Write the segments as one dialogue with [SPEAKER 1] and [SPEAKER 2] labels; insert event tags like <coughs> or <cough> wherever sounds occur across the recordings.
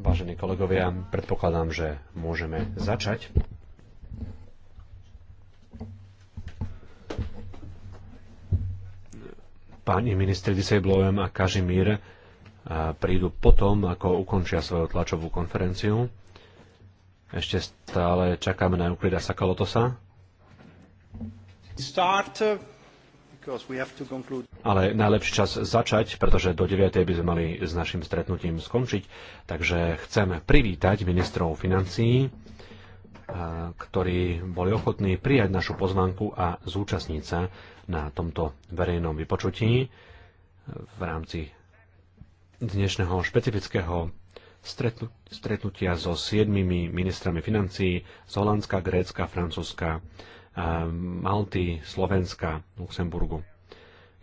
[SPEAKER 1] Vážení kolegovia, predpokladám, že môžeme začať. Páni ministri Disejblojem a Kažimír prídu potom, ako ukončia svoju tlačovú konferenciu. Ešte stále čakáme na Euklida Sakalotosa.
[SPEAKER 2] Start uh,
[SPEAKER 1] ale najlepší čas začať, pretože do 9. by sme mali s našim stretnutím skončiť. Takže chcem privítať ministrov financií, ktorí boli ochotní prijať našu pozvánku a zúčastniť sa na tomto verejnom vypočutí v rámci dnešného špecifického stretnutia so siedmimi ministrami financií z Holandska, Grécka, Francúzska, Malty, Slovenska, Luxemburgu.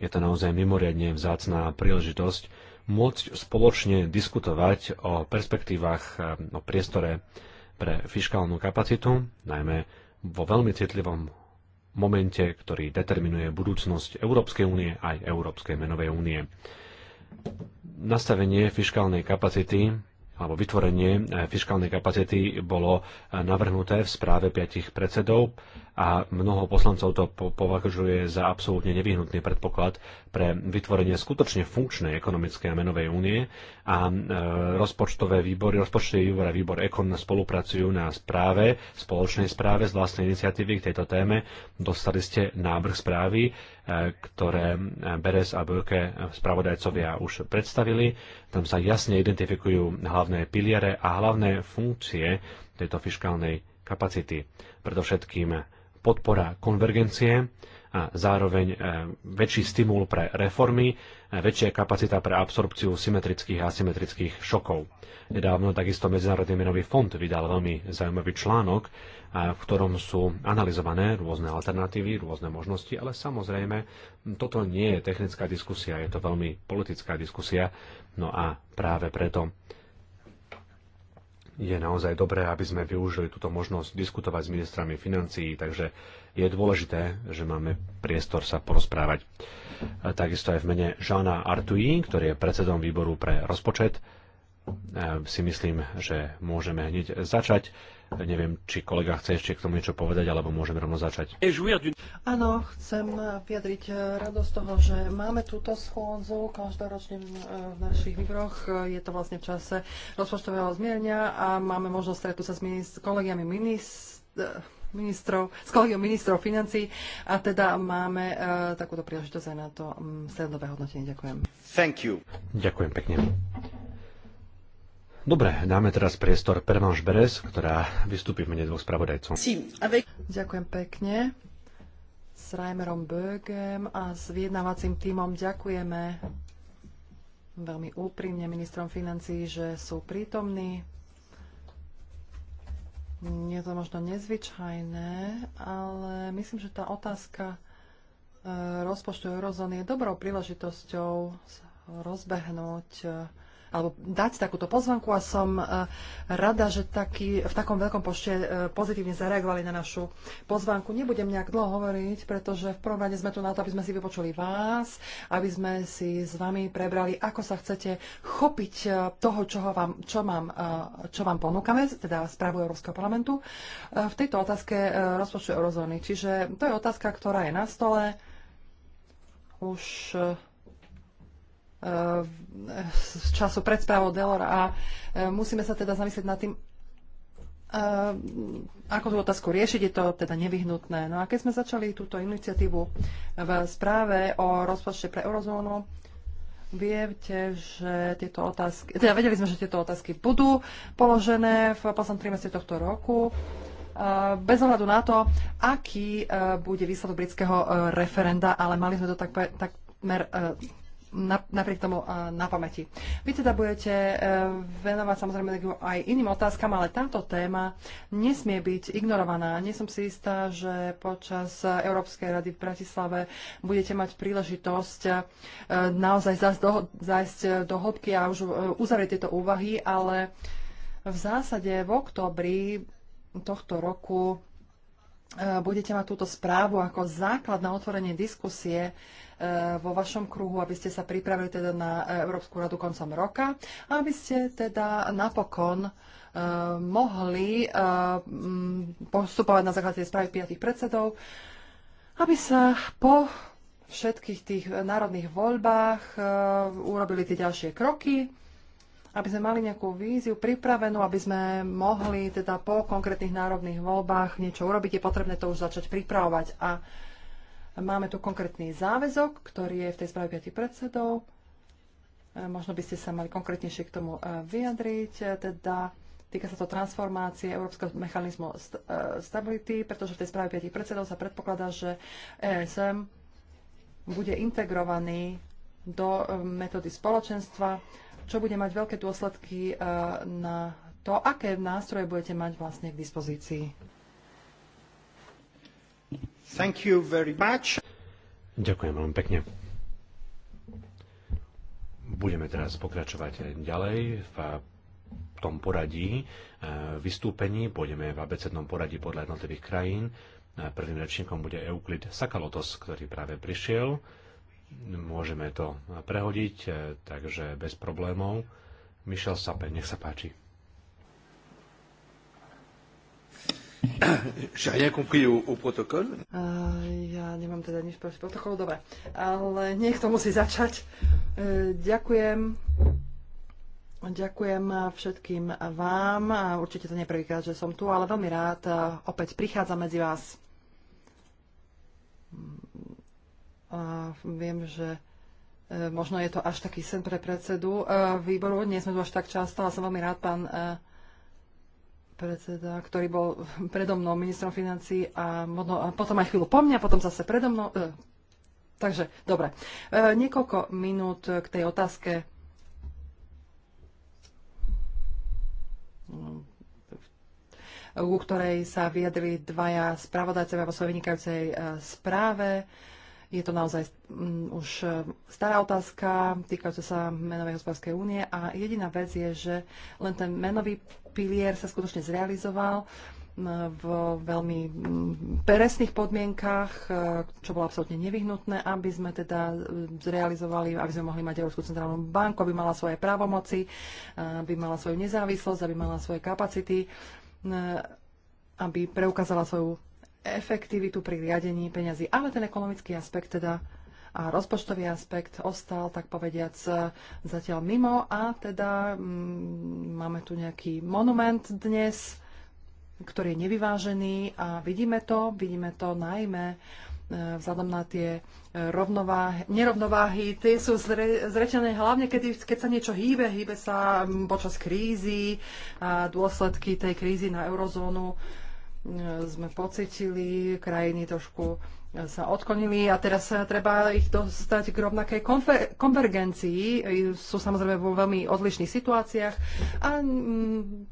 [SPEAKER 1] Je to naozaj mimoriadne vzácná príležitosť môcť spoločne diskutovať o perspektívach, o priestore pre fiskálnu kapacitu, najmä vo veľmi citlivom momente, ktorý determinuje budúcnosť Európskej únie aj Európskej menovej únie. Nastavenie fiskálnej kapacity alebo vytvorenie eh, fiskálnej kapacity bolo eh, navrhnuté v správe piatich predsedov a mnoho poslancov to považuje za absolútne nevyhnutný predpoklad pre vytvorenie skutočne funkčnej ekonomickej a menovej únie a eh, rozpočtové výbory, rozpočtový výbor a výbor Ekon spolupracujú na správe, spoločnej správe z vlastnej iniciatívy k tejto téme. Dostali ste návrh správy, ktoré Beres a Böke spravodajcovia už predstavili. Tam sa jasne identifikujú hlavné piliere a hlavné funkcie tejto fiskálnej kapacity. Predovšetkým podpora konvergencie, a zároveň e, väčší stimul pre reformy, e, väčšia kapacita pre absorpciu symetrických a asymetrických šokov. Nedávno takisto Medzinárodný menový fond vydal veľmi zaujímavý článok, e, v ktorom sú analyzované rôzne alternatívy, rôzne možnosti, ale samozrejme toto nie je technická diskusia, je to veľmi politická diskusia, no a práve preto je naozaj dobré, aby sme využili túto možnosť diskutovať s ministrami financií, takže je dôležité, že máme priestor sa porozprávať. Takisto aj v mene Žána Artuí, ktorý je predsedom výboru pre rozpočet, e, si myslím, že môžeme hneď začať Neviem, či kolega chce ešte k tomu niečo povedať, alebo môžeme rovno začať.
[SPEAKER 3] Áno, chcem vyjadriť radosť toho, že máme túto schôdzu každoročne v eh, našich výbroch. Je to vlastne v čase rozpočtového zmierňa a máme možnosť stretnúť sa s minist- kolegiami eh, ministrov, s kolegiom ministrov financí a teda máme eh, takúto príležitosť aj na to mm, stredové hodnotenie. Ďakujem.
[SPEAKER 1] Thank you. Ďakujem pekne. Dobre, dáme teraz priestor Permanš Beres, ktorá vystúpi v mene dvoch spravodajcov.
[SPEAKER 3] Ďakujem pekne. S Reimerom Bögem a s vyjednávacím týmom ďakujeme veľmi úprimne ministrom financií, že sú prítomní. Je to možno nezvyčajné, ale myslím, že tá otázka e, rozpočtu eurozóny je dobrou príležitosťou rozbehnúť e, alebo dať takúto pozvanku a som e, rada, že taký, v takom veľkom pošte e, pozitívne zareagovali na našu pozvanku. Nebudem nejak dlho hovoriť, pretože v prvom rade sme tu na to, aby sme si vypočuli vás, aby sme si s vami prebrali, ako sa chcete chopiť e, toho, čo vám, čo vám, čo vám ponúkame, teda správu Európskeho parlamentu, v tejto otázke rozpočtu eurozóny. Čiže to je otázka, ktorá je na stole už z času pred správou Delor a e, musíme sa teda zamyslieť nad tým, e, ako tú otázku riešiť, je to teda nevyhnutné. No a keď sme začali túto iniciatívu v správe o rozpočte pre eurozónu, viete, že tieto otázky, teda vedeli sme, že tieto otázky budú položené v poslednom trimestri tohto roku e, bez ohľadu na to, aký bude výsledok britského referenda, ale mali sme to tak, takmer napriek tomu na pamäti. Vy teda budete e, venovať samozrejme aj iným otázkam, ale táto téma nesmie byť ignorovaná. Nie som si istá, že počas Európskej rady v Bratislave budete mať príležitosť e, naozaj zajsť do, do hĺbky a už e, uzavrieť tieto úvahy, ale v zásade v oktobri tohto roku budete mať túto správu ako základ na otvorenie diskusie Eh, vo vašom kruhu, aby ste sa pripravili teda na Európsku radu koncom roka a aby ste teda napokon eh, mohli eh, mm, postupovať na základe správy piatých predsedov, aby sa po všetkých tých národných voľbách urobili tie ďalšie kroky, aby sme mali nejakú víziu pripravenú, aby sme mohli teda po konkrétnych národných voľbách niečo urobiť. Je potrebné to už začať pripravovať. A Máme tu konkrétny záväzok, ktorý je v tej správe 5 predsedov. E, možno by ste sa mali konkrétnejšie k tomu e, vyjadriť. E, teda týka sa to transformácie Európskeho mechanizmu stability, pretože v tej správe 5 predsedov sa predpokladá, že ESM bude integrovaný do metódy spoločenstva, čo bude mať veľké dôsledky na to, aké nástroje budete mať vlastne k dispozícii.
[SPEAKER 1] Thank you very much. Ďakujem veľmi pekne. Budeme teraz pokračovať ďalej v tom poradí eh, vystúpení. Pôjdeme v abecednom poradí podľa jednotlivých krajín. Eh, prvým rečníkom bude Euklid Sakalotos, ktorý práve prišiel. Môžeme to prehodiť, eh, takže bez problémov. Michel Sape, nech sa páči. <coughs>
[SPEAKER 3] ja nemám teda nič proti protokolu, dobre. Ale niekto musí začať. E, ďakujem. Ďakujem všetkým vám. Určite to neprvýkrát, že som tu, ale veľmi rád e, opäť prichádzam medzi vás. A viem, že e, možno je to až taký sen pre predsedu výboru. Nie sme tu až tak často, ale som veľmi rád, pán predseda, ktorý bol predo mnou ministrom financií a, a potom aj chvíľu po mňa, potom zase predo mnou. E, takže, dobre. E, niekoľko minút k tej otázke. u ktorej sa vyjadrili dvaja spravodajcovia vo svojej vynikajúcej e, správe. Je to naozaj už e, stará otázka týkajúca sa menovej hospodárskej únie a jediná vec je, že len ten menový pilier sa skutočne zrealizoval v veľmi peresných podmienkách, e, čo bolo absolútne nevyhnutné, aby sme teda e, zrealizovali, aby sme mohli mať Európsku centrálnu banku, aby mala svoje právomoci, e, aby mala svoju nezávislosť, aby mala svoje kapacity, aby preukázala svoju efektivitu pri riadení peňazí. Ale ten ekonomický aspekt teda a rozpočtový aspekt ostal, tak povediac, e, zatiaľ mimo a teda mm, máme tu nejaký monument dnes, ktorý je nevyvážený a vidíme to, vidíme to najmä e, vzhľadom na tie rovnováhy, nerovnováhy, tie sú zre, zreteľné hlavne, keď, keď sa niečo hýbe, hýbe sa počas krízy a dôsledky tej krízy na eurozónu e, sme pocitili, krajiny trošku sa odklonili a teraz treba ich dostať k rovnakej konvergencii. Sú samozrejme vo veľmi odlišných situáciách a mm,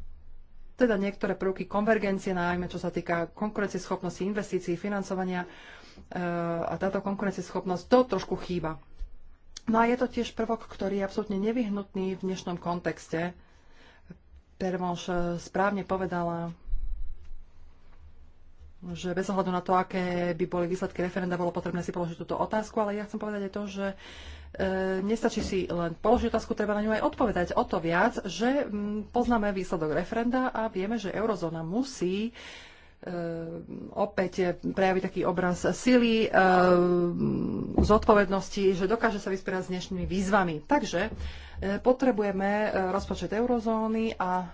[SPEAKER 3] teda niektoré prvky konvergencie, najmä čo sa týka konkurencieschopnosti investícií, financovania e, a táto konkurencieschopnosť, to trošku chýba. No a je to tiež prvok, ktorý je absolútne nevyhnutný v dnešnom kontexte. Pervonš správne povedala, že bez ohľadu na to, aké by boli výsledky referenda, bolo potrebné si položiť túto otázku, ale ja chcem povedať aj to, že e, nestačí si len položiť otázku, treba na ňu aj odpovedať. O to viac, že m, poznáme výsledok referenda a vieme, že eurozóna musí e, opäť prejaviť taký obraz sily, e, zodpovednosti, že dokáže sa vysporiadať s dnešnými výzvami. Takže e, potrebujeme rozpočet eurozóny a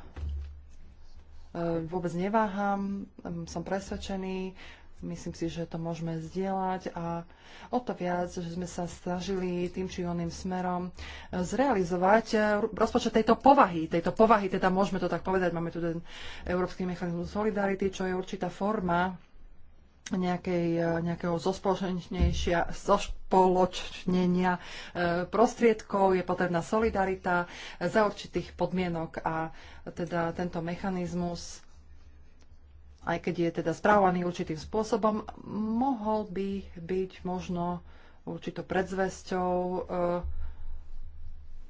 [SPEAKER 3] E, vôbec neváham, som presvedčený, myslím si, že to môžeme zdieľať a o to viac, že sme sa snažili tým či oným smerom e, zrealizovať e, rozpočet tejto povahy. Tejto povahy, teda môžeme to tak povedať, máme tu ten Európsky mechanizmus solidarity, čo je určitá forma nejakej, e, nejakého zospoločnenia e, prostriedkov, je potrebná solidarita za určitých podmienok a teda tento mechanizmus, aj keď je teda správaný určitým spôsobom, mohol by byť možno určitou predzvesťou e,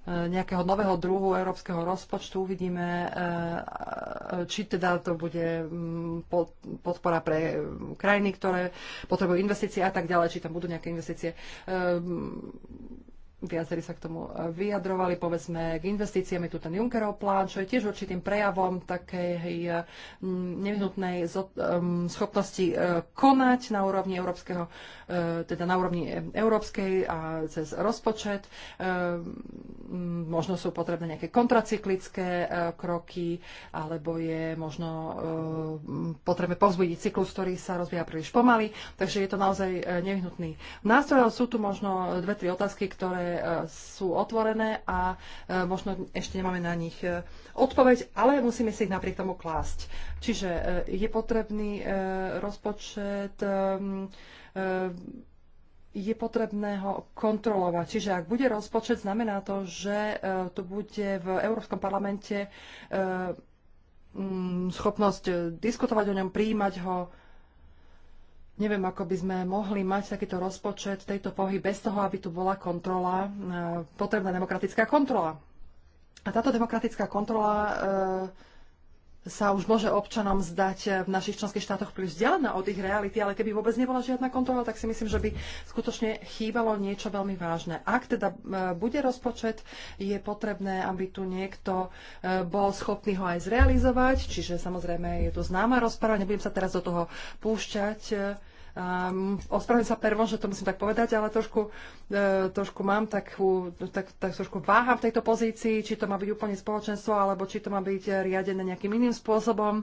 [SPEAKER 3] E, nejakého nového druhu európskeho rozpočtu. Uvidíme, e, e, či teda to bude mm, podpora pre mm, krajiny, ktoré potrebujú investície a tak ďalej, či tam budú nejaké investície. Viacerí sa k tomu e, vyjadrovali, povedzme, k investíciám je tu ten Junckerov plán, čo je tiež určitým prejavom takej e, nevyhnutnej e, schopnosti konať na úrovni európskeho, teda na úrovni európskej a cez rozpočet. Možno sú potrebné nejaké kontracyklické kroky, alebo je možno potrebné povzbudiť cyklus, ktorý sa rozvíja príliš pomaly. Takže je to naozaj nevyhnutný nástroj, ale sú tu možno dve, tri otázky, ktoré E, sú otvorené a e, možno ešte nemáme na nich e, odpoveď, ale musíme si ich napriek tomu klásť. Čiže je potrebný rozpočet, ehm, je potrebné ho kontrolovať. Čiže ak bude rozpočet, znamená to, že tu bude v Európskom parlamente schopnosť diskutovať o ňom, príjmať ho, Neviem, ako by sme mohli mať takýto rozpočet, tejto pohy bez toho, aby tu bola kontrola, e, potrebná demokratická kontrola. A táto demokratická kontrola e, sa už môže občanom zdať v našich členských štátoch príliš vzdialená od ich reality, ale keby vôbec nebola žiadna kontrola, tak si myslím, že by skutočne chýbalo niečo veľmi vážne. Ak teda e, bude rozpočet, je potrebné, aby tu niekto e, bol schopný ho aj zrealizovať, čiže samozrejme je tu známa rozpráva, nebudem sa teraz do toho púšťať Um, ospravedlňujem sa pervo, že to musím tak povedať, ale trošku, uh, trošku mám takú, tak, tak trošku váha v tejto pozícii, či to má byť úplne spoločenstvo, alebo či to má byť riadené nejakým iným spôsobom, uh,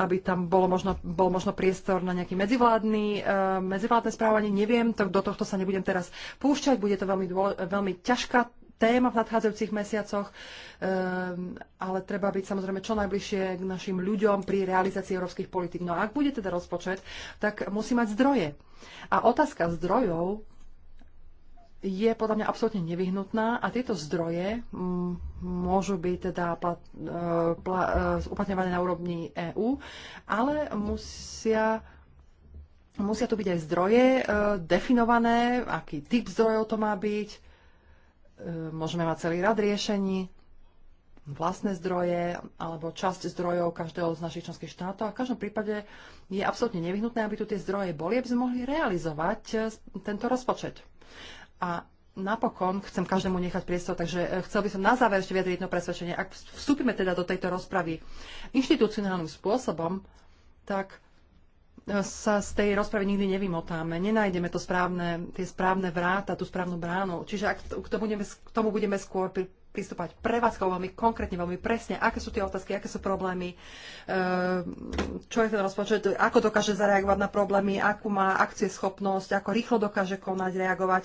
[SPEAKER 3] aby tam bolo možno, bol možno priestor na nejaký medzivládny, uh, medzivládne správanie. Neviem, to, do tohto sa nebudem teraz púšťať, bude to veľmi, dôle, veľmi ťažká téma v nadchádzajúcich mesiacoch, ehm, ale treba byť samozrejme čo najbližšie k našim ľuďom pri realizácii európskych politik. No a ak bude teda rozpočet, tak musí mať zdroje. A otázka zdrojov je podľa mňa absolútne nevyhnutná a tieto zdroje mm, môžu byť teda plat, e, e, uplatňované na úrovni EÚ, ale musia, musia to byť aj zdroje e, definované, aký typ zdrojov to má byť, E, môžeme mať celý rad riešení, vlastné zdroje alebo časť zdrojov každého z našich členských štátov. A v každom prípade je absolútne nevyhnutné, aby tu tie zdroje boli, aby sme mohli realizovať e, tento rozpočet. A napokon chcem každému nechať priestor, takže e, chcel by som na záver ešte vyjadriť jedno presvedčenie. Ak vstúpime teda do tejto rozpravy inštitucionálnym spôsobom, tak sa z tej rozpravy nikdy nevymotáme. Nenájdeme to správne, tie správne vráta, tú správnu bránu. Čiže ak k tomu, budeme, k tomu budeme skôr pristúpať pristúpať vás veľmi konkrétne, veľmi presne, aké sú tie otázky, aké sú problémy, ehm, čo je ten rozpočet, ako dokáže zareagovať na problémy, akú má akcieschopnosť, ako rýchlo dokáže konať, reagovať.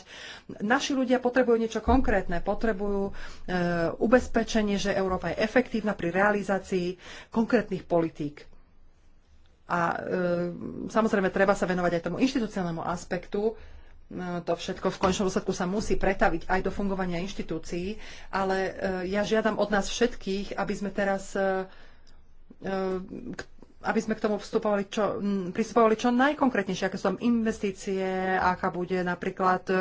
[SPEAKER 3] Naši ľudia potrebujú niečo konkrétne, potrebujú ehm, ubezpečenie, že Európa je efektívna pri realizácii konkrétnych politík a e, samozrejme, treba sa venovať aj tomu inštitucionálnemu aspektu. E, to všetko v končnom dôsledku sa musí pretaviť aj do fungovania inštitúcií, ale e, ja žiadam od nás všetkých, aby sme teraz e, e, aby sme k tomu vstupovali čo, pristupovali čo najkonkrétnejšie, aké sú tam investície, aká bude napríklad e,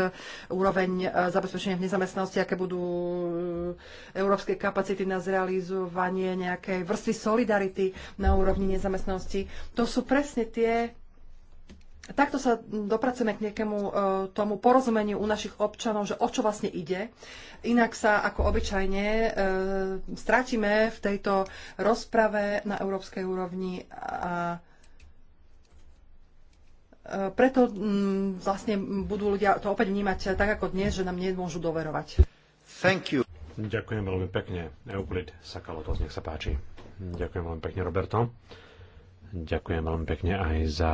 [SPEAKER 3] úroveň e, zabezpečenia v nezamestnanosti, aké budú e, európske kapacity na zrealizovanie nejakej vrstvy solidarity na úrovni nezamestnanosti. To sú presne tie takto sa dopracujeme k nejakému uh, tomu porozumeniu u našich občanov, že o čo vlastne ide. Inak sa ako obyčajne uh, strátime v tejto rozprave na európskej úrovni a e, preto mm, vlastne budú ľudia to opäť vnímať tak ako dnes, že nám nemôžu doverovať.
[SPEAKER 1] Thank you. Ďakujem veľmi pekne. Euclid to nech sa páči. Ďakujem veľmi pekne, Roberto. Ďakujem veľmi pekne aj za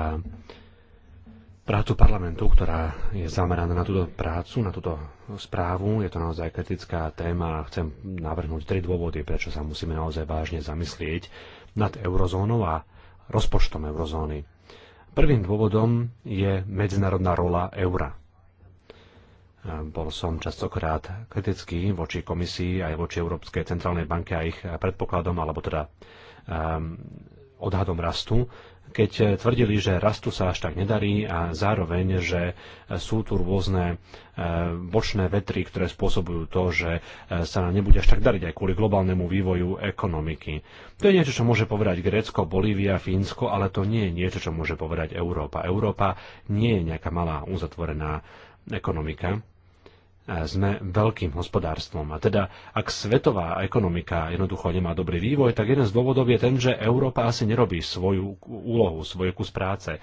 [SPEAKER 1] prácu parlamentu, ktorá je zameraná na túto prácu, na túto správu. Je to naozaj kritická téma a chcem navrhnúť tri dôvody, prečo sa musíme naozaj vážne zamyslieť nad eurozónou a rozpočtom eurozóny. Prvým dôvodom je medzinárodná rola eura. Bol som častokrát kritický voči komisii aj voči Európskej centrálnej banke a ich predpokladom, alebo teda um, odhadom rastu keď eh, tvrdili, že rastu sa až tak nedarí a zároveň, že eh, sú tu rôzne eh, bočné vetry, ktoré spôsobujú to, že sa nám nebude až tak dariť aj kvôli globálnemu vývoju ekonomiky. To je niečo, čo môže povedať Grécko, Bolívia, Fínsko, ale to nie je niečo, čo môže povedať Európa. Európa nie je nejaká malá uzatvorená ekonomika sme veľkým hospodárstvom. A teda, ak svetová ekonomika jednoducho nemá dobrý vývoj, tak jeden z dôvodov je ten, že Európa asi nerobí svoju úlohu, svoj kus práce.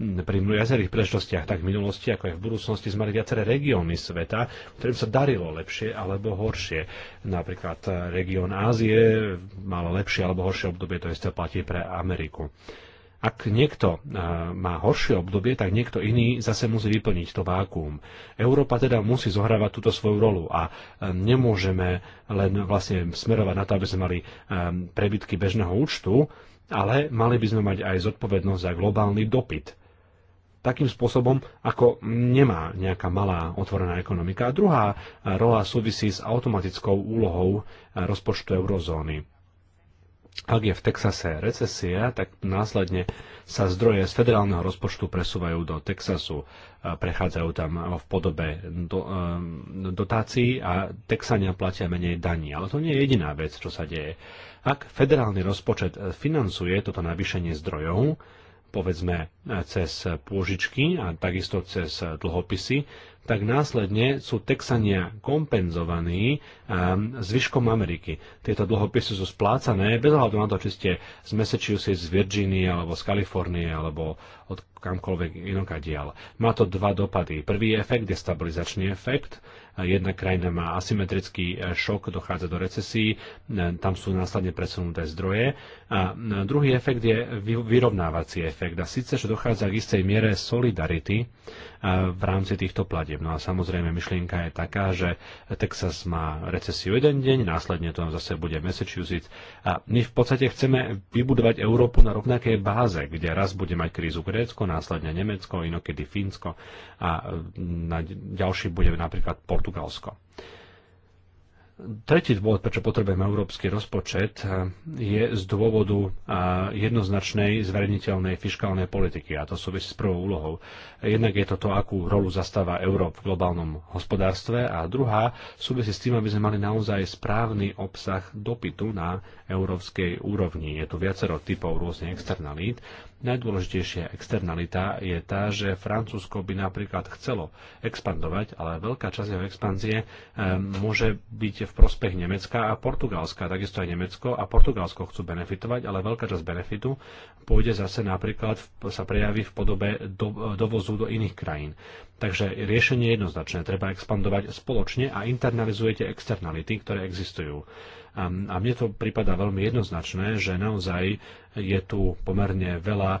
[SPEAKER 1] Pri viacerých príležitostiach, tak v minulosti, ako aj v budúcnosti, sme mali viaceré regióny sveta, ktorým sa darilo lepšie alebo horšie. Napríklad eh, región Ázie mal lepšie alebo horšie obdobie, to isté platí pre Ameriku. Ak niekto eh, má horšie obdobie, tak niekto iný zase musí vyplniť to vákuum. Európa teda musí zohrávať túto svoju rolu a eh, nemôžeme len vlastne smerovať na to, aby sme mali eh, prebytky bežného účtu, ale mali by sme mať aj zodpovednosť za globálny dopyt takým spôsobom, ako nemá nejaká malá otvorená ekonomika. A druhá rola súvisí s automatickou úlohou rozpočtu eurozóny. Ak je v Texase recesia, tak následne sa zdroje z federálneho rozpočtu presúvajú do Texasu, prechádzajú tam v podobe do, e, dotácií a Texania platia menej daní. Ale to nie je jediná vec, čo sa deje. Ak federálny rozpočet financuje toto navýšenie zdrojov, povedzme e, cez pôžičky a takisto cez dlhopisy, tak následne sú Texania kompenzovaní ehm, zvyškom Ameriky. Tieto dlhopisy sú splácané bez hľadu na to, či ste z Massachusetts, z Virginie alebo z Kalifornie alebo od kamkoľvek inokadiaľ. Má to dva dopady. Prvý efekt, je stabilizačný efekt, jedna krajina má asymetrický e, šok, dochádza do recesí, e, tam sú následne presunuté zdroje. A e, druhý efekt je vyrovnávací efekt. A síce, že dochádza k istej miere solidarity Eh, v rámci týchto platieb. No a samozrejme myšlienka je taká, že Texas má recesiu jeden deň, následne to zase bude Massachusetts. A my v podstate chceme vybudovať Európu na rovnakej báze, kde raz bude mať krízu Grécko, následne Nemecko, inokedy Fínsko a mm, na ďalší bude napríklad Portugalsko. Tretí dôvod, prečo potrebujeme európsky rozpočet, eh, je z dôvodu eh, jednoznačnej zverejniteľnej fiskálnej politiky a to súvisí s prvou úlohou. Jednak je to to, akú rolu zastáva Európ v globálnom hospodárstve a druhá súvisí s tým, aby sme mali naozaj správny obsah dopytu na európskej úrovni. Je tu viacero typov rôznych externalít. Najdôležitejšia externalita je tá, že Francúzsko by napríklad chcelo expandovať, ale veľká časť jeho expanzie eh, môže byť v prospech Nemecka a Portugalska. Takisto aj Nemecko a Portugalsko chcú benefitovať, ale veľká časť benefitu pôjde zase napríklad, sa prejaví v podobe do, dovozu do iných krajín. Takže riešenie je jednoznačné. Treba expandovať spoločne a internalizujete externality, ktoré existujú. A mne to prípada veľmi jednoznačné, že naozaj je tu pomerne veľa e,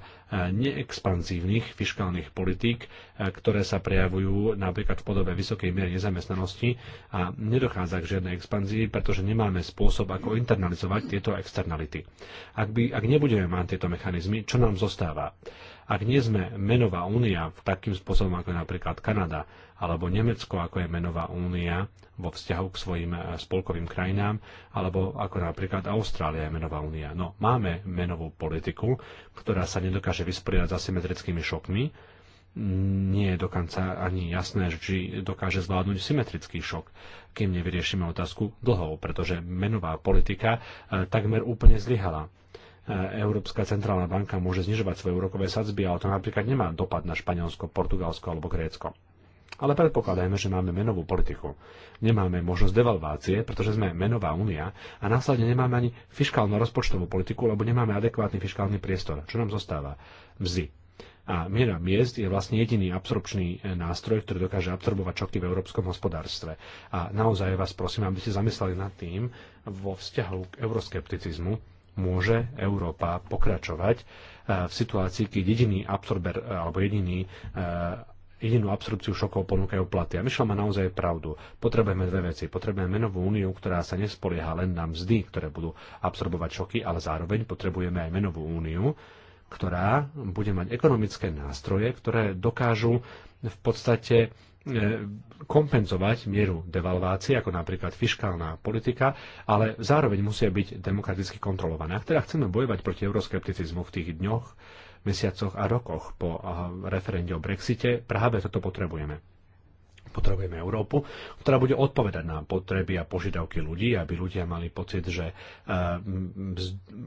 [SPEAKER 1] neexpanzívnych fiskálnych politík, e, ktoré sa prejavujú napríklad v podobe vysokej miery nezamestnanosti a nedochádza k žiadnej expanzii, pretože nemáme spôsob, ako internalizovať tieto externality. Ak, by, ak nebudeme mať tieto mechanizmy, čo nám zostáva? Ak nie sme menová únia v takým spôsobom ako napríklad Kanada alebo Nemecko, ako je menová únia vo vzťahu k svojim eh, spolkovým krajinám, alebo ako napríklad Austrália je menová únia. No, máme menovú politiku, ktorá sa nedokáže vysporiadať s asymetrickými šokmi, nie je dokonca ani jasné, či dokáže zvládnuť symetrický šok, kým nevyriešime otázku dlhov, pretože menová politika eh, takmer úplne zlyhala. Európska centrálna banka môže znižovať svoje úrokové sadzby, ale to napríklad nemá dopad na Španielsko, Portugalsko alebo Grécko. Ale predpokladajme, že máme menovú politiku. Nemáme možnosť devalvácie, pretože sme menová únia a následne nemáme ani fiskálnu rozpočtovú politiku, lebo nemáme adekvátny fiskálny priestor. Čo nám zostáva? Mzdy. A miera miest je vlastne jediný absorpčný e, nástroj, ktorý dokáže absorbovať šoky v európskom hospodárstve. A naozaj vás prosím, aby ste zamysleli nad tým vo vzťahu k euroskepticizmu, môže Európa pokračovať e, v situácii, keď jediný absorber e, alebo jediný e, jedinú absorpciu šokov ponúkajú platy. A Myšľa má naozaj pravdu. Potrebujeme dve veci. Potrebujeme menovú úniu, ktorá sa nespolieha len na mzdy, ktoré budú absorbovať šoky, ale zároveň potrebujeme aj menovú úniu, ktorá bude mať ekonomické nástroje, ktoré dokážu v podstate E, kompenzovať mieru devalvácie, ako napríklad fiskálna politika, ale zároveň musia byť demokraticky kontrolované. Ak teda chceme bojovať proti euroskepticizmu v tých dňoch, mesiacoch a rokoch po referende o Brexite, práve toto potrebujeme. Potrebujeme Európu, ktorá bude odpovedať na potreby a požiadavky ľudí, aby ľudia mali pocit, že e,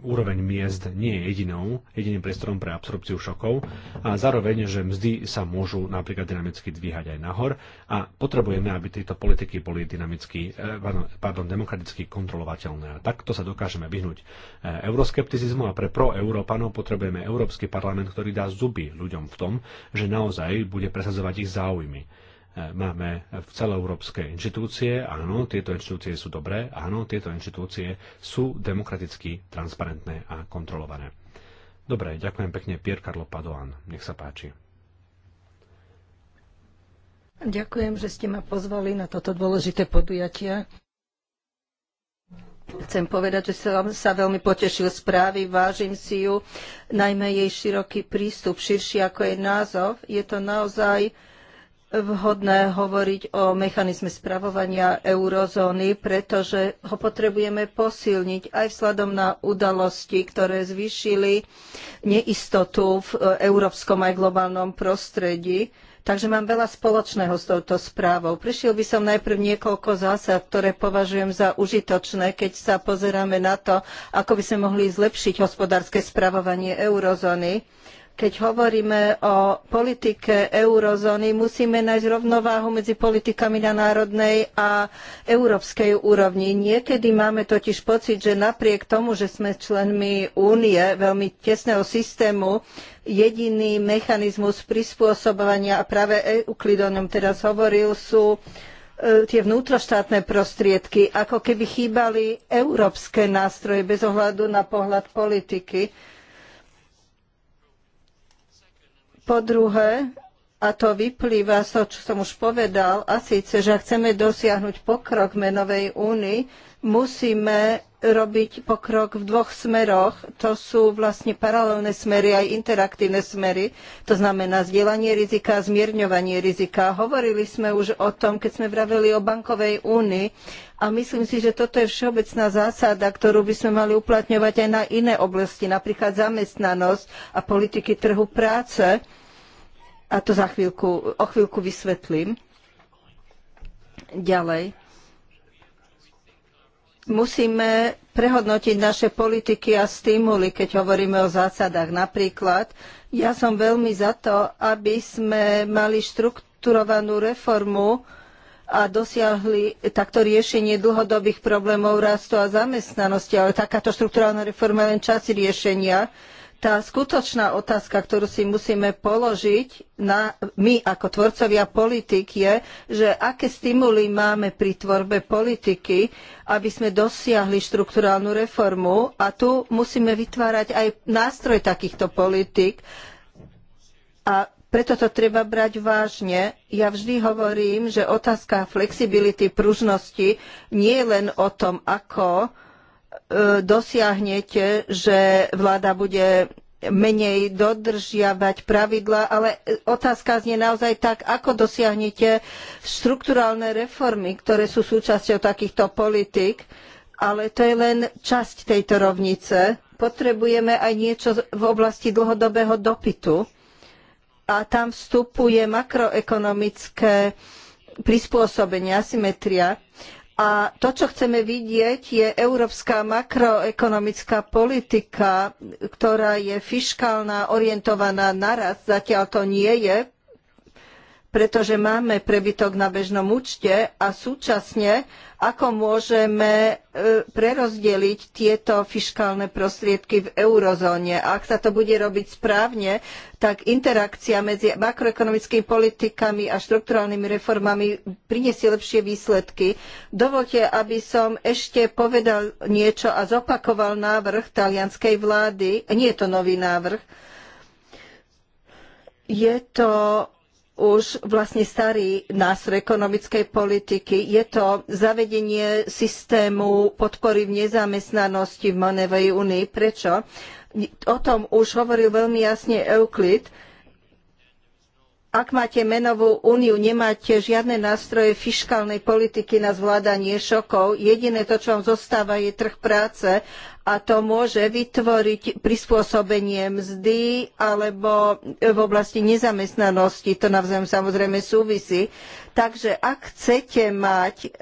[SPEAKER 1] úroveň miest nie je jedinou, jediným priestorom pre absorpciu šokov a zároveň, že mzdy sa môžu napríklad dynamicky dvíhať aj nahor a potrebujeme, aby tieto politiky boli dynamicky, e, pardon, demokraticky kontrolovateľné. A takto sa dokážeme vyhnúť e, euroskepticizmu a pre pro-európanov potrebujeme Európsky parlament, ktorý dá zuby ľuďom v tom, že naozaj bude presadzovať ich záujmy Máme v celoeurópske inštitúcie, áno, tieto inštitúcie sú dobré, áno, tieto inštitúcie sú demokraticky transparentné a kontrolované. Dobre, ďakujem pekne Pier Karlo Padoan. Nech sa páči.
[SPEAKER 2] Ďakujem, že ste ma pozvali na toto dôležité podujatie. Chcem povedať, že som sa veľmi potešil správy, vážim si ju, najmä jej široký prístup, širší ako je názov. Je to naozaj vhodné hovoriť o mechanizme spravovania eurozóny, pretože ho potrebujeme posilniť aj vzhľadom na udalosti, ktoré zvýšili neistotu v európskom aj globálnom prostredí. Takže mám veľa spoločného s touto správou. Prišiel by som najprv niekoľko zásad, ktoré považujem za užitočné, keď sa pozeráme na to, ako by sme mohli zlepšiť hospodárske spravovanie eurozóny. Keď hovoríme o politike eurozóny, musíme nájsť rovnováhu medzi politikami na národnej a európskej úrovni. Niekedy máme totiž pocit, že napriek tomu, že sme členmi únie, veľmi tesného systému, jediný mechanizmus prispôsobovania, a práve ňom teraz hovoril, sú e, tie vnútroštátne prostriedky, ako keby chýbali európske nástroje bez ohľadu na pohľad politiky. Po druhé, a to vyplýva z toho, čo som už povedal, a síce, že ak chceme dosiahnuť pokrok menovej únii, musíme robiť pokrok v dvoch smeroch. To sú vlastne paralelné smery, aj interaktívne smery. To znamená zdieľanie rizika, zmierňovanie rizika. Hovorili sme už o tom, keď sme vraveli o bankovej únii a myslím si, že toto je všeobecná zásada, ktorú by sme mali uplatňovať aj na iné oblasti, napríklad zamestnanosť a politiky trhu práce a to za chvíľku, o chvíľku vysvetlím. Ďalej. Musíme prehodnotiť naše politiky a stimuly, keď hovoríme o zásadách. Napríklad, ja som veľmi za to, aby sme mali štrukturovanú reformu a dosiahli takto riešenie dlhodobých problémov rastu a zamestnanosti. Ale takáto štrukturálna reforma je len časť riešenia tá skutočná otázka, ktorú si musíme položiť na, my ako tvorcovia politik je, že aké stimuly máme pri tvorbe politiky, aby sme dosiahli štrukturálnu reformu a tu musíme vytvárať aj nástroj takýchto politik a preto to treba brať vážne. Ja vždy hovorím, že otázka flexibility, pružnosti nie je len o tom, ako E, dosiahnete, že vláda bude menej dodržiavať pravidla, ale otázka znie naozaj tak, ako dosiahnete štrukturálne reformy, ktoré sú súčasťou takýchto politik, ale to je len časť tejto rovnice. Potrebujeme aj niečo v oblasti dlhodobého dopytu a tam vstupuje makroekonomické prispôsobenie, asymetria. A to, čo chceme vidieť, je európska makroekonomická politika, ktorá je fiškálna, orientovaná na rast. Zatiaľ to nie je pretože máme prebytok na bežnom účte a súčasne, ako môžeme e, prerozdeliť tieto fiškálne prostriedky v eurozóne. A ak sa to bude robiť správne, tak interakcia medzi makroekonomickými politikami a štrukturálnymi reformami prinesie lepšie výsledky. Dovolte, aby som ešte povedal niečo a zopakoval návrh talianskej vlády. Nie je to nový návrh. Je to už vlastne starý nástroj ekonomickej politiky. Je to zavedenie systému podpory v nezamestnanosti v Monevej únii. Prečo? O tom už hovoril veľmi jasne Euclid ak máte menovú úniu, nemáte žiadne nástroje fiškálnej politiky na zvládanie šokov. Jediné to, čo vám zostáva, je trh práce a to môže vytvoriť prispôsobenie mzdy alebo v oblasti nezamestnanosti. To navzájom samozrejme súvisí. Takže ak chcete mať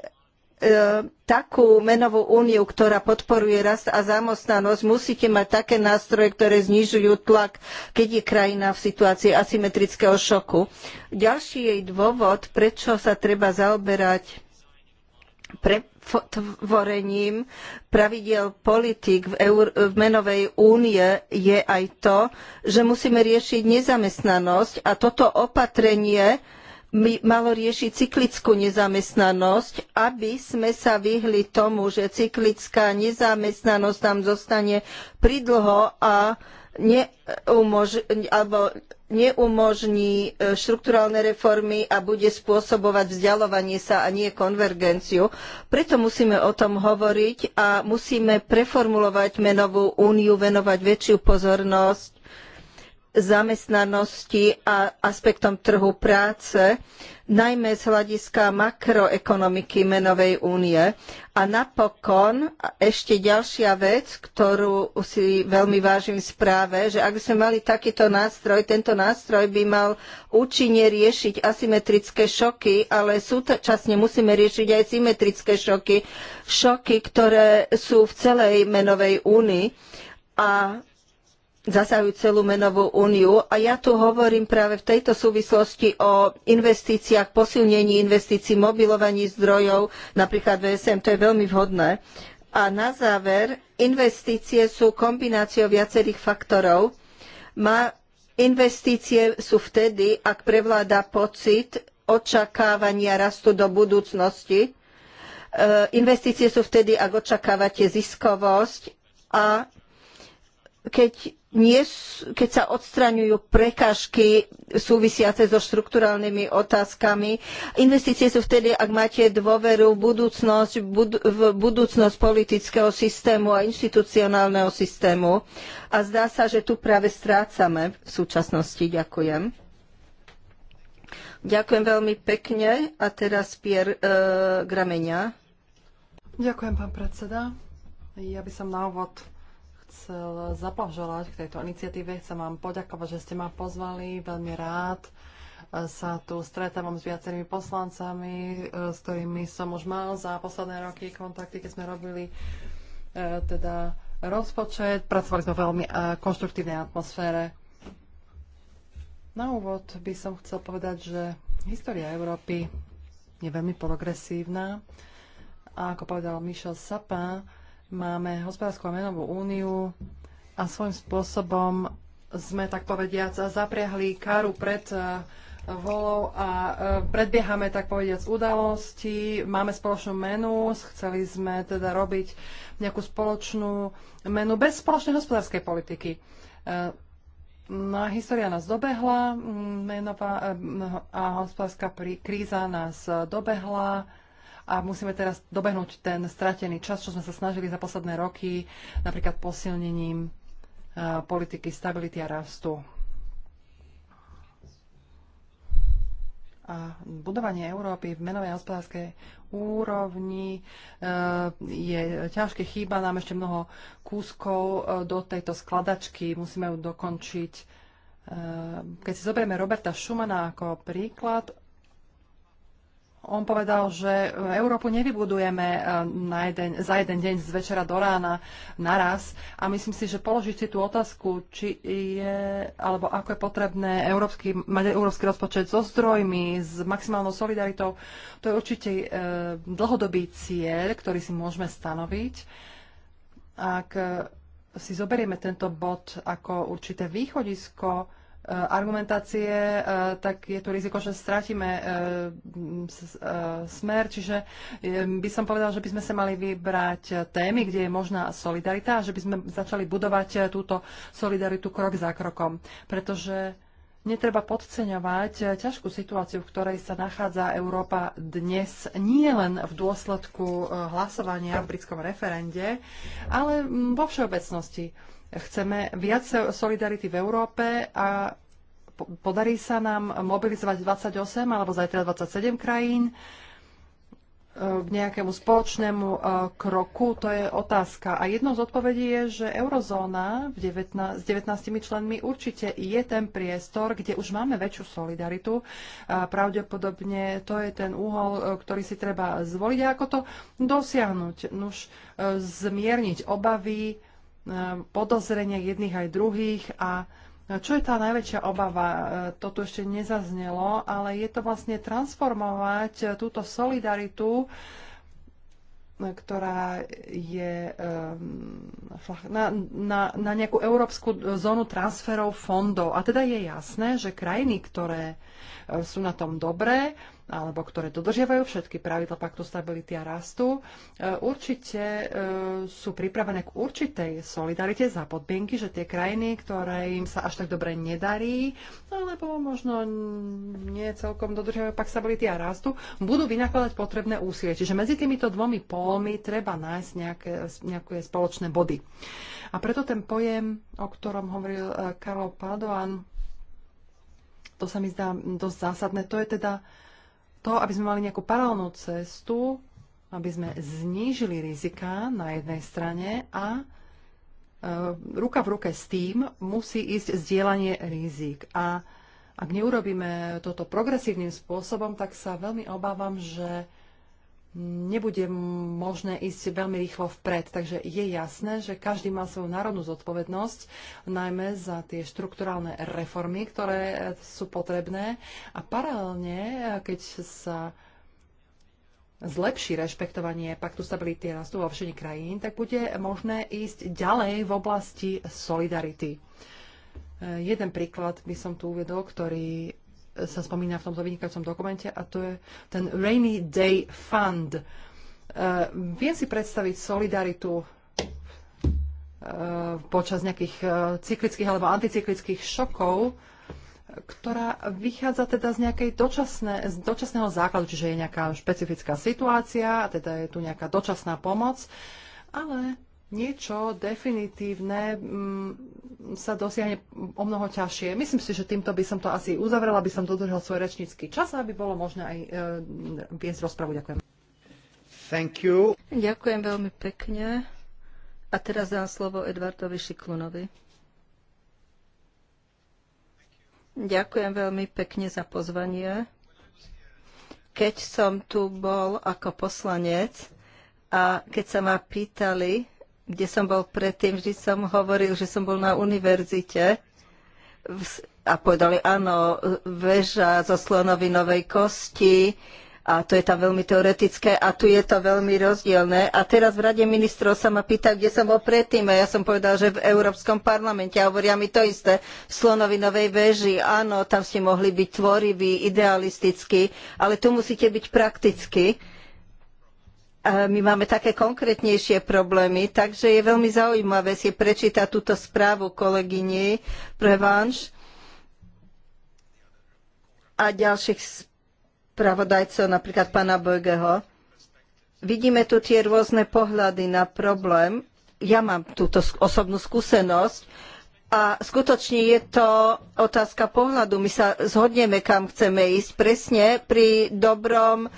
[SPEAKER 2] E, takú menovú úniu, ktorá podporuje rast a zamestnanosť, musíte mať také nástroje, ktoré znižujú tlak, keď je krajina v situácii asymetrického šoku. Ďalší jej dôvod, prečo sa treba zaoberať pretvorením pravidiel politik v, Eur- v menovej únie je aj to, že musíme riešiť nezamestnanosť a toto opatrenie malo riešiť cyklickú nezamestnanosť, aby sme sa vyhli tomu, že cyklická nezamestnanosť nám zostane pridlho a neumož, alebo neumožní e, štrukturálne reformy a bude spôsobovať vzdialovanie sa a nie konvergenciu. Preto musíme o tom hovoriť a musíme preformulovať menovú úniu, venovať väčšiu pozornosť zamestnanosti a aspektom trhu práce, najmä z hľadiska makroekonomiky menovej únie. A napokon ešte ďalšia vec, ktorú si veľmi vážim v správe, že ak by sme mali takýto nástroj, tento nástroj by mal účinne riešiť asymetrické šoky, ale súčasne musíme riešiť aj symetrické šoky, šoky, ktoré sú v celej menovej únii. A zasahujú celú menovú úniu. A ja tu hovorím práve v tejto súvislosti o investíciách, posilnení investícií, mobilovaní zdrojov, napríklad VSM, to je veľmi vhodné. A na záver, investície sú kombináciou viacerých faktorov. Má, investície sú vtedy, ak prevláda pocit očakávania rastu do budúcnosti. E, investície sú vtedy, ak očakávate ziskovosť a keď nie, keď sa odstraňujú prekážky súvisiace so štrukturálnymi otázkami. Investície sú vtedy, ak máte dôveru v budúcnosť, v budúcnosť politického systému a inštitucionálneho systému. A zdá sa, že tu práve strácame v súčasnosti. Ďakujem. Ďakujem veľmi pekne. A teraz Pier e,
[SPEAKER 3] Ďakujem, pán predseda. Ja by som na úvod chcel zablaželať k tejto iniciatíve. Chcem vám poďakovať, že ste ma pozvali. Veľmi rád e, sa tu stretávam s viacerými poslancami, e, s ktorými som už mal za posledné roky kontakty, keď sme robili e, teda rozpočet. Pracovali sme v veľmi konštruktívnej atmosfére. Na úvod by som chcel povedať, že história Európy je veľmi progresívna. A ako povedal Michel Sapin, Máme hospodárskú a menovú úniu a svojím spôsobom sme, tak povediac, zapriahli karu pred eh, volou a eh, predbiehame, tak povediac, udalosti. Máme spoločnú menu, chceli sme teda robiť nejakú spoločnú menu bez spoločnej hospodárskej politiky. Eh, no a história nás dobehla, mm, menová a hospodárska kríza nás dobehla a musíme teraz dobehnúť ten stratený čas, čo sme sa snažili za posledné roky, napríklad posilnením e, politiky stability a rastu. a budovanie Európy v menovej a hospodárskej úrovni e, je ťažké. Chýba nám ešte mnoho kúskov e, do tejto skladačky. Musíme ju dokončiť. Keď si zoberieme Roberta Schumana ako príklad, on povedal, že Európu nevybudujeme eh, na jeden, za jeden deň z večera do rána naraz a myslím si, že položiť si tú otázku, či je, alebo ako je potrebné európsky, mať európsky rozpočet so zdrojmi, s maximálnou solidaritou, to je určite eh, dlhodobý cieľ, ktorý si môžeme stanoviť. Ak eh, si zoberieme tento bod ako určité východisko, Eh, argumentácie, eh, tak je tu riziko, že stratíme eh, smer. Čiže by som povedal, že by sme sa mali vybrať témy, kde je možná solidarita a že by sme začali budovať túto solidaritu krok za krokom. Pretože Netreba podceňovať ťažkú situáciu, v ktorej sa nachádza Európa dnes nie len v dôsledku hlasovania v britskom referende, ale mm, vo všeobecnosti. Chceme viac solidarity v Európe a podarí sa nám mobilizovať 28 alebo zajtra 27 krajín e, k nejakému spoločnému e, kroku? To je otázka. A jednou z odpovedí je, že eurozóna 19, s 19 členmi určite je ten priestor, kde už máme väčšiu solidaritu. A pravdepodobne to je ten úhol, e, ktorý si treba zvoliť. A ako to dosiahnuť? Nuž zmierniť obavy, E, podozreniach jedných aj druhých a čo je tá najväčšia obava? Toto e, ešte nezaznelo, ale je to vlastne transformovať e, túto solidaritu, ktorá je na, na, na nejakú európsku zónu transferov fondov. A teda je jasné, že krajiny, ktoré sú na tom dobré, alebo ktoré dodržiavajú všetky pravidla paktu stability a rastu, e, určite e, sú pripravené k určitej solidarite za podmienky, že tie krajiny, ktoré im sa až tak dobre nedarí, alebo možno nie celkom dodržiavajú pakt stability a rastu, budú vynakladať potrebné úsilie. Čiže medzi týmito dvomi polmi treba nájsť nejaké, nejaké spoločné body. A preto ten pojem, o ktorom hovoril e, Karol Padoan, to sa mi zdá dosť zásadné, to je teda uh, to, aby sme mali nejakú paralelnú cestu, aby sme znížili rizika na jednej strane a e, ruka v ruke s tým musí ísť zdieľanie rizik. A ak neurobíme toto progresívnym spôsobom, tak sa veľmi obávam, že nebude možné ísť veľmi rýchlo vpred. Takže je jasné, že každý má svoju národnú zodpovednosť, najmä za tie štrukturálne reformy, ktoré e, sú potrebné. A paralelne, e, keď sa zlepší rešpektovanie paktu stability a rastu vo všetkých krajín, tak bude možné ísť ďalej v oblasti solidarity. E, jeden príklad by som tu uvedol, ktorý sa spomína v tomto vynikajúcom dokumente a to je ten Rainy Day Fund. Uh, viem si predstaviť solidaritu e, počas nejakých e, cyklických alebo anticyklických šokov, ktorá vychádza teda z nejakej dočasné, z dočasného základu, čiže je nejaká špecifická situácia, teda je tu nejaká dočasná pomoc, ale niečo definitívne mm, sa dosiahne o mnoho ťažšie. Myslím si, že týmto by som to asi uzavrela, aby som dodržal svoj rečnícky čas, aby bolo možné aj e, viesť rozpravu. Ďakujem. Thank you.
[SPEAKER 2] Ďakujem veľmi pekne. A teraz dám slovo Edvardovi Šiklunovi. Ďakujem veľmi pekne za pozvanie. Keď som tu bol ako poslanec a keď sa ma pýtali, kde som bol predtým, vždy som hovoril, že som bol na univerzite a povedali, áno, väža zo slonovinovej kosti a to je tam veľmi teoretické a tu je to veľmi rozdielne. A teraz v Rade ministrov sa ma pýta, kde som bol predtým a ja som povedal, že v Európskom parlamente a hovoria mi to isté. V slonovinovej väži, áno, tam ste mohli byť tvoriví, idealistickí, ale tu musíte byť praktickí my máme také konkrétnejšie problémy, takže je veľmi zaujímavé si prečítať túto správu kolegyni Prevanš a ďalších spravodajcov, napríklad pána Bögeho. Vidíme tu tie rôzne pohľady na problém. Ja mám túto osobnú skúsenosť a skutočne je to otázka pohľadu. My sa zhodneme, kam chceme ísť presne pri dobrom uh,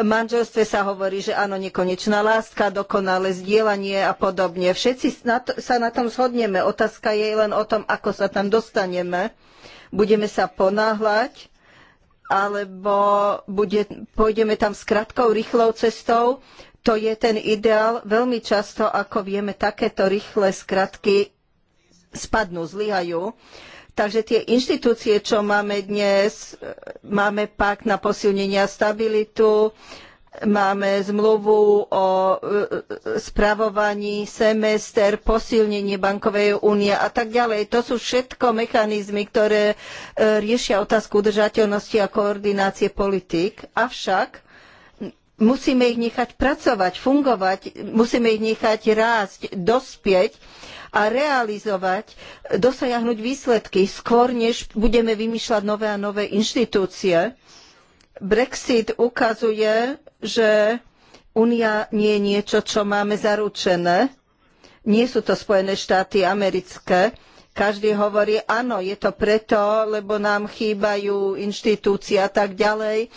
[SPEAKER 2] manželstve sa hovorí, že áno, nekonečná láska, dokonalé zdieľanie a podobne. Všetci sa na tom shodneme. Otázka je len o tom, ako sa tam dostaneme. Budeme sa ponáhľať, alebo bude, pôjdeme tam s krátkou, rýchlou cestou. To je ten ideál. Veľmi často, ako vieme, takéto rýchle skratky spadnú, zlyhajú. Takže tie inštitúcie, čo máme dnes, máme pakt na posilnenie a stabilitu, máme zmluvu o e, spravovaní, semester, posilnenie bankovej únie a tak ďalej. To sú všetko mechanizmy, ktoré e, riešia otázku udržateľnosti a koordinácie politík. Avšak musíme ich nechať pracovať, fungovať, musíme ich nechať rásť, dospieť a realizovať, dosiahnuť výsledky skôr, než budeme vymýšľať nové a nové inštitúcie. Brexit ukazuje, že Únia nie je niečo, čo máme zaručené. Nie sú to Spojené štáty americké. Každý hovorí, áno, je to preto, lebo nám chýbajú inštitúcie a tak ďalej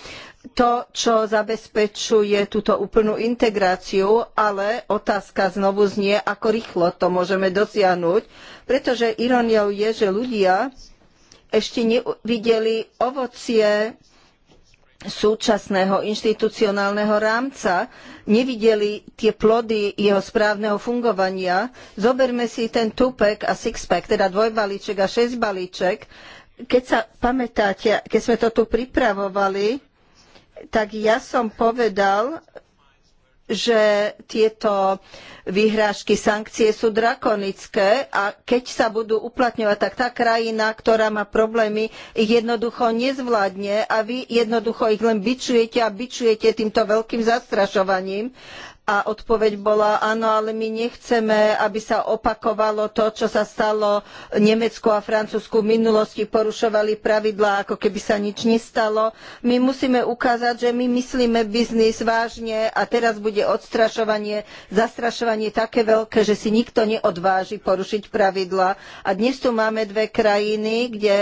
[SPEAKER 2] to, čo zabezpečuje túto úplnú integráciu, ale otázka znovu znie, ako rýchlo to môžeme dosiahnuť, pretože iróniou je, že ľudia ešte nevideli ovocie súčasného inštitucionálneho rámca, nevideli tie plody jeho správneho fungovania. Zoberme si ten tupek a sixpack, teda dvojbalíček a šesťbalíček. Keď sa pamätáte, keď sme to tu pripravovali, tak ja som povedal, že tieto výhrážky, sankcie sú drakonické a keď sa budú uplatňovať, tak tá krajina, ktorá má problémy, ich jednoducho nezvládne a vy jednoducho ich len bičujete a bičujete týmto veľkým zastrašovaním. A odpoveď bola, áno, ale my nechceme, aby sa opakovalo to, čo sa stalo Nemecku a Francúzsku v minulosti, porušovali pravidlá, ako keby sa nič nestalo. My musíme ukázať, že my myslíme biznis vážne a teraz bude odstrašovanie, zastrašovanie také veľké, že si nikto neodváži porušiť pravidlá. A dnes tu máme dve krajiny, kde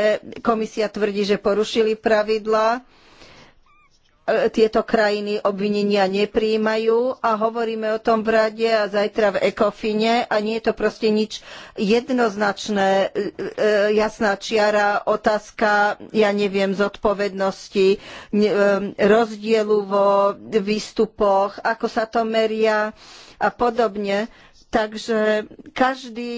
[SPEAKER 2] komisia tvrdí, že porušili pravidlá E, tieto krajiny obvinenia nepríjmajú a hovoríme o tom v rade a zajtra v ekofine a nie je to proste nič jednoznačné, e, e, jasná čiara, otázka, ja neviem, zodpovednosti, rozdielu vo výstupoch, ako sa to meria a podobne. Takže každý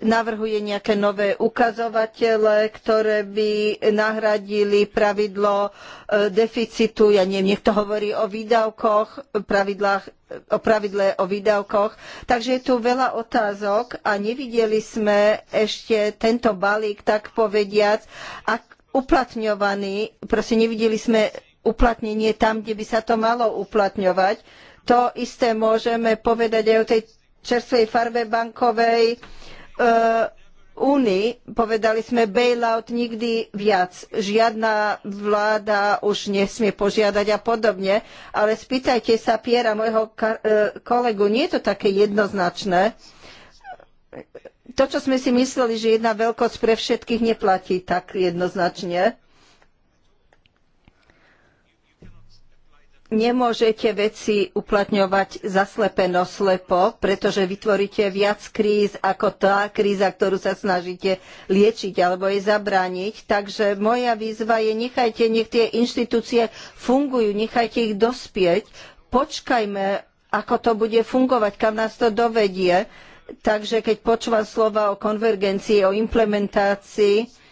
[SPEAKER 2] navrhuje nejaké nové ukazovatele, ktoré by nahradili pravidlo e, deficitu, ja neviem, niekto hovorí o výdavkoch, pravidlách, o pravidle o výdavkoch. Takže je tu veľa otázok a nevideli sme ešte tento balík, tak povediac, ak uplatňovaný, proste nevideli sme uplatnenie tam, kde by sa to malo uplatňovať. To isté môžeme povedať aj o tej čerstvej farbe bankovej únii. Eh, povedali sme bailout nikdy viac. Žiadna vláda už nesmie požiadať a podobne. Ale spýtajte sa Piera, môjho eh, kolegu, nie je to také jednoznačné. To, čo sme si mysleli, že jedna veľkosť pre všetkých neplatí tak jednoznačne. nemôžete veci uplatňovať zaslepeno slepo, pretože vytvoríte viac kríz ako tá kríza, ktorú sa snažíte liečiť alebo jej zabrániť. Takže moja výzva je, nechajte, nech tie inštitúcie fungujú, nechajte ich dospieť, počkajme, ako to bude fungovať, kam nás to dovedie. Takže keď počúvam slova o konvergencii, o implementácii,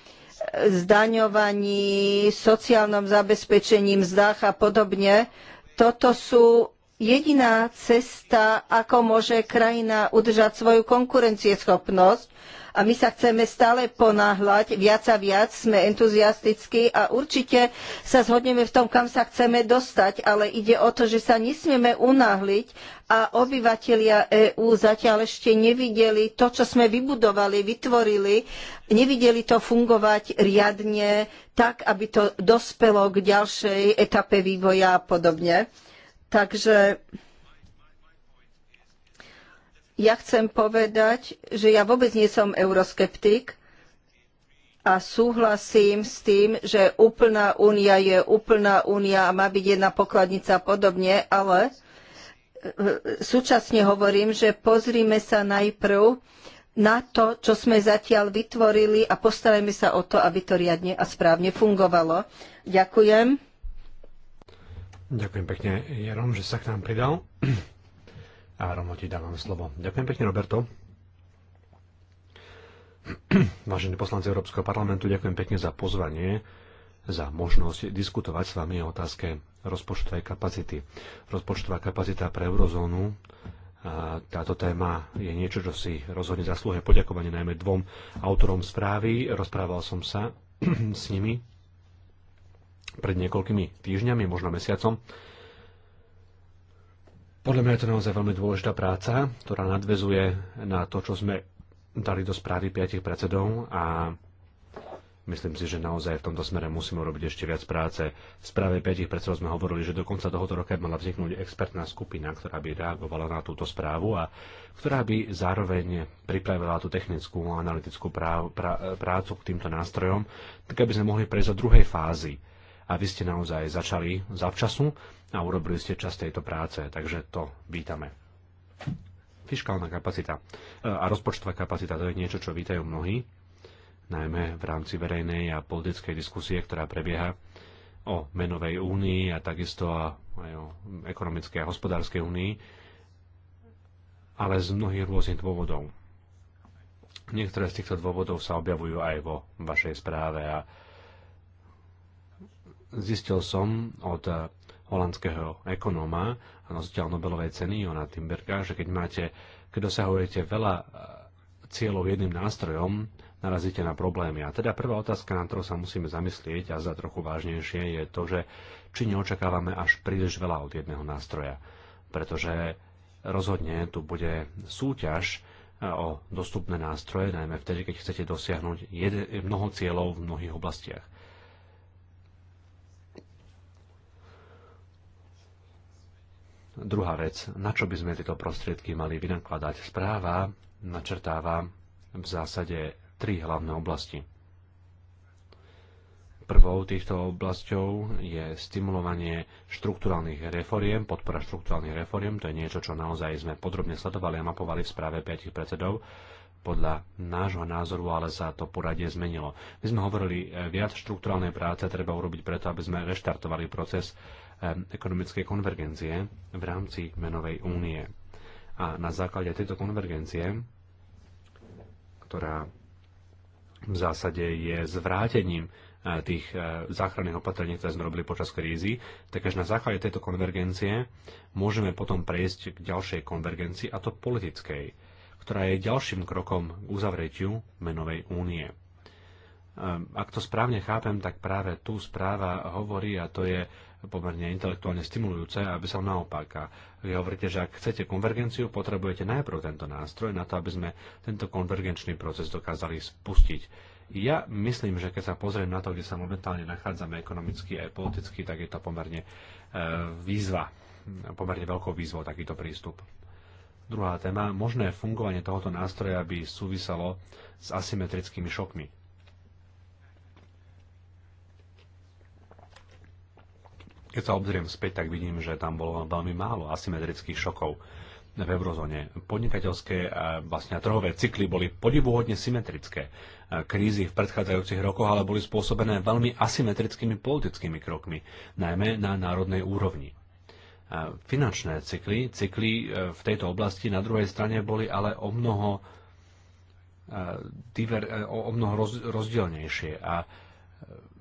[SPEAKER 2] zdaňovaní, sociálnom zabezpečení, mzdách a podobne, toto sú Jediná cesta, ako môže krajina udržať svoju konkurencieschopnosť, a my sa chceme stále ponáhľať, viac a viac sme entuziastickí a určite sa zhodneme v tom, kam sa chceme dostať, ale ide o to, že sa nesmieme unáhliť a obyvatelia EÚ zatiaľ ešte nevideli to, čo sme vybudovali, vytvorili, nevideli to fungovať riadne tak, aby to dospelo k ďalšej etape vývoja a podobne. Takže ja chcem povedať, že ja vôbec nie som euroskeptik a súhlasím s tým, že úplná únia je úplná únia a má byť jedna pokladnica a podobne, ale e, súčasne hovorím, že pozrime sa najprv na to, čo sme zatiaľ vytvorili a postarajme sa o to, aby to riadne a správne fungovalo. Ďakujem.
[SPEAKER 1] Ďakujem pekne, Jarom, že sa k nám pridal. <clears throat> A rovno ti dávam slovo. Ďakujem pekne, Roberto. <clears throat> Vážení poslanci Európskeho parlamentu, ďakujem pekne za pozvanie, za možnosť diskutovať s vami o otázke rozpočtovej kapacity. Rozpočtová kapacita pre eurozónu táto téma je niečo, čo si rozhodne zaslúhe poďakovanie najmä dvom autorom správy. Rozprával som sa <clears throat> s nimi pred niekoľkými týždňami, možno mesiacom. Podľa mňa je to naozaj veľmi dôležitá práca, ktorá nadvezuje na to, čo sme dali do správy piatich predsedov a Myslím si, že naozaj v tomto smere musíme urobiť ešte viac práce. V správe piatich, predsedov sme hovorili, že do konca tohoto roka mala vzniknúť expertná skupina, ktorá by reagovala na túto správu a ktorá by zároveň pripravila tú technickú a analytickú prá- prá, prácu k týmto nástrojom, tak aby sme mohli prejsť do druhej fázy a vy ste naozaj začali zavčasu a urobili ste čas tejto práce, takže to vítame. Fiskálna kapacita e, a rozpočtová kapacita to je niečo, čo vítajú mnohí, najmä v rámci verejnej a politickej diskusie, ktorá prebieha o menovej únii a takisto aj o ekonomickej a hospodárskej únii, ale z mnohých rôznych dôvodov. Niektoré z týchto dôvodov sa objavujú aj vo vašej správe a zistil som od eh, holandského ekonóma a nositeľ Nobelovej ceny Jona Timberga, že keď máte, keď dosahujete veľa eh, cieľov jedným nástrojom, narazíte na problémy. A teda prvá otázka, na ktorú sa musíme zamyslieť a za trochu vážnejšie, je to, že či neočakávame až príliš veľa od jedného nástroja. Pretože rozhodne tu bude súťaž eh, o dostupné nástroje, najmä vtedy, keď chcete dosiahnuť mnoho cieľov v mnohých oblastiach. Druhá vec, na čo by sme tieto prostriedky mali vynakladať? Správa načrtáva v zásade tri hlavné oblasti. Prvou týchto oblasťou je stimulovanie štrukturálnych reforiem, podpora štrukturálnych reforiem, to je niečo, čo naozaj sme podrobne sledovali a mapovali v správe 5 predsedov. Podľa nášho názoru ale sa to poradie zmenilo. My sme hovorili, e, viac štrukturálnej práce treba urobiť preto, aby sme reštartovali proces Ehm, ekonomickej konvergencie v rámci menovej únie. A na základe tejto konvergencie, ktorá v zásade je zvrátením eh, tých eh, záchranných opatrení, ktoré sme robili počas krízy, tak až na základe tejto konvergencie môžeme potom prejsť k ďalšej konvergencii, a to politickej, ktorá je ďalším krokom k uzavretiu menovej únie. Ehm, ak to správne chápem, tak práve tu správa hovorí, a to je pomerne intelektuálne stimulujúce, aby sa naopak. A vy hovoríte, že ak chcete konvergenciu, potrebujete najprv tento nástroj na to, aby sme tento konvergenčný proces dokázali spustiť. Ja myslím, že keď sa pozriem na to, kde sa momentálne nachádzame ekonomicky aj politicky, tak je to pomerne e, výzva, pomerne veľkou výzvou takýto prístup. Druhá téma, možné fungovanie tohoto nástroja by súviselo s asymetrickými šokmi Keď sa obzriem späť, tak vidím, že tam bolo veľmi málo asymetrických šokov v eurozóne. Podnikateľské eh, vlastne, a vlastne trhové cykly boli podivuhodne symetrické. Eh, krízy v predchádzajúcich rokoch ale boli spôsobené veľmi asymetrickými politickými krokmi, najmä na národnej úrovni. Eh, finančné cykly, cykly v tejto oblasti na druhej strane boli ale o mnoho, o mnoho rozdielnejšie a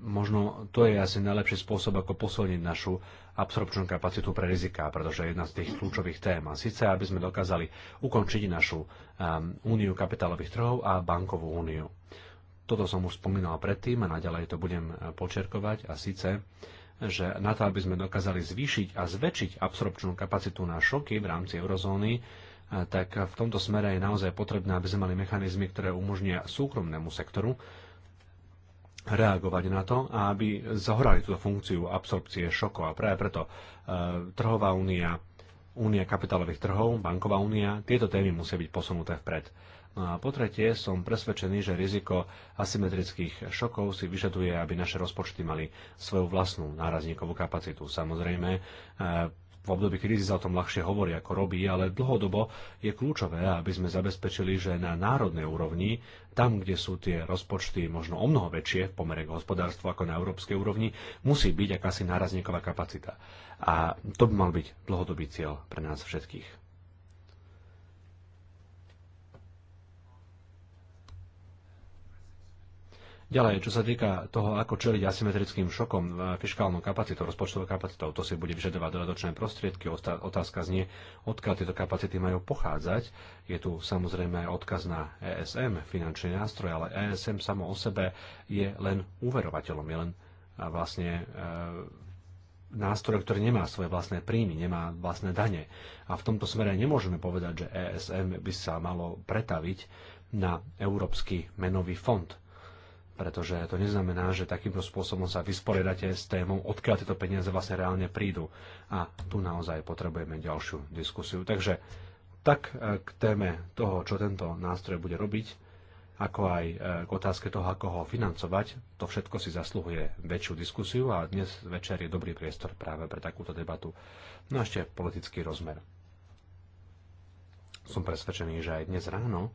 [SPEAKER 1] možno to je asi najlepší spôsob, ako posilniť našu absorpčnú kapacitu pre riziká, pretože je jedna z tých kľúčových tém. A síce, aby sme dokázali ukončiť našu um, úniu kapitálových trhov a bankovú úniu. Toto som už spomínal predtým a naďalej to budem eh, počerkovať a síce, že na to, aby sme dokázali zvýšiť a zväčšiť absorpčnú kapacitu na šoky v rámci eurozóny, eh, tak v tomto smere je naozaj potrebné, aby sme mali mechanizmy, ktoré umožnia súkromnému sektoru reagovať na to a aby zohrali túto funkciu absorpcie šokov. A práve preto e, trhová únia, únia kapitálových trhov, banková únia, tieto témy musia byť posunuté vpred. No a po tretie, som presvedčený, že riziko asymetrických šokov si vyžaduje, aby naše rozpočty mali svoju vlastnú nárazníkovú kapacitu. Samozrejme, eh, v období krízy sa o tom ľahšie hovorí, ako robí, ale dlhodobo je kľúčové, aby sme zabezpečili, že na národnej úrovni, tam, kde sú tie rozpočty možno o mnoho väčšie v pomere k hospodárstvu ako na európskej úrovni, musí byť akási nárazníková kapacita. A to by mal byť dlhodobý cieľ pre nás všetkých. Ďalej, čo sa týka toho, ako čeliť asymetrickým šokom fiskálnou kapacitou, rozpočtovou kapacitou, to si bude vyžadovať dodatočné prostriedky. Otázka znie, odkiaľ tieto kapacity majú pochádzať. Je tu samozrejme aj odkaz na ESM, finančný nástroj, ale ESM samo o sebe je len uverovateľom, je len vlastne e, nástroj, ktorý nemá svoje vlastné príjmy, nemá vlastné dane. A v tomto smere nemôžeme povedať, že ESM by sa malo pretaviť na Európsky menový fond pretože to neznamená, že takýmto spôsobom sa vysporiadate s témou, odkiaľ tieto peniaze vlastne reálne prídu. A tu naozaj potrebujeme ďalšiu diskusiu. Takže tak e, k téme toho, čo tento nástroj bude robiť, ako aj e, k otázke toho, ako ho financovať, to všetko si zasluhuje väčšiu diskusiu a dnes večer je dobrý priestor práve pre takúto debatu. No a ešte politický rozmer. Som presvedčený, že aj dnes ráno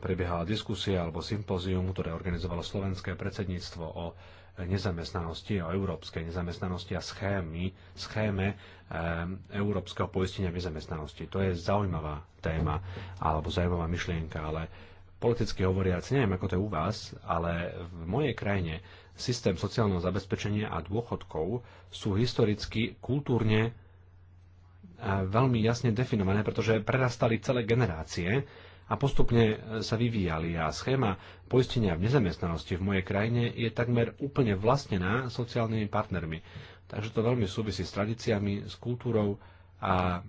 [SPEAKER 1] prebiehala diskusia alebo sympózium, ktoré organizovalo slovenské predsedníctvo o nezamestnanosti, o európskej nezamestnanosti a schémy, schéme e, európskeho poistenia nezamestnanosti. To je zaujímavá téma alebo zaujímavá myšlienka, ale politicky hovoriac, neviem ako to je u vás, ale v mojej krajine systém sociálneho zabezpečenia a dôchodkov sú historicky, kultúrne eh, veľmi jasne definované, pretože prerastali celé generácie a postupne e, sa vyvíjali a schéma poistenia v nezamestnanosti v mojej krajine je takmer úplne vlastnená sociálnymi partnermi. Takže to veľmi súvisí s tradíciami, s kultúrou a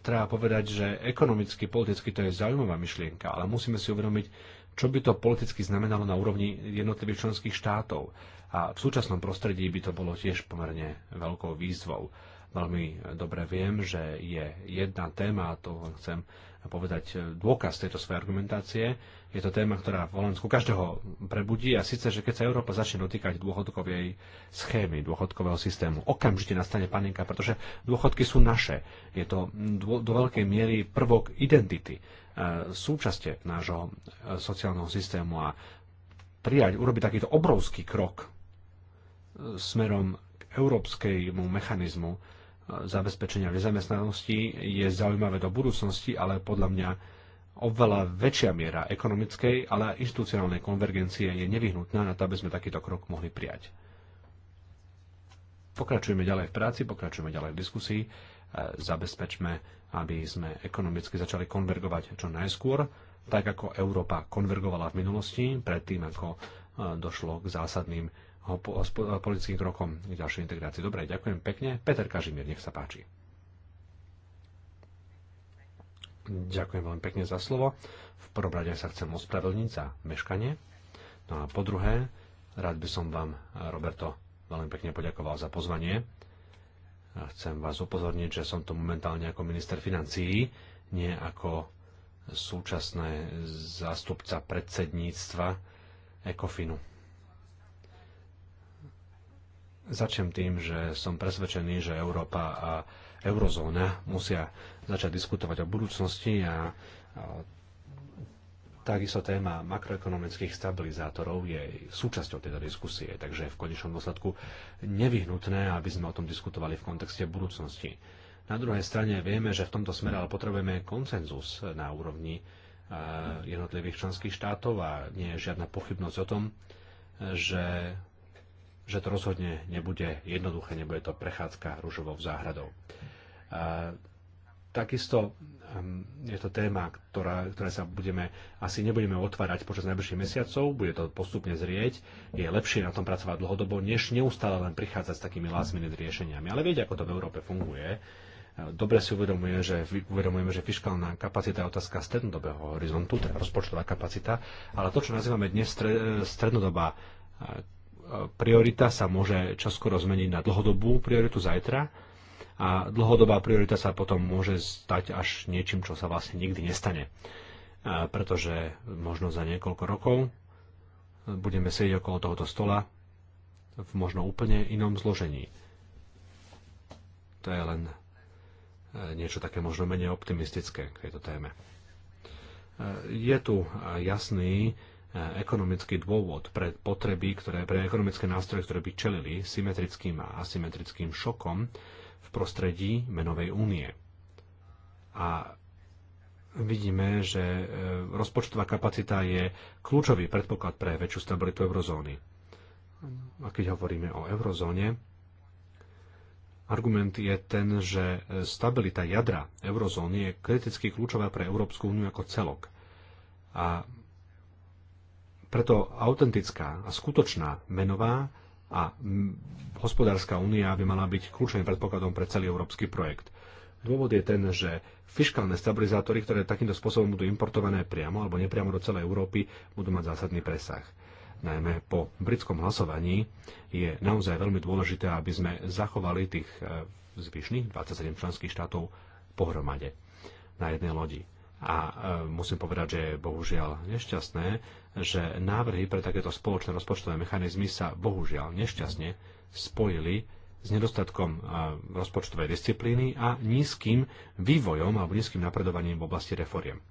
[SPEAKER 1] treba povedať, že ekonomicky, politicky to je zaujímavá myšlienka, ale musíme si uvedomiť, čo by to politicky znamenalo na úrovni jednotlivých členských štátov. A v súčasnom prostredí by to bolo tiež pomerne veľkou výzvou veľmi dobre viem, že je jedna téma, a to chcem povedať, e, dôkaz tejto svojej argumentácie. Je to téma, ktorá v Holandsku každého prebudí a síce, že keď sa Európa začne dotýkať dôchodkovej schémy, dôchodkového systému, okamžite nastane panika, pretože dôchodky sú naše. Je to dô, do veľkej miery prvok identity, e, súčasťe nášho e, sociálneho systému a prijať, urobiť takýto obrovský krok smerom k európskejmu mechanizmu, zabezpečenia nezamestnanosti je zaujímavé do budúcnosti, ale podľa mňa oveľa väčšia miera ekonomickej, ale aj institucionálnej konvergencie je nevyhnutná na to, aby sme takýto krok mohli prijať. Pokračujeme ďalej v práci, pokračujeme ďalej v diskusii, e, zabezpečme, aby sme ekonomicky začali konvergovať čo najskôr, tak ako Európa konvergovala v minulosti, predtým ako e, došlo k zásadným politickým krokom k ďalšej integrácii. Dobre, ďakujem pekne. Peter Kažimír, nech sa páči. Ďakujem veľmi pekne za slovo. V prvom rade sa chcem ospravedlniť za meškanie. No a po druhé, rád by som vám, Roberto, veľmi pekne poďakoval za pozvanie. A chcem vás upozorniť, že som tu momentálne ako minister financií, nie ako súčasné zástupca predsedníctva ECOFINu. Začnem tým, že som presvedčený, že Európa a eurozóna musia začať diskutovať o budúcnosti a Takisto téma makroekonomických stabilizátorov je súčasťou tejto diskusie, takže v konečnom dôsledku nevyhnutné, aby sme o tom diskutovali v kontexte budúcnosti. Na druhej strane vieme, že v tomto smere ale potrebujeme koncenzus na úrovni jednotlivých členských štátov a nie je žiadna pochybnosť o tom, že že to rozhodne nebude jednoduché, nebude to prechádzka rúžovou záhradou. A, takisto ehm, je to téma, ktorá, ktoré sa budeme, asi nebudeme otvárať počas najbližších mesiacov, bude to postupne zrieť. Je lepšie na tom pracovať dlhodobo, než neustále len prichádzať s takými last minute riešeniami. Ale viete, ako to v Európe funguje. E, dobre si uvedomuje, že, uvedomujeme, že fiskálna kapacita je otázka strednodobého horizontu, teda rozpočtová kapacita, ale to, čo nazývame dnes strednodobá e, priorita sa môže čoskoro zmeniť na dlhodobú prioritu zajtra a dlhodobá priorita sa potom môže stať až niečím, čo sa vlastne nikdy nestane. A pretože možno za niekoľko rokov budeme sedieť okolo tohoto stola v možno úplne inom zložení. To je len e, niečo také možno menej optimistické k tejto téme. E, je tu jasný ekonomický dôvod pre potreby, ktoré, pre ekonomické nástroje, ktoré by čelili symetrickým a asymetrickým šokom v prostredí menovej únie. A vidíme, že e, rozpočtová kapacita je kľúčový predpoklad pre väčšiu stabilitu eurozóny. A keď hovoríme o eurozóne, Argument je ten, že stabilita jadra eurozóny je kriticky kľúčová pre Európsku úniu ako celok. A preto autentická a skutočná menová a hospodárska únia by mala byť kľúčovým predpokladom pre celý európsky projekt. Dôvod je ten, že fiskálne stabilizátory, ktoré takýmto spôsobom budú importované priamo alebo nepriamo do celej Európy, budú mať zásadný presah. Najmä po britskom hlasovaní je naozaj veľmi dôležité, aby sme zachovali tých e, zvyšných 27 členských štátov pohromade na jednej lodi. A e, musím povedať, že je bohužiaľ nešťastné, že návrhy pre takéto spoločné rozpočtové mechanizmy sa bohužiaľ nešťastne spojili s nedostatkom e, rozpočtovej disciplíny a nízkym vývojom alebo nízkym napredovaním v oblasti reforiem.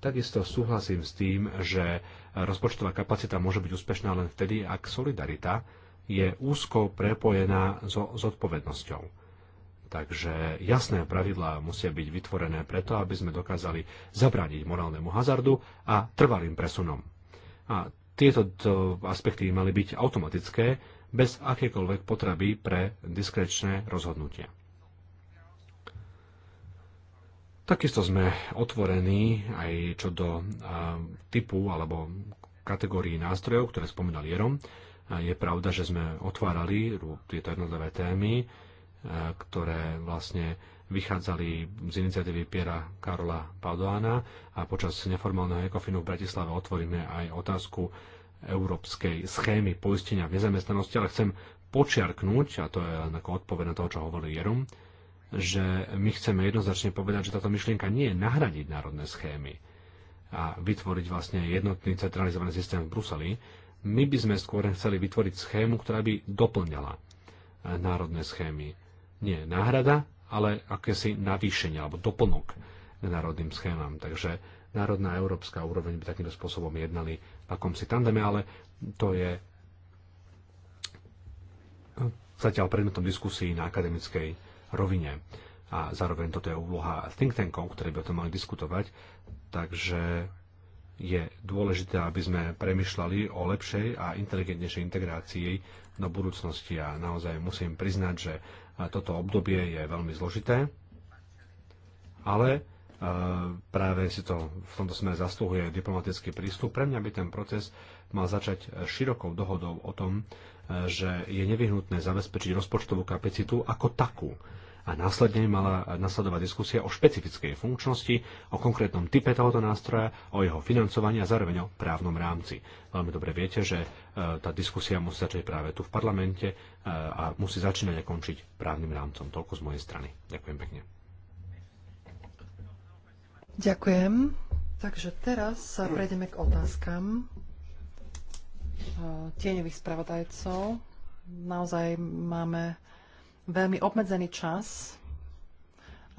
[SPEAKER 1] Takisto súhlasím s tým, že rozpočtová kapacita môže byť úspešná len vtedy, ak solidarita je úzko prepojená so zodpovednosťou. Takže jasné pravidlá musia byť vytvorené preto, aby sme dokázali zabrániť morálnemu hazardu a trvalým presunom. A tieto aspekty mali byť automatické, bez akékoľvek potreby pre diskrečné rozhodnutia. Takisto sme otvorení aj čo do typu alebo kategórií nástrojov, ktoré spomínal Jerom. Je pravda, že sme otvárali tieto jednotlivé témy ktoré vlastne vychádzali z iniciatívy Piera Karola Padoána a počas neformálneho ekofinu v Bratislave otvoríme aj otázku európskej schémy poistenia v nezamestnanosti, ale chcem počiarknúť, a to je ako odpoveď na toho, čo hovorí Jerum, že my chceme jednoznačne povedať, že táto myšlienka nie je nahradiť národné schémy a vytvoriť vlastne jednotný centralizovaný systém v Bruseli. My by sme skôr chceli vytvoriť schému, ktorá by doplňala národné schémy nie náhrada, ale akési navýšenie alebo doplnok národným schémam. Takže národná európska úroveň by takýmto spôsobom jednali v akomsi tandeme, ale to je zatiaľ predmetom diskusí na akademickej rovine. A zároveň toto je úloha think tankov, ktoré by o tom mali diskutovať. Takže je dôležité, aby sme premyšľali o lepšej a inteligentnejšej integrácii do budúcnosti. A naozaj musím priznať, že toto obdobie je veľmi zložité, ale e, práve si to v tomto smere zastúhuje diplomatický prístup. Pre mňa by ten proces mal začať širokou dohodou o tom, e, že je nevyhnutné zabezpečiť rozpočtovú kapacitu ako takú a následne mala nasledovať diskusia o špecifickej funkčnosti, o konkrétnom type tohoto nástroja, o jeho financovaní a zároveň o právnom rámci. Veľmi dobre viete, že e, tá diskusia musí začať práve tu v parlamente e, a musí začínať a končiť právnym rámcom. Toľko z mojej strany. Ďakujem pekne.
[SPEAKER 3] Ďakujem. Takže teraz sa prejdeme k otázkam e, tieňových spravodajcov. Naozaj máme veľmi obmedzený čas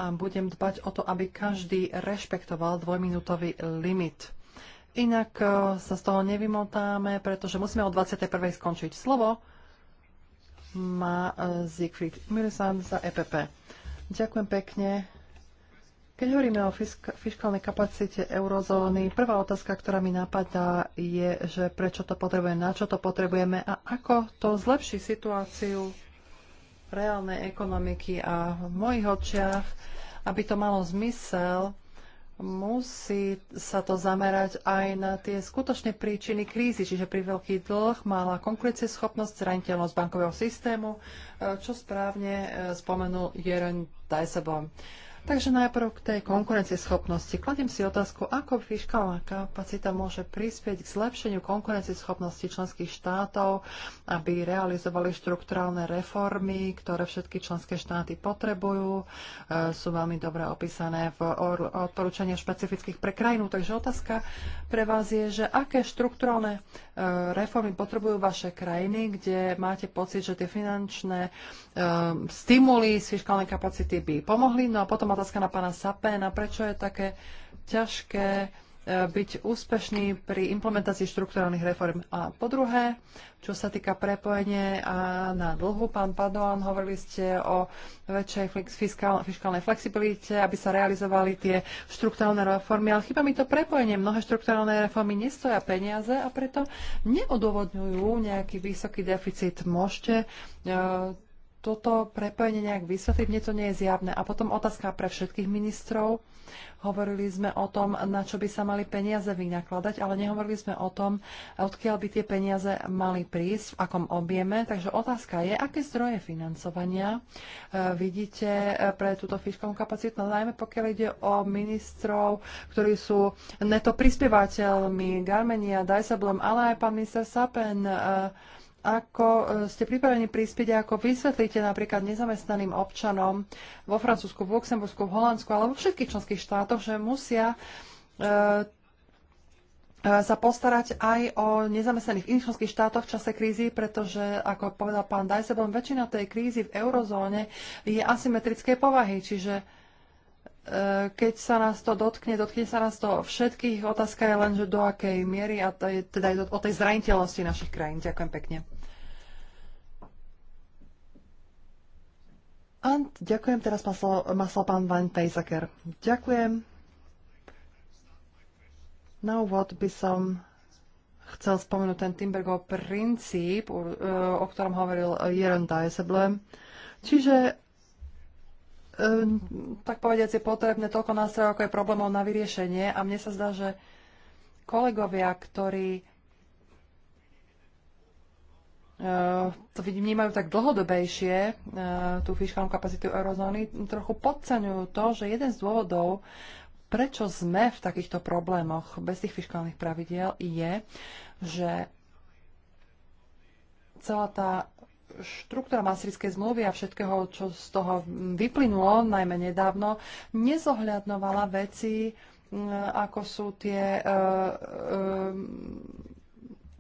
[SPEAKER 3] a budem dbať o to, aby každý rešpektoval dvojminútový limit. Inak e, sa z toho nevymotáme, pretože musíme o 21. skončiť. Slovo má e, Siegfried Müresan za EPP. Ďakujem pekne. Keď hovoríme o fisk- fiskálnej kapacite eurozóny, prvá otázka, ktorá mi napadá, je, že prečo to potrebujeme, na čo to potrebujeme a ako to zlepší situáciu reálnej ekonomiky a v mojich očiach, aby to malo zmysel, musí sa to zamerať aj na tie skutočné príčiny krízy, čiže pri veľký dlh, malá konkurencieschopnosť, zraniteľnosť bankového systému, čo správne e, spomenul Jeren Dajsebom. Takže najprv k tej konkurencieschopnosti. Kladím si otázku, ako fiskálna kapacita môže prispieť k zlepšeniu konkurencieschopnosti členských štátov, aby realizovali štrukturálne reformy, ktoré všetky členské štáty potrebujú. E, sú veľmi dobre opísané v odporúčaniach špecifických pre krajinu. Takže otázka pre vás je, že aké štrukturálne e, reformy potrebujú vaše krajiny, kde máte pocit, že tie finančné e, stimuly z fiskálnej kapacity by pomohli. No a potom otázka na pána Sapéna. Prečo je také ťažké e, byť úspešný pri implementácii štrukturálnych reform. A po druhé, čo sa týka prepojenie a na dlhu, pán Padoan, hovorili ste o väčšej fiskálnej flexibilite, aby sa realizovali tie štrukturálne reformy, ale chyba mi to prepojenie. Mnohé štrukturálne reformy nestoja peniaze a preto neodôvodňujú nejaký vysoký deficit. Môžete e, toto prepojenie nejak vysvetliť, mne to nie je zjavné. A potom otázka pre všetkých ministrov. Hovorili sme o tom, na čo by sa mali peniaze vynakladať, ale nehovorili sme o tom, odkiaľ by tie peniaze mali prísť, v akom objeme. Takže otázka je, aké zdroje financovania e, vidíte e, pre túto fiškovú kapacitu, no najmä pokiaľ ide o ministrov, ktorí sú neto prispievateľmi Garmenia, Dajsablom, ale aj pán minister Sapen, e, ako e, ste pripravení prispieť a ako vysvetlíte napríklad nezamestnaným občanom vo Francúzsku, v Luxembursku, v Holandsku alebo vo všetkých členských štátoch, že musia e, e, sa postarať aj o nezamestnaných v iných členských štátoch v čase krízy, pretože, ako povedal pán Dajsebon, väčšina tej krízy v eurozóne je asymetrické povahy, čiže E, keď sa nás to dotkne, dotkne sa nás to všetkých. Otázka je len, že do akej miery a to je, teda je to o tej zraniteľnosti našich krajín. Ďakujem pekne. A ďakujem, teraz maslo, maslo pán Van Pejzaker. Ďakujem. Na úvod by som chcel spomenúť ten Timbergov princíp, e, o ktorom hovoril Jeroen Dijsselbloem. Čiže tak povediať, je potrebné toľko nástrojov, ako je problémov na vyriešenie. A mne sa zdá, že kolegovia, ktorí eh, to vnímajú tak dlhodobejšie, eh, tú fiskálnu kapacitu eurozóny, trochu podceňujú to, že jeden z dôvodov, prečo sme v takýchto problémoch bez tých fiskálnych pravidiel, je, že celá tá štruktúra masrickej zmluvy a všetkého, čo z toho vyplynulo, najmä nedávno, nezohľadnovala veci, mm, ako sú tie e, e,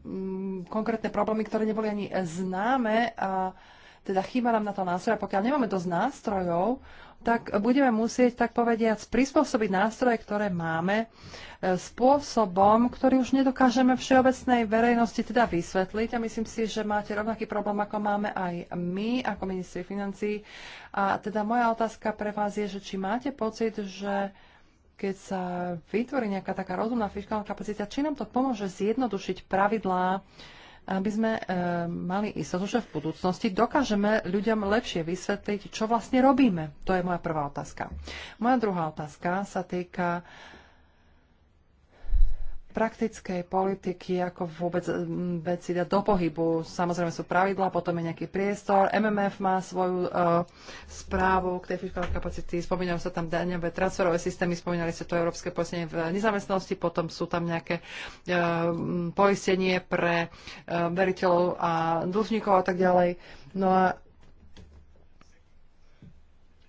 [SPEAKER 3] mm, konkrétne problémy, ktoré neboli ani známe a teda chýba nám na to nástroja. Pokiaľ nemáme dosť nástrojov, tak budeme musieť, tak povediať prispôsobiť nástroje, ktoré máme, e, spôsobom, ktorý už nedokážeme všeobecnej verejnosti teda vysvetliť. A myslím si, že máte rovnaký problém, ako máme aj my, ako ministri financí. A teda moja otázka pre vás je, že či máte pocit, že keď sa vytvorí nejaká taká rozumná fiskálna kapacita, či nám to pomôže zjednodušiť pravidlá, aby sme e, mali istotu, že v budúcnosti dokážeme ľuďom lepšie vysvetliť, čo vlastne robíme. To je moja prvá otázka. Moja druhá otázka sa týka e, praktickej politiky, ako vôbec mm, veci dať do pohybu. Samozrejme sú pravidla, potom je nejaký priestor. MMF má svoju uh, správu k tej fiskálnej kapacity, spomínajú sa tam daňové transferové systémy, spomínali sa to Európske poistenie v nezamestnosti, potom sú tam nejaké uh, poistenie pre uh, veriteľov a dlžníkov a tak ďalej. No a,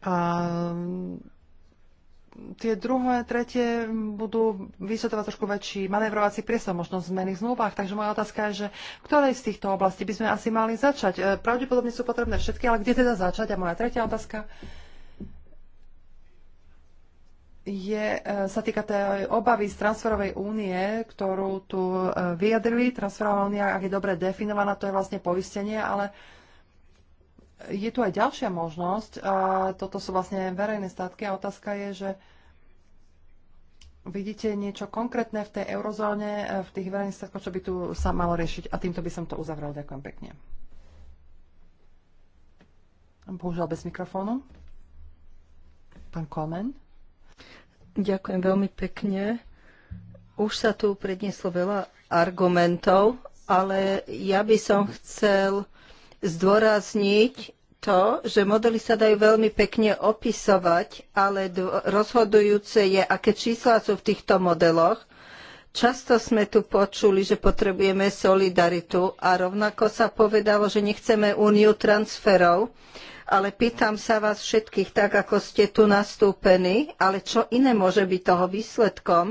[SPEAKER 3] a tie druhé, tretie budú vysvetovať trošku väčší manevrovací priestor možno v zmených zmluvách. Takže moja otázka je, že v ktorej z týchto oblastí by sme asi mali začať? E, pravdepodobne sú potrebné všetky, ale kde teda začať? A moja tretia otázka je, e, sa týka tej obavy z transferovej únie, ktorú tu e, vyjadrili. Transferová únia, ak je dobre definovaná, to je vlastne poistenie, ale uh, je tu aj ďalšia možnosť a toto sú vlastne verejné statky a otázka je, že vidíte niečo konkrétne v tej eurozóne, v tých verejných statkoch, čo by tu sa malo riešiť a týmto by som to uzavrel. Ďakujem pekne. Bohužiaľ bez mikrofónu. Pán Komen.
[SPEAKER 2] Ďakujem veľmi pekne. Už sa tu prednieslo veľa argumentov, ale ja by som chcel zdôrazniť to, že modely sa dajú veľmi pekne opisovať, ale rozhodujúce je, aké čísla sú v týchto modeloch. Často sme tu počuli, že potrebujeme solidaritu a rovnako sa povedalo, že nechceme úniu transferov, ale pýtam sa vás všetkých, tak ako ste tu nastúpení, ale čo iné môže byť toho výsledkom?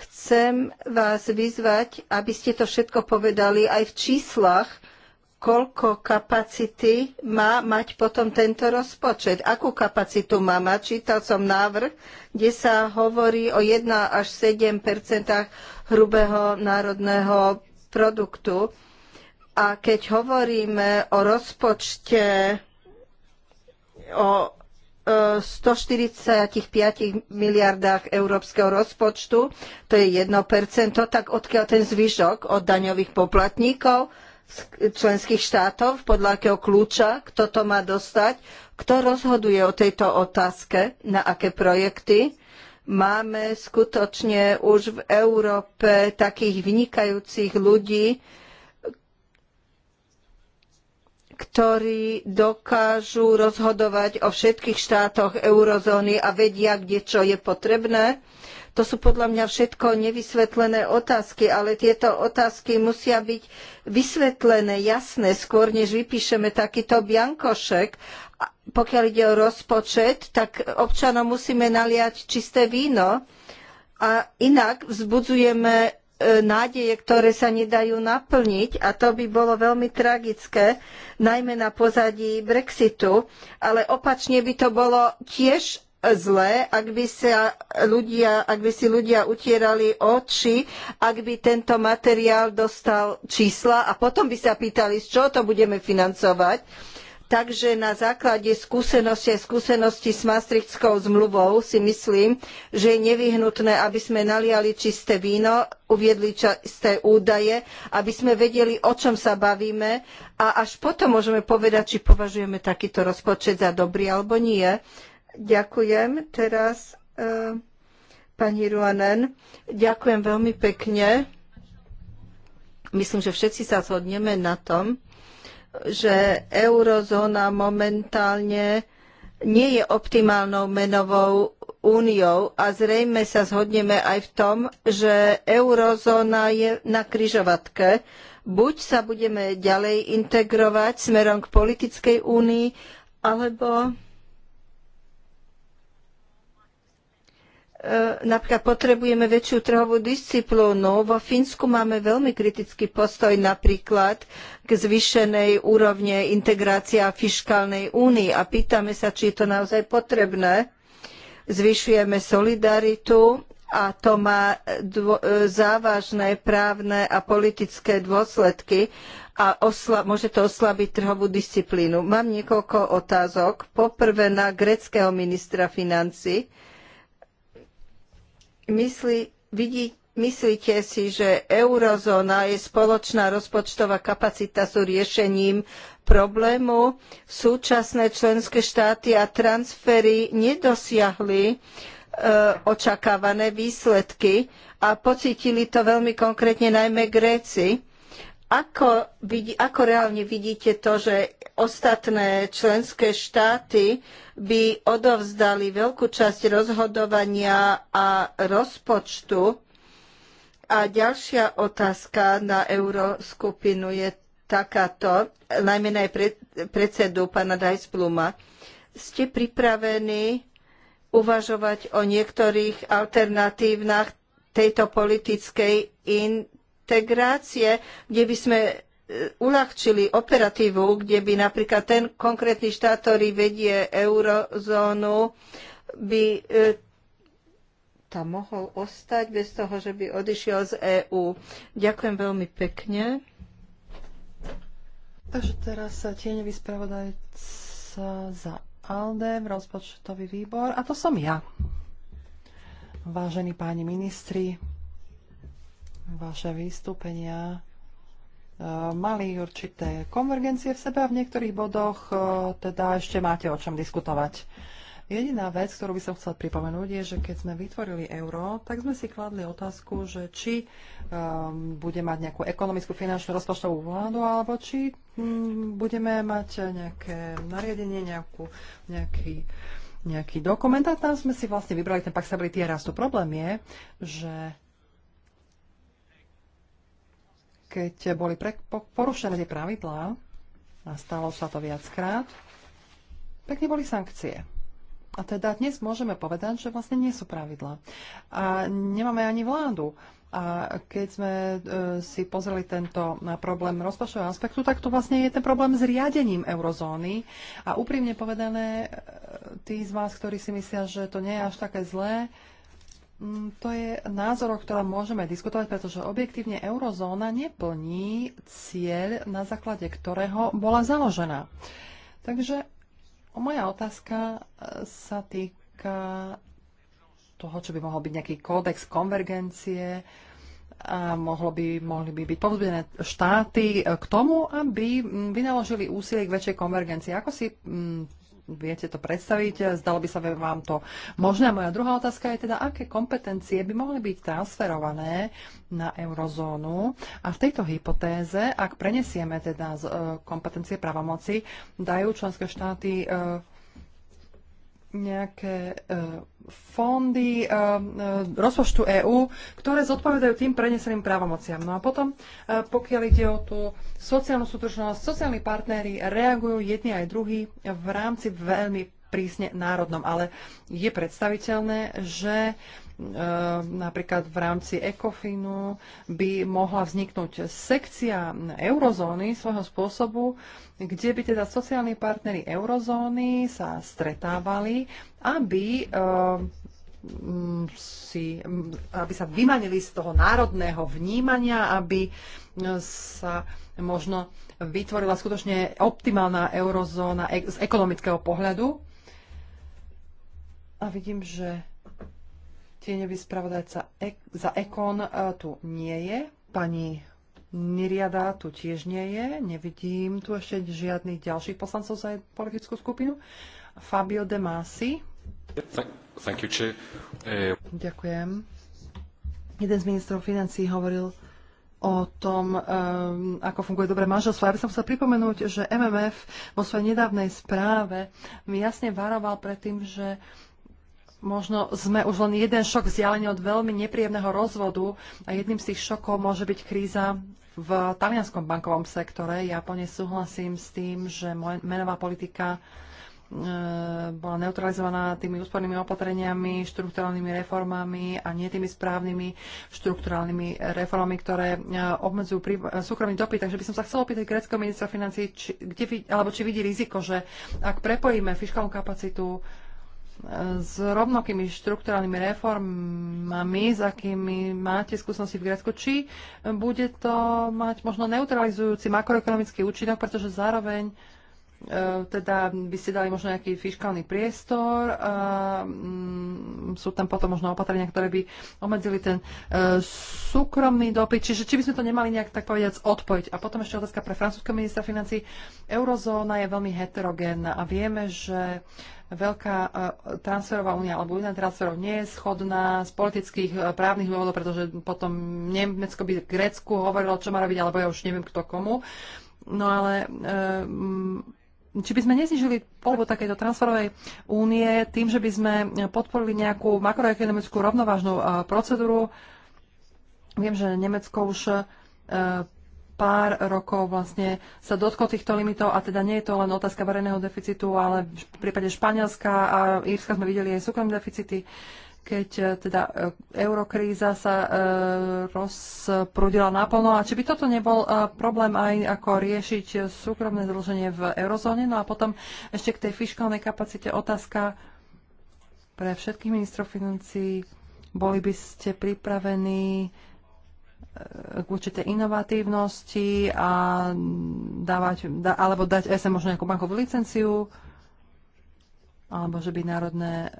[SPEAKER 2] Chcem vás vyzvať, aby ste to všetko povedali aj v číslach, koľko kapacity má mať potom tento rozpočet. Akú kapacitu má mať? Čítal som návrh, kde sa hovorí o 1 až 7 hrubého národného produktu. A keď hovoríme o rozpočte o 145 e, miliardách európskeho rozpočtu, to je 1%, tak odkiaľ ten zvyšok od daňových poplatníkov, členských štátov, podľa akého kľúča, kto to má dostať, kto rozhoduje o tejto otázke, na aké projekty. Máme skutočne už v Európe takých vynikajúcich ľudí, ktorí dokážu rozhodovať o všetkých štátoch eurozóny a vedia, kde čo je potrebné. To sú podľa mňa všetko nevysvetlené otázky, ale tieto otázky musia byť vysvetlené, jasné, skôr než vypíšeme takýto biankošek. Pokiaľ ide o rozpočet, tak občanom musíme naliať čisté víno a inak vzbudzujeme e, nádeje, ktoré sa nedajú naplniť a to by bolo veľmi tragické, najmä na pozadí Brexitu, ale opačne by to bolo tiež zlé, ak by, sa ľudia, ak by si ľudia utierali oči, ak by tento materiál dostal čísla a potom by sa pýtali, z čoho to budeme financovať. Takže na základe skúsenosti a skúsenosti s Maastrichtskou zmluvou si myslím, že je nevyhnutné, aby sme naliali čisté víno, uviedli čisté údaje, aby sme vedeli, o čom sa bavíme a až potom môžeme povedať, či považujeme takýto rozpočet za dobrý alebo nie. Ďakujem. Teraz e, pani Ruanen. Ďakujem veľmi pekne. Myslím, že všetci sa zhodneme na tom, že eurozóna momentálne nie je optimálnou menovou úniou a zrejme sa zhodneme aj v tom, že eurozóna je na kryžovatke. Buď sa budeme ďalej integrovať smerom k politickej únii, alebo E, napríklad potrebujeme väčšiu trhovú disciplínu. Vo Fínsku máme veľmi kritický postoj napríklad k zvýšenej úrovne integrácia fiškálnej únii a pýtame sa, či je to naozaj potrebné. Zvyšujeme solidaritu a to má e, závažné právne a politické dôsledky a môže to oslabiť trhovú disciplínu. Mám niekoľko otázok. Poprvé na gréckeho ministra financí. Myslí, vidí, myslíte si, že eurozóna je spoločná rozpočtová kapacita sú riešením problému? Súčasné členské štáty a transfery nedosiahli e, očakávané výsledky a pocítili to veľmi konkrétne najmä Gréci. Ako, vidí, ako reálne vidíte to, že ostatné členské štáty by odovzdali veľkú časť rozhodovania a rozpočtu? A ďalšia otázka na euroskupinu je takáto, najmä aj pre, predsedu pána Dajsbluma. Ste pripravení uvažovať o niektorých alternatívnach tejto politickej in, integrácie, kde by sme e, uľahčili operatívu, kde by napríklad ten konkrétny štát, ktorý vedie eurozónu, by e, tam mohol ostať bez toho, že by odišiel z EÚ. Ďakujem veľmi pekne.
[SPEAKER 3] Takže teraz sa tieňový spravodajca za ALDE, v rozpočtový výbor, a to som ja. Vážení páni ministri, vaše vystúpenia e, mali určité konvergencie v sebe a v niektorých bodoch e, teda ešte máte o čom diskutovať. Jediná vec, ktorú by som chcel pripomenúť, je, že keď sme vytvorili euro, tak sme si kladli otázku, že či um, bude mať nejakú ekonomickú, finančnú, rozpočtovú vládu, alebo či um, budeme mať nejaké nariadenie, nejakú, nejaký, nejaký dokument. A tam sme si vlastne vybrali ten pakt stability a rastu. Problém je, že keď boli pre, po, porušené tie pravidlá, a stalo sa to viackrát, pekne boli sankcie. A teda dnes môžeme povedať, že vlastne nie sú pravidlá A nemáme ani vládu. A keď sme e, si pozreli tento na e, problém rozpočtového aspektu, tak to vlastne je ten problém s riadením eurozóny. A úprimne povedané, e, tí z vás, ktorí si myslia, že to nie je až také zlé, e, Mm, to je názor, o ktorom môžeme diskutovať, pretože objektívne eurozóna neplní cieľ, na základe ktorého bola založená. Takže moja otázka e, sa týka toho, čo by mohol byť nejaký kódex konvergencie a mohlo by, mohli by byť povzbudené štáty e, k tomu, aby mm, vynaložili úsilie k väčšej konvergencii. Ako si mm, viete to predstaviť? Zdalo by sa vám to možné. Moja druhá otázka je teda, aké kompetencie by mohli byť transferované na eurozónu. A v tejto hypotéze, ak prenesieme teda e, kompetencie pravomoci, dajú členské štáty e, nejaké e, fondy e, e, rozpočtu EÚ, ktoré zodpovedajú tým preneseným právomociam. No a potom, pokiaľ ide o tú sociálnu súdržnosť, sociálni partnery reagujú jedni aj druhí v rámci veľmi prísne národnom, ale je predstaviteľné, že E, napríklad v rámci ECOFINu by mohla vzniknúť sekcia eurozóny svojho spôsobu, kde by teda sociálni partnery eurozóny sa stretávali, aby e, si, aby sa vymanili z toho národného vnímania, aby e, sa možno vytvorila skutočne optimálna eurozóna z ekonomického pohľadu. A vidím, že Tieňový spravodajca za Ekon e, tu nie je. Pani Niriada tu tiež nie je. Nevidím tu ešte žiadnych ďalších poslancov za politickú skupinu. Fabio De Masi.
[SPEAKER 1] Thank you, chair. E,
[SPEAKER 3] Ďakujem. Jeden z ministrov financí hovoril o tom, um, ako funguje dobré manželstvo. Ja by som chcel pripomenúť, že MMF vo svojej nedávnej správe mi jasne varoval pred tým, že uh, Možno sme už len jeden šok vzdialený od veľmi nepríjemného rozvodu a jedným z tých šokov môže byť kríza v talianskom bankovom sektore. Ja plne súhlasím s tým, že menová politika e, bola neutralizovaná tými úspornými opatreniami, štrukturálnymi reformami a nie tými správnymi štrukturálnymi reformami, ktoré e, obmedzujú prí... E, súkromný dopyt. Takže by som sa chcela opýtať greckého ministra financí, či, kde, alebo či vidí riziko, že ak prepojíme fiskálnu kapacitu s rovnakými štrukturálnymi reformami, s akými máte skúsenosti v Grécku, či bude to mať možno neutralizujúci makroekonomický účinok, pretože zároveň e, teda by ste dali možno nejaký fiskálny priestor a mm, sú tam potom možno opatrenia, ktoré by obmedzili ten e, súkromný dopyt. Čiže či by sme to nemali nejak tak povedať odpojiť. A potom ešte otázka pre francúzského ministra financí. Eurozóna je veľmi heterogénna a vieme, že veľká e, transferová únia alebo iná transferov nie je schodná z politických e, právnych dôvodov, pretože potom Nemecko by Grécku hovorilo, čo má robiť, alebo ja už neviem kto komu. No ale e, či by sme neznižili polbu takejto transferovej únie tým, že by sme podporili nejakú makroekonomickú rovnovážnu procedúru. Viem, že Nemecko už pár rokov vlastne sa dotklo týchto limitov a teda nie je to len otázka verejného deficitu, ale v prípade Španielska a Írska sme videli aj súkromné deficity keď e, teda e, eurokríza sa e, rozprúdila rozprudila naplno a či by toto nebol problém aj ako riešiť súkromné zloženie v eurozóne. No a potom ešte k tej fiskálnej kapacite otázka pre všetkých ministrov financí. Boli by ste pripravení k určitej inovatívnosti a dávať, da, alebo dať SM možno nejakú bankovú licenciu, alebo že by národné e,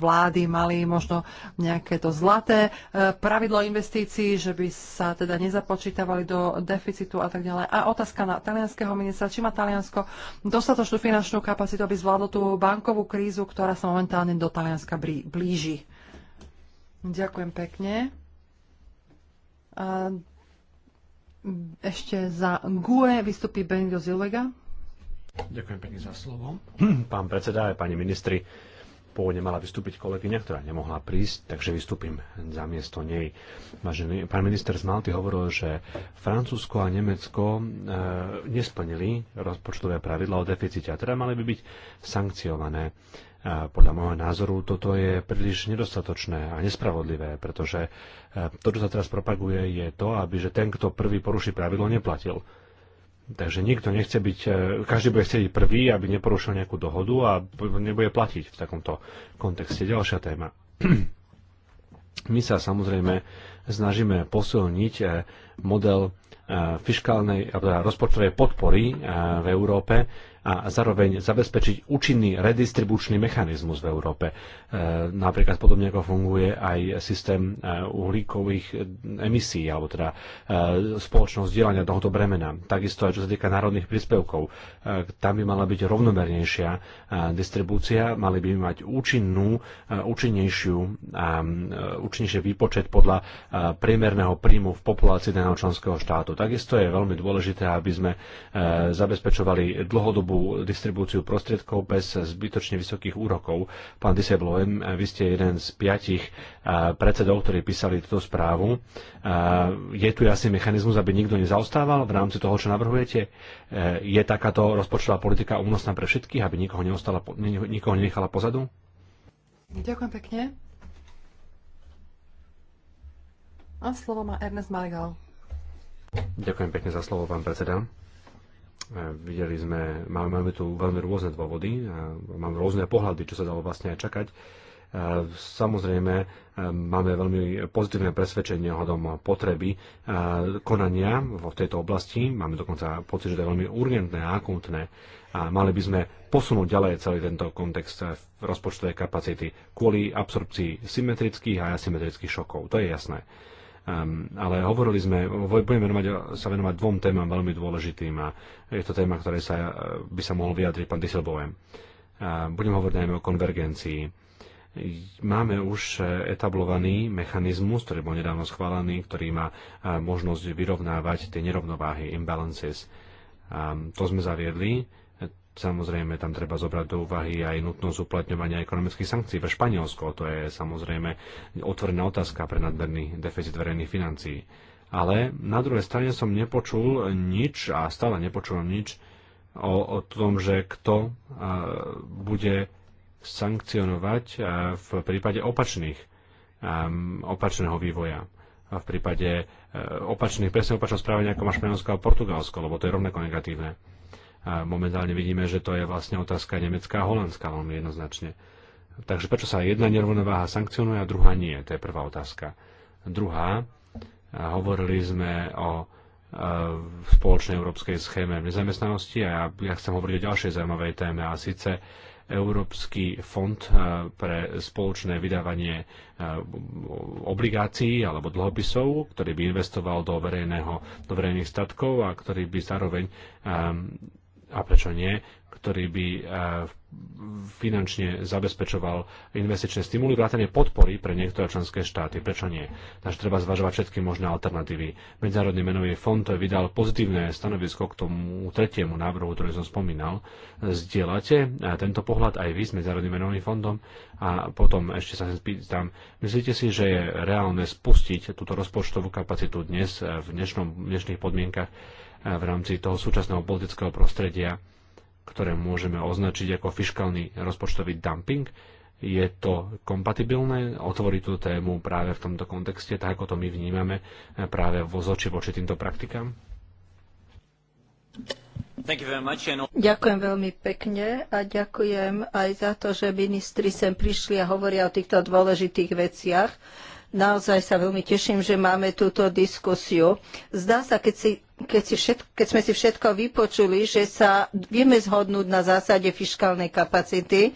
[SPEAKER 3] vlády mali možno nejaké to zlaté e, pravidlo investícií, že by sa teda nezapočítavali do deficitu a tak ďalej. A otázka na talianského ministra, či má Taliansko dostatočnú finančnú kapacitu, aby zvládlo tú bankovú krízu, ktorá sa momentálne do Talianska blíži. Ďakujem pekne ešte za GUE vystupí Benito Zilega.
[SPEAKER 1] Ďakujem pekne za slovo. <clears throat> Pán predseda aj pani ministri, pôvodne mala vystúpiť kolegyňa, ktorá nemohla prísť, takže vystúpim za miesto nej. Vážený pán minister z Malty hovoril, že Francúzsko a Nemecko e, nesplnili rozpočtové pravidla o deficite a teda mali by byť sankciované. Podľa môjho názoru toto je príliš nedostatočné a nespravodlivé, pretože e, to, čo sa teraz propaguje, je to, aby že ten, kto prvý poruší pravidlo, neplatil. Takže nikto nechce byť, e, každý bude chcieť byť prvý, aby neporušil nejakú dohodu a nebude platiť v takomto kontexte. Ďalšia téma. <clears throat> My sa samozrejme snažíme posilniť e, model fiskálnej, teda rozpočtovej podpory v Európe, a zároveň zabezpečiť účinný redistribučný mechanizmus v Európe. E, napríklad podobne ako funguje aj systém e, uhlíkových e, emisí, alebo teda spoločnosť vzdielania tohoto bremena. Takisto aj čo sa týka národných príspevkov. Tam by mala byť rovnomernejšia distribúcia, mali by mať účinnú, účinnejšiu účinnejšie výpočet podľa priemerného príjmu v populácii daného členského štátu. Takisto je veľmi dôležité, aby sme zabezpečovali dlhodobú slabú distribúciu prostriedkov bez zbytočne vysokých úrokov. Pán Disebloem, vy ste jeden z piatich eh, predsedov, ktorí písali túto správu. Eh, je tu jasný mechanizmus, aby nikto nezaostával v rámci toho, čo navrhujete? Eh, je takáto rozpočtová politika únosná pre všetkých, aby nikoho, neostala, nikoho nenechala pozadu?
[SPEAKER 3] Ďakujem pekne. A slovo má Ernest Maligal.
[SPEAKER 1] Ďakujem pekne za slovo, pán predseda. E, videli sme, máme, máme tu veľmi rôzne dôvody, máme rôzne pohľady, čo sa dalo vlastne aj čakať. E, samozrejme, e, máme veľmi pozitívne presvedčenie ohľadom potreby konania v tejto oblasti. Máme dokonca pocit, že to je veľmi urgentné a akútne. A mali by sme posunúť ďalej celý tento kontext rozpočtovej kapacity kvôli absorpcii symetrických a asymetrických šokov. To je jasné. Ehm, ale hovorili sme, budeme venovať, sa venovať dvom témam veľmi dôležitým a je to téma, ktoré sa, eh, by sa mohol vyjadriť pán Dyselboem. Budem hovoriť najmä o konvergencii máme už eh, etablovaný mechanizmus, ktorý bol nedávno schválený, ktorý má eh, možnosť vyrovnávať tie nerovnováhy, imbalances. Ehm, to sme zaviedli Samozrejme, tam treba zobrať do úvahy aj nutnosť uplatňovania ekonomických sankcií pre Španielsko. To je samozrejme otvorená otázka pre nadmerný deficit verejných financií. Ale na druhej strane som nepočul nič a stále nepočul nič o, o tom, že kto bude sankcionovať v prípade opačných, opačného vývoja v prípade e, opačných, presne opačného správania ako má Španielsko a Portugalsko, lebo to je rovnako negatívne. Momentálne vidíme, že to je vlastne otázka Nemecká a Holandská veľmi jednoznačne. Takže prečo sa jedna nerovnováha sankcionuje a druhá nie? To je prvá otázka. Druhá, hovorili sme o v e, spoločnej európskej schéme v nezamestnanosti a ja, ja chcem hovoriť o ďalšej zaujímavej téme a síce Európsky fond e, pre spoločné vydávanie e, obligácií alebo dlhopisov, ktorý by investoval do, verejného, do verejných statkov a ktorý by zároveň a prečo nie, ktorý by eh, finančne zabezpečoval investičné stimuly, vrátane podpory pre niektoré členské štáty. Prečo nie? Takže treba zvažovať všetky možné alternatívy. Medzinárodný menový fond vydal pozitívne stanovisko k tomu tretiemu návrhu, ktorý som spomínal. Zdieľate eh, tento pohľad aj vy s Medzinárodným menovým fondom? A potom ešte sa spýtam, myslíte si, že je reálne spustiť túto rozpočtovú kapacitu dnes eh, v dnešnom, dnešných podmienkach v rámci toho súčasného politického prostredia, ktoré môžeme označiť ako fiškálny rozpočtový dumping. Je to kompatibilné? otvoriť tú tému práve v tomto kontexte, tak ako to my vnímame eh, práve vo zoči voči týmto praktikám?
[SPEAKER 2] Ďakujem veľmi pekne a ďakujem aj za to, že ministri sem prišli a hovoria o týchto dôležitých veciach. Naozaj sa veľmi teším, že máme túto diskusiu. Zdá sa, keď si keď, si všetko, keď sme si všetko vypočuli, že sa vieme zhodnúť na zásade fiskálnej kapacity,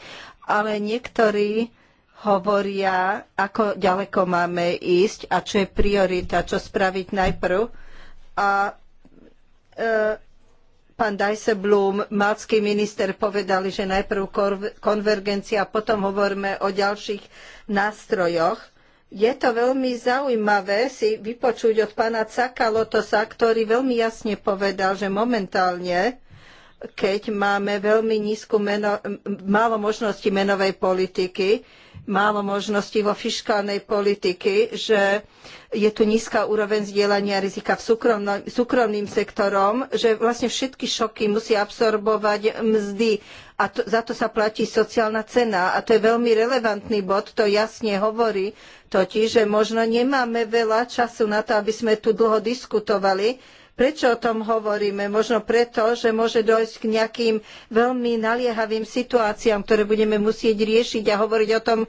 [SPEAKER 2] ale niektorí hovoria, ako ďaleko máme ísť a čo je priorita, čo spraviť najprv. A e, pán Dijsselbloem, malcký minister, povedali, že najprv konvergencia, potom hovoríme o ďalších nástrojoch je to veľmi zaujímavé si vypočuť od pána Cakalotosa, ktorý veľmi jasne povedal, že momentálne, keď máme veľmi nízku meno, málo možnosti menovej politiky, málo možností vo fiškálnej politiky, že je tu nízka úroveň zdieľania rizika v súkromno, súkromným sektorom, že vlastne všetky šoky musia absorbovať mzdy a to, za to sa platí sociálna cena. A to je veľmi relevantný bod, to jasne hovorí totiž, že možno nemáme veľa času na to, aby sme tu dlho diskutovali, Prečo o tom hovoríme? Možno preto, že môže dojsť k nejakým veľmi naliehavým situáciám, ktoré budeme musieť riešiť a hovoriť o tom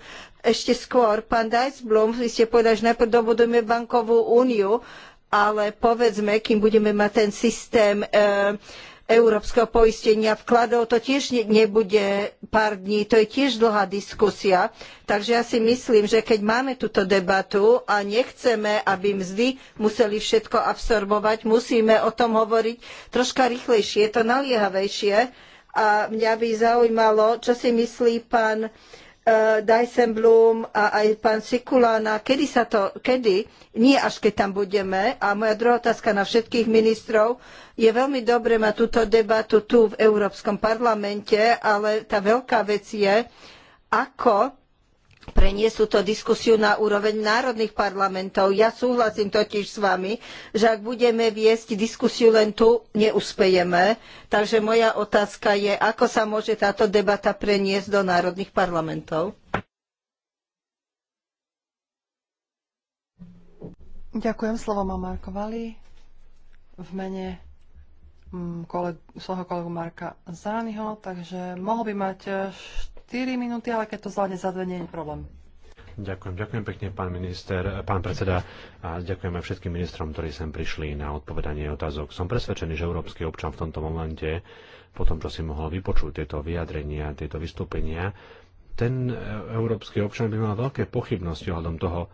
[SPEAKER 2] ešte skôr. Pán Dijsblom, vy ste povedali, že najprv dobudujeme bankovú úniu, ale povedzme, kým budeme mať ten systém e, európskeho poistenia vkladov, to tiež nebude pár dní, to je tiež dlhá diskusia. Takže ja si myslím, že keď máme túto debatu a nechceme, aby mzdy museli všetko absorbovať, musíme o tom hovoriť troška rýchlejšie, je to naliehavejšie. A mňa by zaujímalo, čo si myslí pán Eh, Dijsselbloem a aj pán Sikulana, kedy sa to, kedy, nie až keď tam budeme. A moja druhá otázka na všetkých ministrov. Je veľmi dobre mať túto debatu tu v Európskom parlamente, ale tá veľká vec je, ako preniesú to diskusiu na úroveň národných parlamentov. Ja súhlasím totiž s vami, že ak budeme viesť diskusiu len tu, neúspejeme. Takže moja otázka je, ako sa môže táto debata preniesť do národných parlamentov?
[SPEAKER 3] Ďakujem, slovo má Marko Vali v mene mm, koleg- svojho kolegu Marka Zányho, takže mohol by mať 4 minúty, ale keď to zvládne za dve, nie je problém.
[SPEAKER 1] Ďakujem, ďakujem pekne, pán minister, pán predseda a ďakujem aj všetkým ministrom, ktorí sem prišli na odpovedanie otázok. Som presvedčený, že európsky občan v tomto momente, po tom, čo si mohol vypočuť tieto vyjadrenia, tieto vystúpenia, ten e, európsky občan by mal veľké pochybnosti ohľadom toho,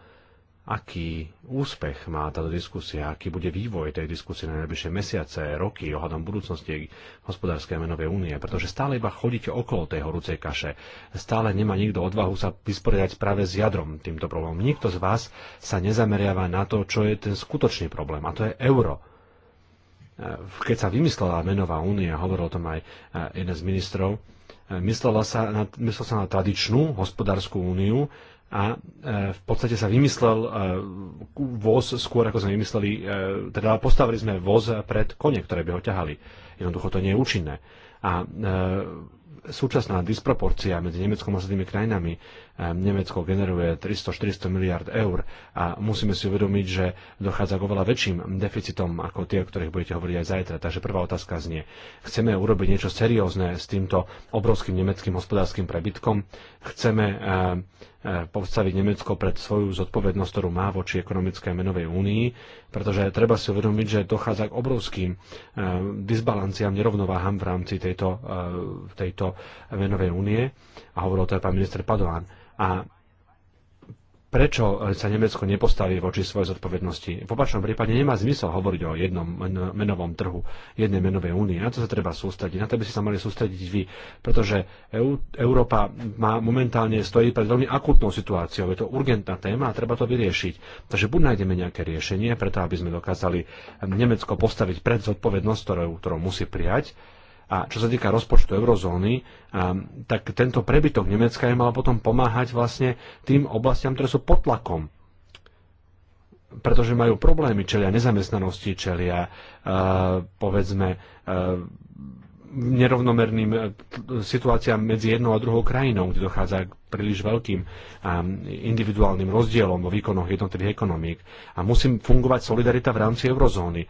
[SPEAKER 1] aký úspech má táto diskusia, aký bude vývoj tej diskusie na najbližšie mesiace, roky ohľadom budúcnosti hospodárskej menovej únie, pretože stále iba chodíte okolo tej horúcej kaše. Stále nemá nikto odvahu sa vysporiadať práve s jadrom týmto problémom. Nikto z vás sa nezameriava na to, čo je ten skutočný problém, a to je euro e, keď sa vymyslela menová únia, hovoril o tom aj e, jeden z ministrov, e, myslela sa na, myslel sa na tradičnú hospodárskú úniu, a e, v podstate sa vymyslel e, voz skôr, ako sme vymysleli, e, teda postavili sme voz pred kone, ktoré by ho ťahali. Jednoducho to nie je účinné. A súčasná disproporcia medzi Nemeckom a ostatnými krajinami. Nemecko generuje 300-400 miliard eur a musíme si uvedomiť, že dochádza k oveľa väčším deficitom ako tie, o ktorých budete hovoriť aj zajtra. Takže prvá otázka znie, chceme urobiť niečo seriózne s týmto obrovským nemeckým hospodárskym prebytkom? Chceme Eh, postaviť Nemecko pred svoju zodpovednosť, ktorú má voči ekonomickej menovej únii, pretože treba si uvedomiť, že dochádza k obrovským eh, disbalanciám, nerovnováham v rámci tejto, eh, tejto menovej únie a hovoril to aj pán minister Padovan. A prečo sa Nemecko nepostaví voči svojej zodpovednosti. V opačnom prípade nemá zmysel hovoriť o jednom menovom trhu, jednej menovej únie. Na to sa treba sústrediť, na to by si sa mali sústrediť vy, pretože Európa má, momentálne stojí pred veľmi akútnou situáciou. Je to urgentná téma a treba to vyriešiť. Takže buď nájdeme nejaké riešenie, preto aby sme dokázali Nemecko postaviť pred zodpovednosť, ktorou, ktorou musí prijať, a čo sa týka rozpočtu eurozóny, tak tento prebytok Nemecka je mal potom pomáhať vlastne tým oblastiam, ktoré sú pod tlakom pretože majú problémy, čelia nezamestnanosti, čelia uh, povedzme uh, nerovnomerným e, situáciám medzi jednou a druhou krajinou, kde dochádza k príliš veľkým e, individuálnym rozdielom vo výkonoch jednotlivých ekonomík. A musí fungovať solidarita v rámci eurozóny. E,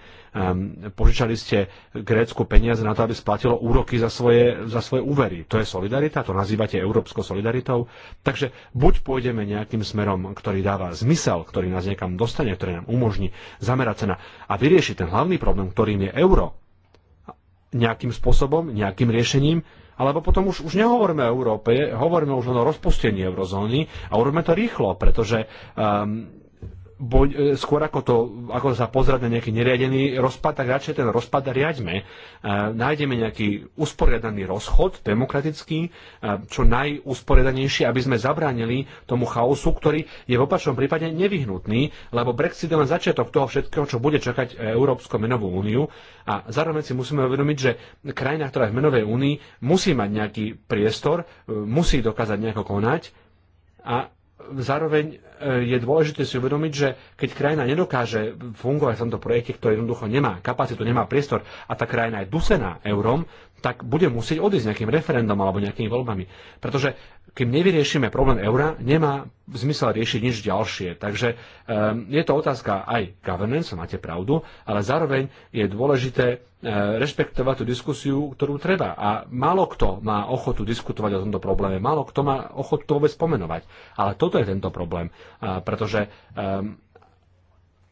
[SPEAKER 1] požičali ste Grécku peniaze na to, aby splatilo úroky za svoje, za svoje úvery. To je solidarita? To nazývate európskou solidaritou? Takže buď pôjdeme nejakým smerom, ktorý dáva zmysel, ktorý nás niekam dostane, ktorý nám umožní zamerať sa na a vyriešiť ten hlavný problém, ktorým je euro, nejakým spôsobom, nejakým riešením, alebo potom už, už nehovoríme o Európe, hovoríme už len o rozpustení eurozóny a urobíme to rýchlo, pretože um, boj, e, skôr ako, to, ako sa pozerať na nejaký neriadený rozpad, tak radšej ten rozpad riaďme. E, nájdeme nejaký usporiadaný rozchod, demokratický, e, čo najusporiadanejšie, aby sme zabránili tomu chaosu, ktorý je v opačnom prípade nevyhnutný, lebo Brexit je len začiatok toho všetkého, čo bude čakať Európsko menovú úniu. A zároveň si musíme uvedomiť, že krajina, ktorá je v menovej únii, musí mať nejaký priestor, musí dokázať nejako konať a zároveň e, je dôležité si uvedomiť, že keď krajina nedokáže fungovať v tomto projekte, ktorý jednoducho nemá kapacitu, nemá priestor a tá krajina je dusená eurom, tak bude musieť odísť nejakým referendom alebo nejakými voľbami. Pretože kým nevyriešime problém eura, nemá zmysel riešiť nič ďalšie. Takže um, je to otázka aj governance, máte pravdu, ale zároveň je dôležité ehm, rešpektovať tú diskusiu, ktorú treba. A málo kto má ochotu diskutovať o tomto probléme, málo kto má ochotu to vôbec pomenovať. Ale toto je tento problém, pretože um,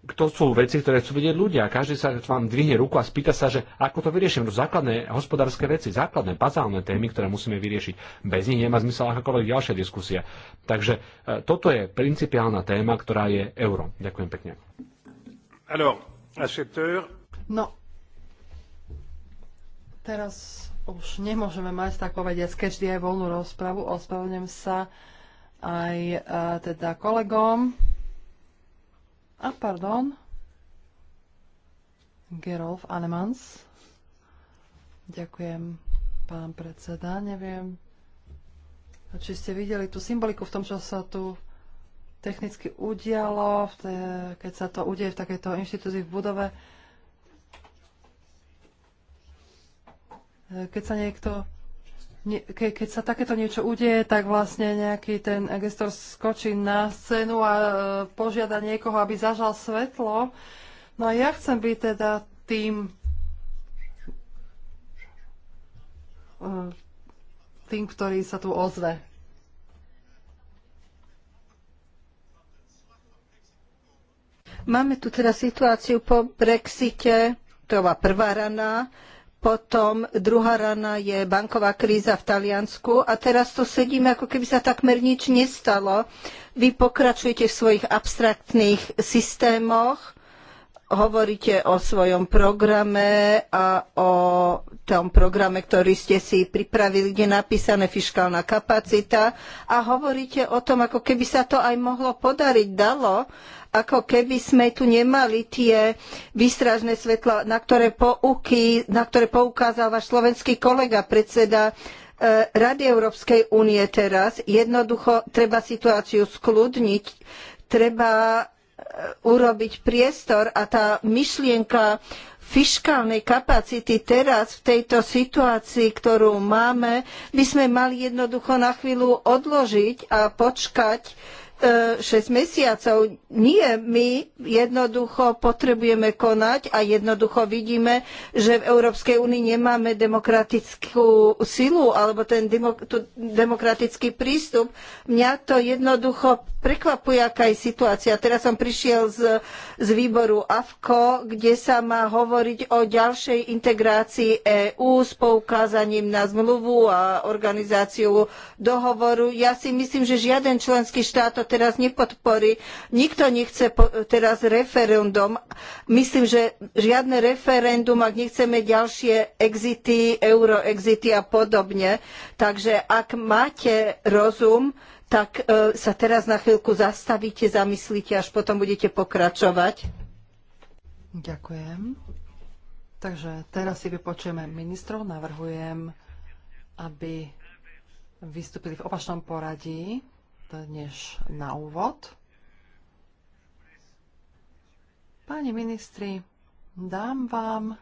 [SPEAKER 1] to sú veci, ktoré chcú vidieť ľudia. Každý sa vám dvihne ruku a spýta sa, že ako to vyriešim. To no, základné hospodárske veci, základné bazálne témy, ktoré musíme vyriešiť. Bez nich nemá zmysel akákoľvek ďalšia diskusia. Takže e, toto je principiálna téma, ktorá je euro. Ďakujem pekne. Alors,
[SPEAKER 2] No,
[SPEAKER 3] teraz už nemôžeme mať, tak povediať, každý aj voľnú rozpravu. Ospravedlňujem sa aj e, teda kolegom. A pardon. Gerolf Anemans. Ďakujem, pán predseda. Neviem, či ste videli tú symboliku v tom, čo sa tu technicky udialo, keď sa to udeje v takejto inštitúcii v budove. Keď sa niekto ke, keď sa takéto niečo udeje, tak vlastne nejaký ten gestor skočí na scénu a e, požiada niekoho, aby zažal svetlo. No a ja chcem byť teda tým e, tým, ktorý sa tu ozve.
[SPEAKER 2] Máme tu teda situáciu po Brexite, to bola prvá rana, potom druhá rana je banková kríza v Taliansku a teraz tu sedíme, ako keby sa takmer nič nestalo. Vy pokračujete v svojich abstraktných systémoch, hovoríte o svojom programe a o tom programe, ktorý ste si pripravili, kde je napísané fiškálna kapacita a hovoríte o tom, ako keby sa to aj mohlo podariť, dalo, ako keby sme tu nemali tie výstražné svetla, na ktoré, pouky, na ktoré poukázal váš slovenský kolega, predseda e, Rady Európskej únie teraz. Jednoducho treba situáciu skľudniť, treba urobiť priestor a tá myšlienka fiškálnej kapacity teraz v tejto situácii, ktorú máme, by sme mali jednoducho na chvíľu odložiť a počkať 6 mesiacov. Nie, my jednoducho potrebujeme konať a jednoducho vidíme, že v Európskej únii nemáme demokratickú silu alebo ten demokratický prístup. Mňa to jednoducho prekvapuje, aká je situácia. Teraz som prišiel z, z výboru AFKO, kde sa má hovoriť o ďalšej integrácii EÚ s poukázaním na zmluvu a organizáciu dohovoru. Ja si myslím, že žiaden členský štát to teraz nepodporí. Nikto nechce teraz referendum. Myslím, že žiadne referendum, ak nechceme ďalšie exity, euroexity a podobne. Takže ak máte rozum, tak e, sa teraz na chvíľku zastavíte, zamyslíte, až potom budete pokračovať. Ďakujem. Takže teraz
[SPEAKER 3] si vypočujeme ministrov. Navrhujem, aby vystúpili v opačnom poradí než na úvod. Páni ministri, dám vám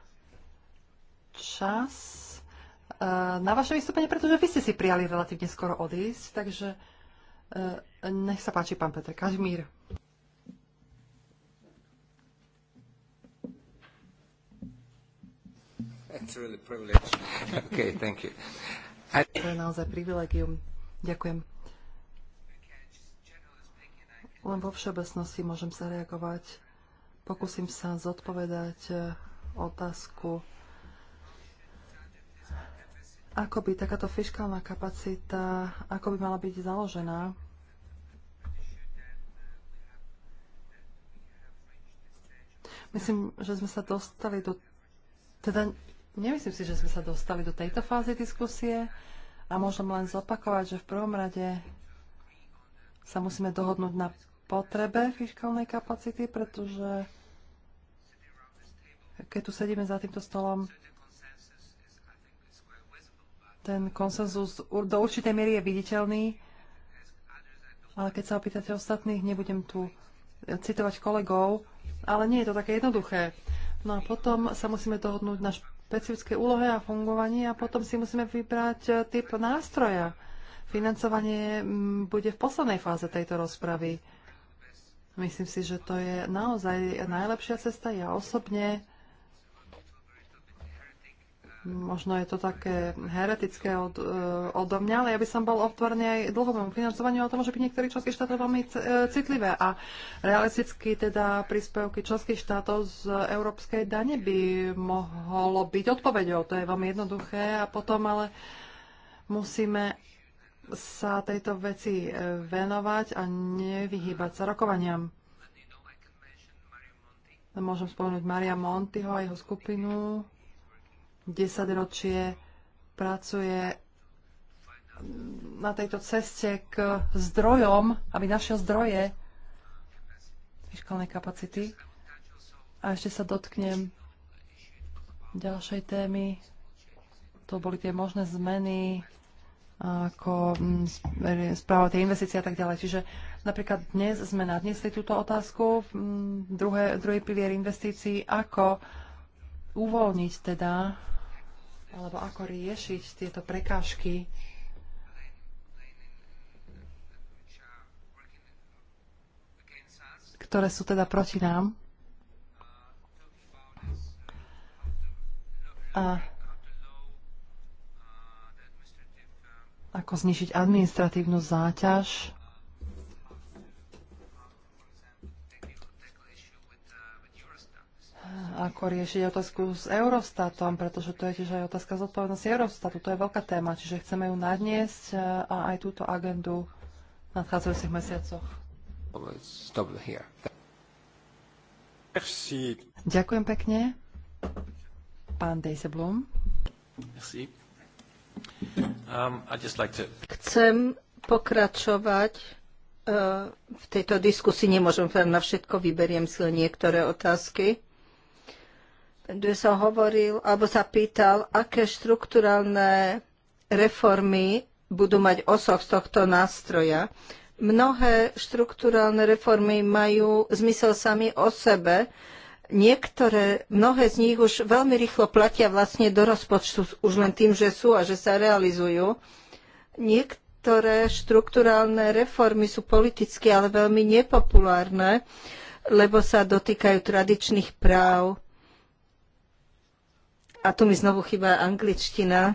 [SPEAKER 3] čas eh, na vaše vystúpenie, pretože vy ste si prijali relatívne skoro odísť, takže eh, nech sa páči, pán Petr Kažmír.
[SPEAKER 1] <laughs>
[SPEAKER 3] To je naozaj privilegium. Ďakujem. Len vo všeobecnosti môžem zareagovať. Pokúsim sa zodpovedať e, otázku, ako by takáto fiskálna kapacita, ako by mala byť založená. Myslím, že sme sa dostali do... Teda nemyslím si, že sme sa dostali do tejto fázy diskusie a môžem len zopakovať, že v prvom rade sa musíme dohodnúť na potrebe fiskálnej kapacity, pretože keď tu sedíme za týmto stolom, ten konsenzus do určitej miery je viditeľný, ale keď sa opýtate ostatných, nebudem tu eh, citovať kolegov, ale nie je to také jednoduché. No a potom sa musíme dohodnúť na špecifické úlohe a fungovanie a potom si musíme vybrať eh, typ nástroja. Financovanie mm, bude v poslednej fáze tejto rozpravy. Myslím si, že to je naozaj najlepšia cesta. Ja osobne možno je to také heretické od, e, odo mňa, ale ja by som bol otvorený aj dlhovému financovaniu, ale to môže byť niektorých členských štátov veľmi e, citlivé a realisticky teda príspevky členských štátov z európskej dane by mohlo byť odpoveďou. To je veľmi jednoduché a potom ale musíme sa tejto veci e, venovať a nevyhýbať sa rokovaniam. Môžem spomenúť Maria Montiho a jeho skupinu. 10 ročie pracuje na tejto ceste k zdrojom, aby našiel zdroje fiskálnej kapacity. A ešte sa dotknem ďalšej témy. To boli tie možné zmeny ako mm, správa tie investície a tak ďalej. Čiže napríklad dnes sme nadnesli túto otázku, mm, druhé, druhý pilier investícií, ako uvoľniť teda, alebo ako riešiť tieto prekážky, ktoré sú teda proti nám. A ako znižiť administratívnu záťaž. ako riešiť otázku s Eurostatom, pretože to je tiež aj otázka zodpovednosti Eurostatu. To je veľká téma, čiže chceme ju nadniesť e, a aj túto agendu v nadchádzajúcich mesiacoch. Ďakujem pekne. Pán Dejseblum. Merci. Um,
[SPEAKER 2] Chcem pokračovať uh, v tejto diskusii. Nemôžem vám na všetko, vyberiem si niektoré otázky. Kde som hovoril, alebo sa pýtal, aké štrukturálne reformy budú mať osoch z tohto nástroja. Mnohé štrukturálne reformy majú zmysel sami o sebe, Niektoré, mnohé z nich už veľmi rýchlo platia vlastne do rozpočtu už len tým, že sú a že sa realizujú. Niektoré štrukturálne reformy sú politicky, ale veľmi nepopulárne, lebo sa dotýkajú tradičných práv. A tu mi znovu chýba angličtina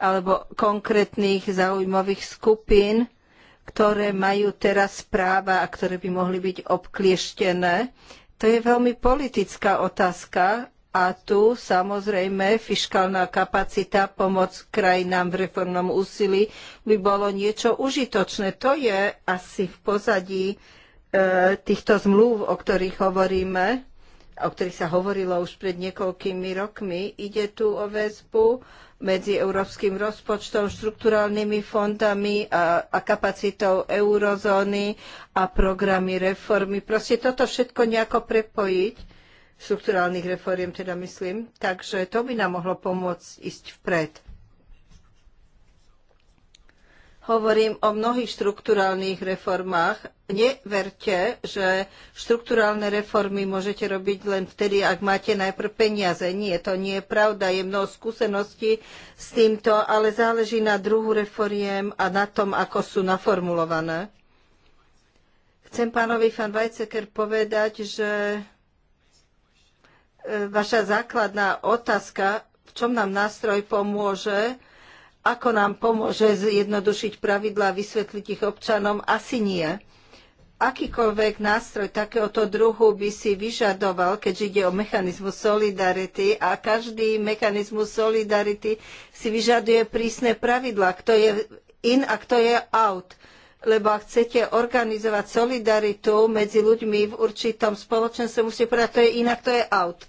[SPEAKER 2] alebo konkrétnych záujmových skupín ktoré majú teraz práva a ktoré by mohli byť obklieštené. To je veľmi politická otázka a tu samozrejme fiškálna kapacita, pomoc krajinám v reformnom úsilí by bolo niečo užitočné. To je asi v pozadí e, týchto zmluv, o ktorých hovoríme, o ktorých sa hovorilo už pred niekoľkými rokmi. Ide tu o väzbu medzi európskym rozpočtom, štrukturálnymi fondami a, a kapacitou eurozóny a programy reformy. Proste toto všetko nejako prepojiť, štrukturálnych reforiem teda myslím, takže to by nám mohlo pomôcť ísť vpred. Hovorím o mnohých štrukturálnych reformách. Neverte, že štrukturálne reformy môžete robiť len vtedy, ak máte najprv peniaze. Nie, to nie je pravda. Je mnoho skúseností s týmto, ale záleží na druhu reformiem a na tom, ako sú naformulované. Chcem pánovi van Weizsäcker povedať, že e, vaša základná otázka, v čom nám nástroj pomôže, ako nám pomôže zjednodušiť pravidlá a vysvetliť ich občanom? Asi nie. Akýkoľvek nástroj takéhoto druhu by si vyžadoval, keď ide o mechanizmus solidarity a každý mechanizmus solidarity si vyžaduje prísne pravidlá, kto je in a kto je out lebo ak chcete organizovať solidaritu medzi ľuďmi v určitom spoločenstve, musíte povedať, to je inak, to je out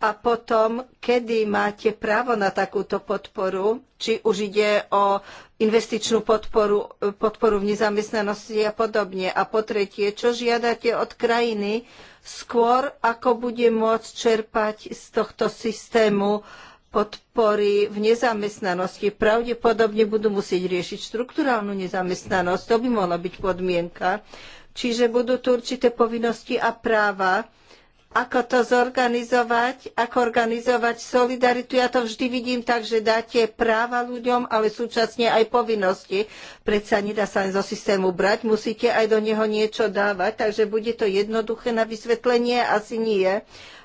[SPEAKER 2] a potom, kedy máte právo na takúto podporu, či už ide o investičnú podporu, podporu v nezamestnanosti a podobne. A po tretie, čo žiadate od krajiny skôr, ako bude môcť čerpať z tohto systému podpory v nezamestnanosti. Pravdepodobne budú musieť riešiť štruktúrálnu nezamestnanosť. To by mohla byť podmienka. Čiže budú tu určité povinnosti a práva, ako to zorganizovať, ako organizovať solidaritu. Ja to vždy vidím tak, že dáte práva ľuďom, ale súčasne aj povinnosti. Predsa nedá sa len zo systému brať, musíte aj do neho niečo dávať, takže bude to jednoduché na vysvetlenie, asi nie.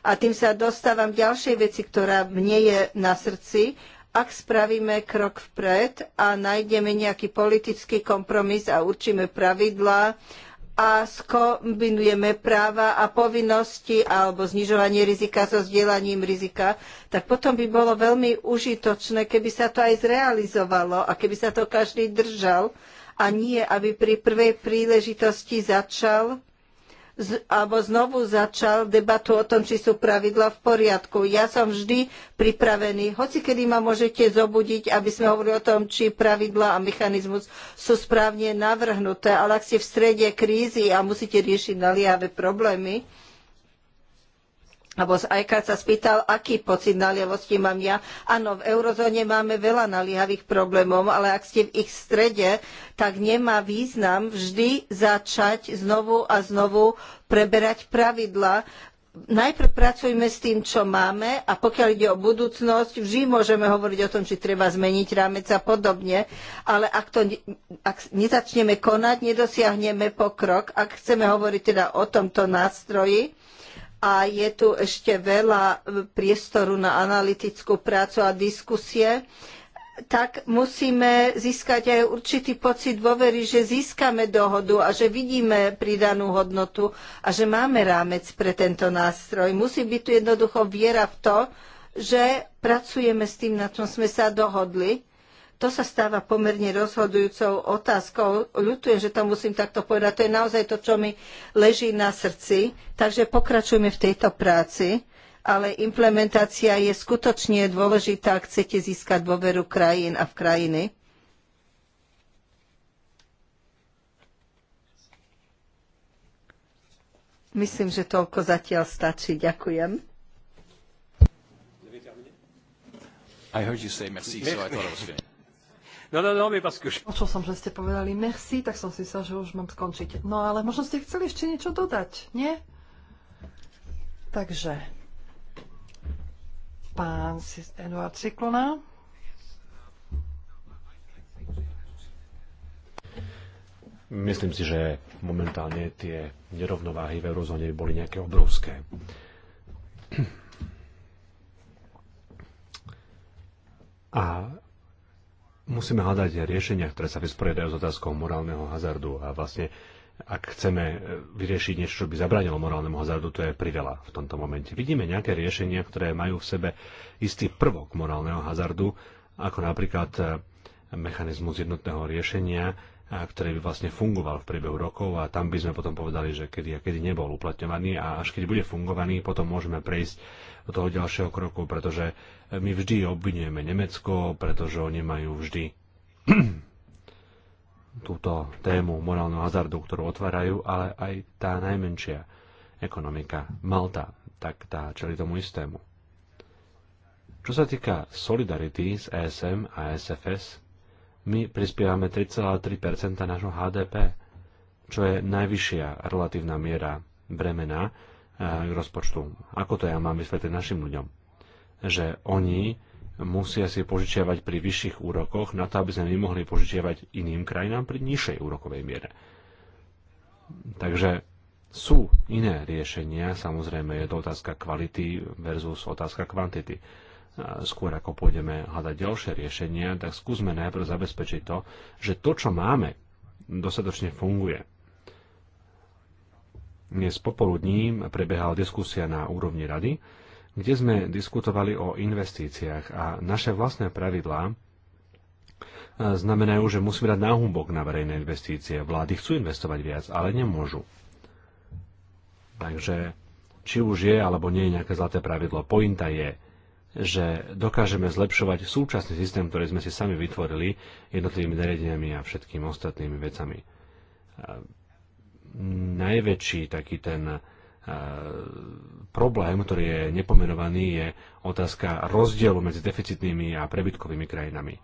[SPEAKER 2] A tým sa dostávam k ďalšej veci, ktorá mne je na srdci. Ak spravíme krok vpred a nájdeme nejaký politický kompromis a určíme pravidlá, a skombinujeme práva a povinnosti alebo znižovanie rizika so zdieľaním rizika, tak potom by bolo veľmi užitočné, keby sa to aj zrealizovalo a keby sa to každý držal a nie, aby pri prvej príležitosti začal z, alebo znovu začal debatu o tom, či sú pravidla v poriadku. Ja som vždy pripravený, hoci kedy ma môžete zobudiť, aby sme hovorili o tom, či pravidla a mechanizmus sú správne navrhnuté, ale ak ste v strede krízy a musíte riešiť naliehavé problémy, alebo aj keď sa spýtal, aký pocit naliehavosti mám ja. Áno, v eurozóne máme veľa naliehavých problémov, ale ak ste v ich strede, tak nemá význam vždy začať znovu a znovu preberať pravidlá. Najprv pracujme s tým, čo máme a pokiaľ ide o budúcnosť, vždy môžeme hovoriť o tom, či treba zmeniť rámec a podobne, ale ak, to, ak nezačneme konať, nedosiahneme pokrok. Ak chceme hovoriť teda o tomto nástroji, a je tu ešte veľa e, priestoru na analytickú prácu a diskusie, tak musíme získať aj určitý pocit dôvery, že získame dohodu a že vidíme pridanú hodnotu a že máme rámec pre tento nástroj. Musí byť tu jednoducho viera v to, že pracujeme s tým, na čom sme sa dohodli to sa stáva pomerne rozhodujúcou otázkou. Ľutujem, že to musím takto povedať. To je naozaj to, čo mi leží na srdci. Takže pokračujeme v tejto práci ale implementácia je skutočne dôležitá, ak chcete získať dôveru krajín a v krajiny. Myslím, že toľko zatiaľ stačí. Ďakujem.
[SPEAKER 1] I heard you say merci, so I thought I was finished. No, no, no, mi que...
[SPEAKER 3] Počul som, že ste povedali merci, tak som si sa, že už mám skončiť. No ale možno ste chceli ešte niečo dodať, nie? Takže, pán Eduard Ciklona.
[SPEAKER 1] Myslím si, že momentálne tie nerovnováhy v eurozóne boli nejaké obrovské. A musíme hľadať riešenia, ktoré sa vysporiadajú s otázkou morálneho hazardu a vlastne ak chceme e, vyriešiť niečo, čo by zabránilo morálnemu hazardu, to je priveľa v tomto momente. Vidíme nejaké riešenia, ktoré majú v sebe istý prvok morálneho hazardu, ako napríklad e, mechanizmus jednotného riešenia, ktorý by vlastne fungoval v priebehu rokov a tam by sme potom povedali, že kedy a kedy nebol uplatňovaný a až keď bude fungovaný, potom môžeme prejsť do toho ďalšieho kroku, pretože my vždy obvinujeme Nemecko, pretože oni majú vždy <clears throat> túto tému morálneho hazardu, ktorú otvárajú, ale aj tá najmenšia ekonomika Malta, tak tá čeli tomu istému. Čo sa týka solidarity s ESM a SFS, my prispievame 3,3 nášho HDP, čo je najvyššia relatívna miera bremena k eh, rozpočtu. Ako to ja mám vysvetliť našim ľuďom? Že oni musia si požičiavať pri vyšších úrokoch na to, aby sme my mohli požičiavať iným krajinám pri nižšej úrokovej miere. Takže sú iné riešenia, samozrejme je to otázka kvality versus otázka kvantity skôr ako pôjdeme hľadať ďalšie riešenia, tak skúsme najprv zabezpečiť to, že to, čo máme, dostatočne funguje. Dnes popoludní prebehala diskusia na úrovni rady, kde sme diskutovali o investíciách a naše vlastné pravidlá e, znamenajú, že musíme dať náhubok na verejné investície. Vlády chcú investovať viac, ale nemôžu. Takže či už je alebo nie je nejaké zlaté pravidlo, pointa je, že dokážeme zlepšovať súčasný systém, ktorý sme si sami vytvorili jednotlivými nariadeniami a všetkými ostatnými vecami. Najväčší taký ten problém, ktorý je nepomenovaný, je otázka rozdielu medzi deficitnými a prebytkovými krajinami.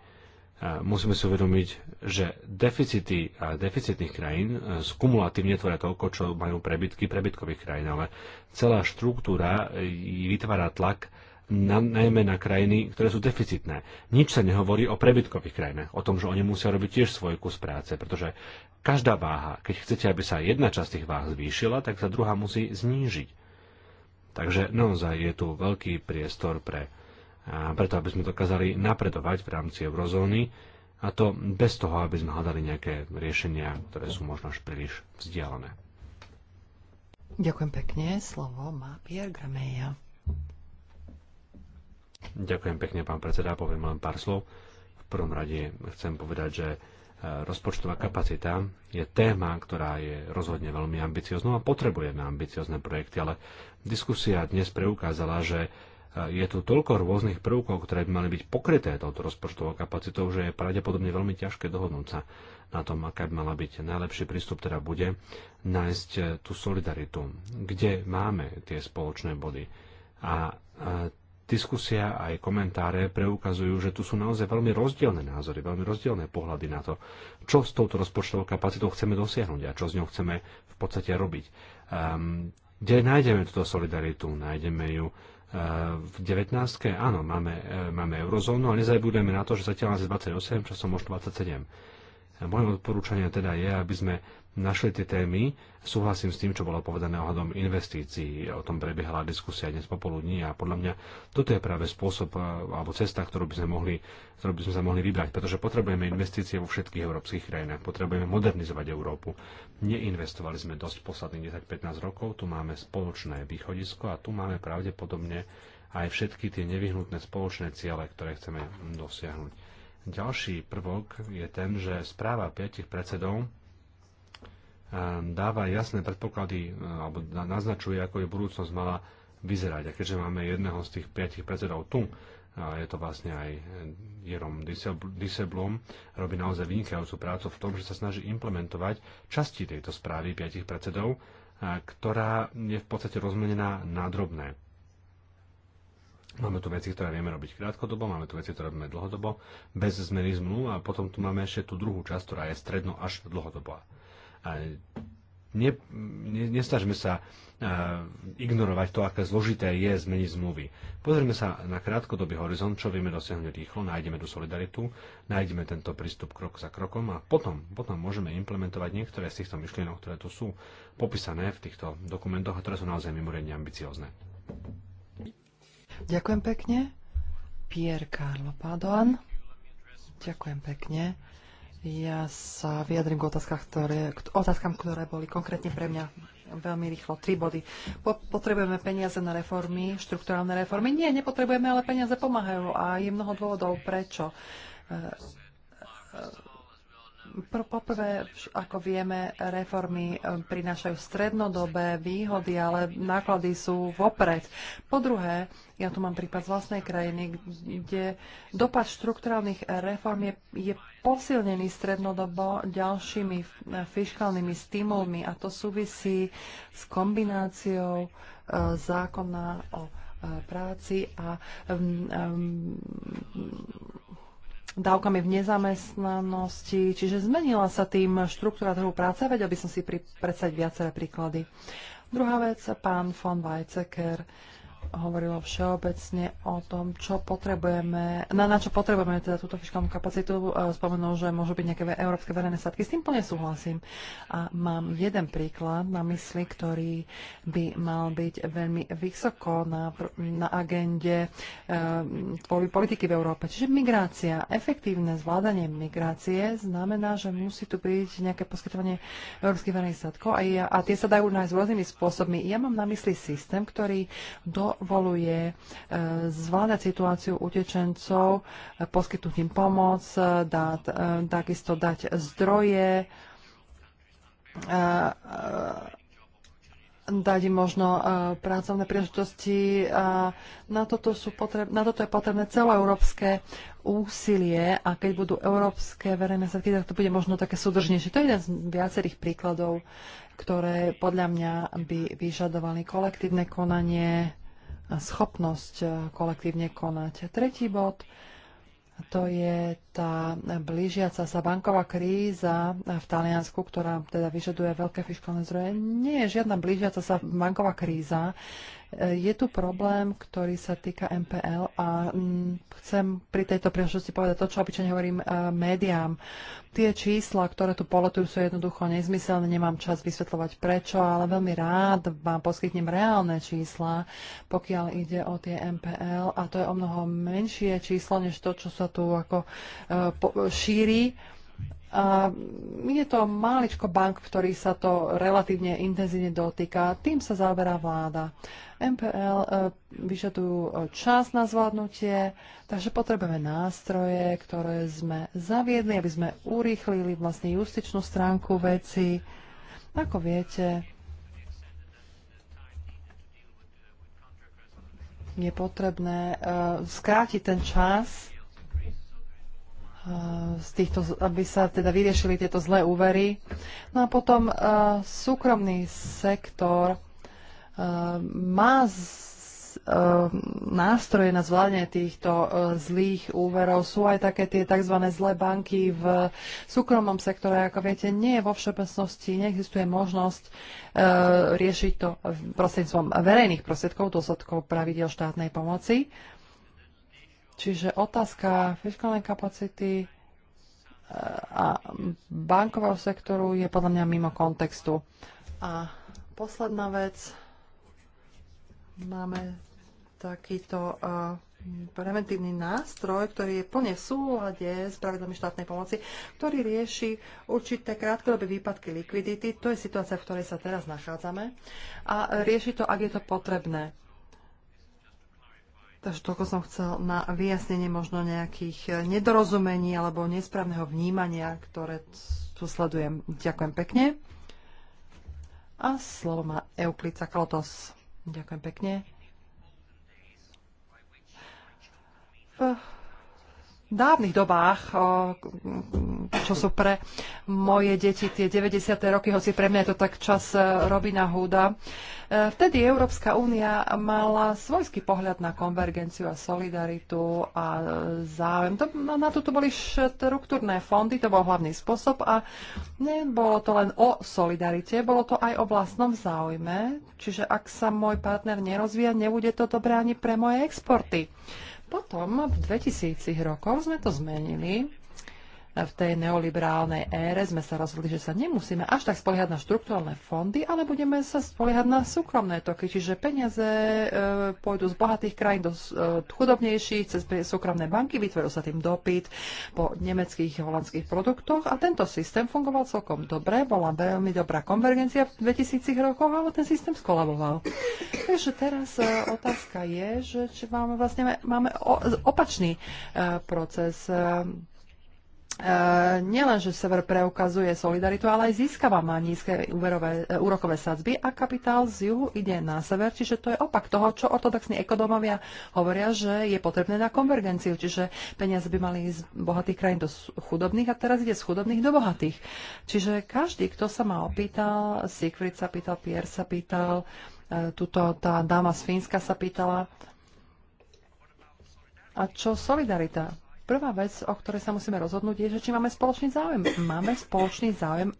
[SPEAKER 1] Musíme si uvedomiť, že deficity a deficitných krajín e, skumulatívne tvoria toľko, čo majú prebytky prebytkových krajín, ale celá štruktúra e, vytvára tlak na, najmä na krajiny, ktoré sú deficitné. Nič sa nehovorí o prebytkových krajinách, o tom, že oni musia robiť tiež svoj kus práce, pretože každá váha, keď chcete, aby sa jedna časť tých váh zvýšila, tak sa druhá musí znížiť. Takže naozaj je tu veľký priestor pre, preto, aby sme dokázali napredovať v rámci eurozóny a to bez toho, aby sme hľadali nejaké riešenia, ktoré sú možno až príliš vzdialené.
[SPEAKER 3] Ďakujem pekne. Slovo má Pierre Grameja.
[SPEAKER 1] Ďakujem pekne, pán predseda. Poviem len pár slov. V prvom rade chcem povedať, že e, rozpočtová kapacita je téma, ktorá je rozhodne veľmi ambiciozná a potrebujeme ambiciozne projekty, ale diskusia dnes preukázala, že e, je tu toľko rôznych prvkov, ktoré by mali byť pokryté touto rozpočtovou kapacitou, že je pravdepodobne veľmi ťažké dohodnúť sa na tom, aká by mala byť najlepší prístup, teda bude nájsť tú solidaritu, kde máme tie spoločné body. A diskusia a aj komentáre preukazujú, že tu sú naozaj veľmi rozdielne názory, veľmi rozdielne pohľady na to, čo s touto rozpočtovou kapacitou chceme dosiahnuť a čo s ňou chceme v podstate robiť. Um, kde nájdeme túto solidaritu? Nájdeme ju eh, v 19. áno, máme, eh, máme eurozónu, ale nezajbudeme na to, že zatiaľ nás je 28, časom možno 27. Moje odporúčanie teda je, aby sme našli tie témy. Súhlasím s tým, čo bolo povedané ohľadom investícií. O tom prebiehala diskusia dnes popoludní a podľa mňa toto je práve spôsob e, alebo cesta, ktorú by sme, mohli, ktorú by sme sa mohli vybrať, pretože potrebujeme investície vo všetkých európskych krajinách. Potrebujeme modernizovať Európu. Neinvestovali sme dosť posledných 10-15 rokov. Tu máme spoločné východisko a tu máme pravdepodobne aj všetky tie nevyhnutné spoločné ciele, ktoré chceme dosiahnuť. Ďalší prvok je ten, že správa piatich predsedov Ehm, dáva jasné predpoklady ehm, alebo naznačuje, ako je budúcnosť mala vyzerať. A keďže máme jedného z tých piatich predsedov tu, a je to vlastne aj ehm, Jerom Diseblom, robí naozaj vynikajúcu prácu v tom, že sa snaží implementovať časti tejto správy piatich predsedov, ktorá je v podstate rozmenená na drobné. Máme tu veci, ktoré vieme robiť krátkodobo, máme tu veci, ktoré robíme dlhodobo, bez zmeny zmluv a potom tu máme ešte tú druhú časť, ktorá je stredno až dlhodobá. Ne, ne, nestažme sa ignorovať to, aké zložité je zmeniť zmluvy. Pozrieme sa na krátkodobý horizont, čo vieme dosiahnuť rýchlo, nájdeme tú solidaritu, nájdeme tento prístup krok za krokom a potom, potom môžeme implementovať niektoré z týchto myšlienok, ktoré tu sú popísané v týchto dokumentoch a ktoré sú naozaj mimoriadne ambiciozne.
[SPEAKER 3] Ďakujem pekne. Pier Carlo Padoan. Ďakujem pekne. Ja sa vyjadrím k, otázkam, ktoré, k otázkam, ktoré boli konkrétne pre mňa veľmi rýchlo. Tri body. Po, potrebujeme peniaze na reformy, štruktúrálne reformy? Nie, nepotrebujeme, ale peniaze pomáhajú a je mnoho dôvodov prečo. E, e, Poprvé, ako vieme, reformy e, prinášajú strednodobé výhody, ale náklady sú vopred. Po druhé, ja tu mám prípad z vlastnej krajiny, kde dopad štrukturálnych reform je, je posilnený strednodobo ďalšími fiskálnymi stimulmi a to súvisí s kombináciou e, zákona o e, práci a um, dávkami v nezamestnanosti, čiže zmenila sa tým štruktúra trhu práce, vedel by som si pri, predstaviť viaceré príklady. Druhá vec, pán von Weizsäcker hovorilo všeobecne o tom, čo potrebujeme, na, na čo potrebujeme teda túto fiskálnu kapacitu. E, spomenul, že môžu byť nejaké európske verejné statky. S tým plne súhlasím. A mám jeden príklad na mysli, ktorý by mal byť veľmi vysoko na, na agende e, politiky v Európe. Čiže migrácia, efektívne zvládanie migrácie znamená, že musí tu byť nejaké poskytovanie európskych verejných statkov a, ja, a tie sa dajú nájsť rôznymi spôsobmi. Ja mám na mysli systém, ktorý do dovoluje e, zvládať situáciu utečencov, poskytnúť im pomoc, e, dať, e, takisto dať zdroje, dať im možno pracovné príležitosti. A na, toto sú potreb, na toto je potrebné celoeurópske úsilie a keď budú európske verejné sredky, tak to bude možno také súdržnejšie. To je jeden z viacerých príkladov, ktoré podľa mňa by vyžadovali kolektívne konanie schopnosť e, kolektívne konať. Tretí bod to je tá blížiaca sa banková kríza v Taliansku, ktorá teda vyžaduje veľké fiskálne zdroje. Nie je žiadna blížiaca sa banková kríza. Je tu problém, ktorý sa týka MPL a mm, chcem pri tejto príležitosti povedať to, čo obyčajne hovorím e, médiám. Tie čísla, ktoré tu poletujú, sú jednoducho nezmyselné, nemám čas vysvetľovať prečo, ale veľmi rád vám poskytnem reálne čísla, pokiaľ ide o tie MPL a to je o mnoho menšie číslo, než to, čo sa tu ako e, šíri a je to máličko bank, ktorý sa to relatívne intenzívne dotýka. Tým sa zaoberá vláda. MPL e, vyžadujú čas na zvládnutie, takže potrebujeme nástroje, ktoré sme zaviedli, aby sme urýchlili vlastne justičnú stránku veci. Ako viete, je potrebné e, skrátiť ten čas z týchto, aby sa teda vyriešili tieto zlé úvery. No a potom e, súkromný sektor e, má z, e, nástroje na zvládanie týchto zlých úverov. Sú aj také tie tzv. zlé banky v súkromnom sektore. Ako viete, nie je vo všeobecnosti, neexistuje možnosť riešiť to prostredníctvom verejných prostriedkov, dôsledkov pravidel štátnej pomoci. Čiže otázka fiskálnej kapacity eh, a bankového sektoru je podľa mňa mimo kontextu. A posledná vec, máme takýto eh, preventívny nástroj, ktorý je plne v súlade s pravidlami štátnej pomoci, ktorý rieši určité krátkodobé výpadky likvidity. To je situácia, v ktorej sa teraz nachádzame. A rieši to, ak je to potrebné. Takže toľko som chcel na vyjasnenie možno nejakých eh, nedorozumení alebo nesprávneho vnímania, ktoré tu sledujem. Ďakujem pekne. A slovo má Euklica Klotos. Ďakujem pekne. Uh dávnych dobách, čo sú pre moje deti tie 90. roky, hoci pre mňa je to tak čas e, Robina húda. E, vtedy Európska únia mala svojský pohľad na konvergenciu a solidaritu a záujem. To, na, na to tu boli štruktúrne fondy, to bol hlavný spôsob a nebolo to len o solidarite, bolo to aj o vlastnom záujme. Čiže ak sa môj partner nerozvíja, nebude to dobré ani pre moje exporty. Potom v 2000 rokoch sme to zmenili v tej neoliberálnej ére sme sa rozhodli, že sa nemusíme až tak spoliehať na štruktúrne fondy, ale budeme sa spoliehať na súkromné toky, čiže peniaze e, pôjdu z bohatých krajín do e, chudobnejších cez súkromné banky, vytvoril sa tým dopyt po nemeckých a holandských produktoch a tento systém fungoval celkom dobre, bola veľmi dobrá konvergencia v 2000 rokoch, ale ten systém skolaboval. Takže teraz e, otázka je, že či máme vlastne máme o, opačný e, proces. E, E, nielenže že sever preukazuje solidaritu, ale aj získava má nízke úverové, e, úrokové sadzby a kapitál z juhu ide na sever, čiže to je opak toho, čo ortodoxní ekonomovia hovoria, že je potrebné na konvergenciu, čiže peniaze by mali ísť z bohatých krajín do chudobných a teraz ide z chudobných do bohatých. Čiže každý, kto sa ma opýtal, Siegfried sa pýtal, Pierre sa pýtal, e, tuto tá dáma z Fínska sa pýtala, a čo solidarita? Prvá vec, o ktorej sa musíme rozhodnúť, je, že či máme spoločný záujem. Máme spoločný záujem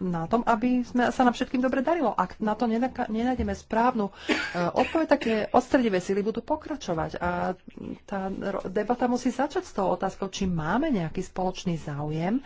[SPEAKER 3] na tom, aby sme, sa nám všetkým dobre darilo. Ak na to nenájdeme správnu eh, odpoveď, tak tie odstredivé síly budú pokračovať. A tá debata musí začať s tou otázkou, či máme nejaký spoločný záujem.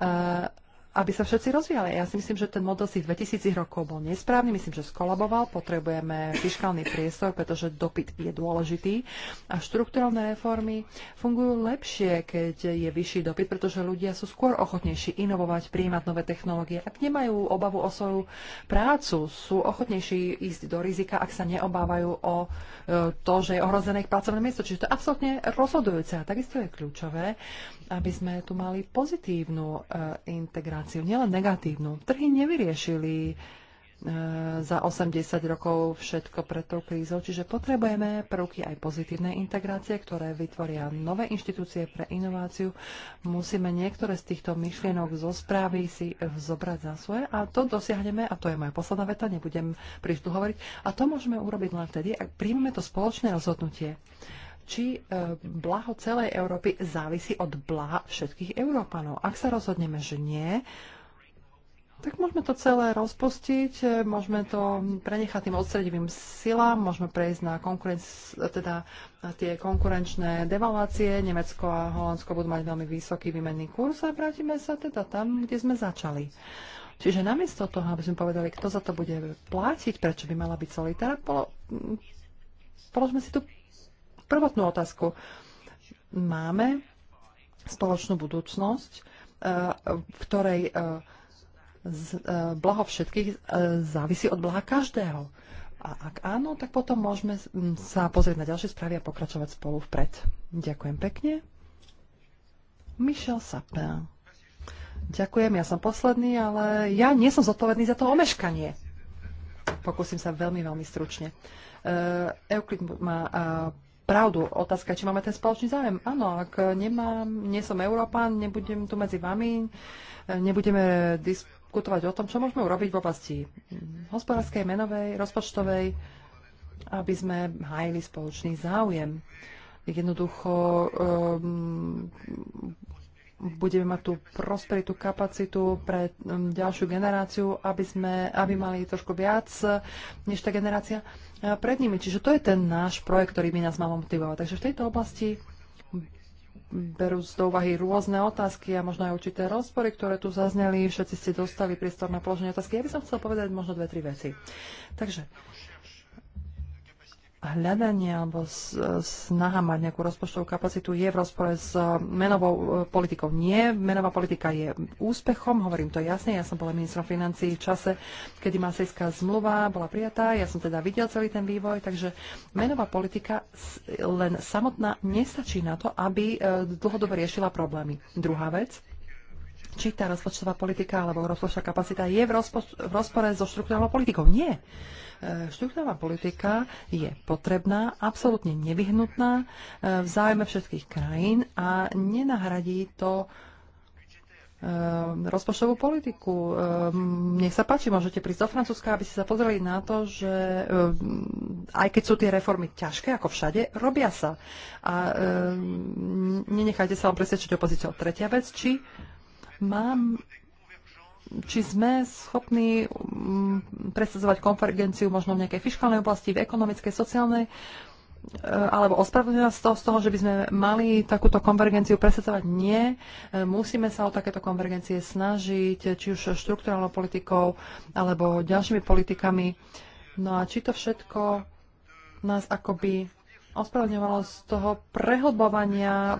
[SPEAKER 3] Eh, aby sa všetci rozvíjali. Ja si myslím, že ten model si 2000 rokov bol nesprávny, myslím, že skolaboval, potrebujeme fiskálny priestor, pretože dopyt je dôležitý a štruktúralne reformy fungujú lepšie, keď je vyšší dopyt, pretože ľudia sú skôr ochotnejší inovovať, príjmať nové technológie. Ak nemajú obavu o svoju prácu, sú ochotnejší ísť do rizika, ak sa neobávajú o e, to, že je ohrozené ich pracovné miesto. Čiže to je absolútne rozhodujúce a takisto je kľúčové, aby sme tu mali pozitívnu e, integráciu, nielen negatívnu. Trhy nevyriešili e, za 80 rokov všetko pred tou krízou, čiže potrebujeme prvky aj pozitívnej integrácie, ktoré vytvoria nové inštitúcie pre inováciu. Musíme niektoré z týchto myšlienok zo správy si zobrať za svoje a to dosiahneme, a to je moja posledná veta, nebudem príliš tu hovoriť, a to môžeme urobiť len vtedy, ak príjmeme to spoločné rozhodnutie či e, blaho celej Európy závisí od blaha všetkých Európanov. Ak sa rozhodneme, že nie, tak môžeme to celé rozpustiť, e, môžeme to prenechať tým odstredivým silám, môžeme prejsť na, teda na tie konkurenčné devalácie. Nemecko a Holandsko budú mať veľmi vysoký výmenný kurz a vrátime sa teda tam, kde sme začali. Čiže namiesto toho, aby sme povedali, kto za to bude platiť, prečo by mala byť solitára, položme si tú prvotnú otázku. Máme spoločnú budúcnosť, eh, v ktorej eh, eh, blaho všetkých závisí od blaha každého. A ak áno, tak potom môžeme mm, sa pozrieť na ďalšie správy a pokračovať spolu vpred. Ďakujem pekne. Michel Sapin. Ďakujem, ja som posledný, ale ja nie som zodpovedný za to omeškanie. Pokúsim sa veľmi, veľmi stručne. Euklid má pravdu. Otázka, či máme ten spoločný záujem. Áno, ak nemám, nie som Európan, nebudem tu medzi vami, nebudeme diskutovať o tom, čo môžeme urobiť v oblasti hospodárskej, menovej, rozpočtovej, aby sme hájili spoločný záujem. Jednoducho um, budeme mať tú prosperitu, kapacitu pre mm, ďalšiu generáciu, aby, sme, aby mali trošku viac než tá generácia e, pred nimi. Čiže to je ten náš projekt, ktorý by nás mal motivovať. Takže v tejto oblasti berú z do úvahy rôzne otázky a možno aj určité rozpory, ktoré tu zazneli. Všetci ste dostali priestor na položenie otázky. Ja by som chcel povedať možno dve, tri veci. Takže hľadanie alebo snaha mať nejakú rozpočtovú kapacitu je v rozpore s eh, menovou eh, politikou. Nie, menová politika je úspechom, hovorím to jasne, ja som bola ministrom financí v čase, kedy masejská zmluva bola prijatá, ja som teda videl celý ten vývoj, takže menová politika len samotná nestačí na to, aby eh, dlhodobo riešila problémy. Druhá vec, či tá rozpočtová politika alebo rozpočtová kapacita je v, rozpo- v rozpore so štruktúrnou politikou. Nie. E, Štruktúrová politika je potrebná, absolútne nevyhnutná e, v záujme všetkých krajín a nenahradí to e, rozpočtovú politiku. Nech sa páči, môžete prísť do Francúzska, aby ste sa pozreli na to, že aj keď sú tie reformy ťažké, ako všade, robia sa. A nenechajte sa len presvedčiť opozíciou. Tretia vec, či mám či sme schopní mm, presadzovať konvergenciu možno v nejakej fiskálnej oblasti, v ekonomickej, sociálnej, e, alebo ospravedlňujem z toho z toho, že by sme mali takúto konvergenciu presadzovať? Nie. E, musíme sa o takéto konvergencie snažiť, či už štruktúralnou politikou, alebo ďalšími politikami. No a či to všetko nás akoby ospravedlňovalo z toho prehlbovania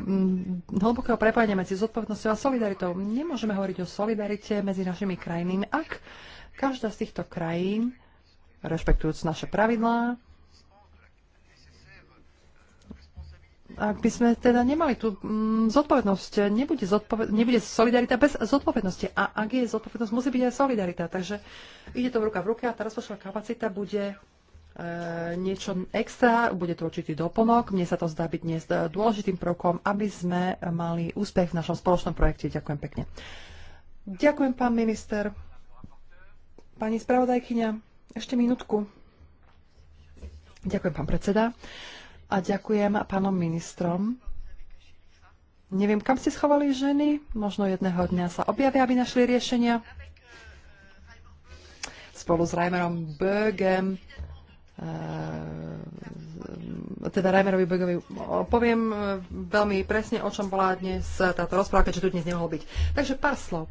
[SPEAKER 3] hlbokého prepojenia medzi zodpovednosťou a solidaritou. Nemôžeme hovoriť o solidarite medzi našimi krajinami, ak každá z týchto krajín, rešpektujúc naše pravidlá, ak by sme teda nemali tú zodpovednosť, nebude, zodpoved- nebude solidarita bez zodpovednosti. A ak je zodpovednosť, musí byť aj solidarita. Takže ide to v ruka v ruke a tá rozpočtová kapacita bude E, niečo extra, bude to určitý doplnok. Mne sa to zdá byť dnes dôležitým prvkom, aby sme mali úspech v našom spoločnom projekte. Ďakujem pekne. Ďakujem, pán minister. Pani spravodajkyňa, ešte minútku. Ďakujem, pán predseda. A ďakujem pánom ministrom. Neviem, kam ste schovali ženy. Možno jedného dňa sa objavia, aby našli riešenia. Spolu s Reimerom Bögem E, teda Reimerovi Begovi poviem e, veľmi presne, o čom bola dnes táto rozpráva, keďže tu dnes nemohol byť. Takže pár slov.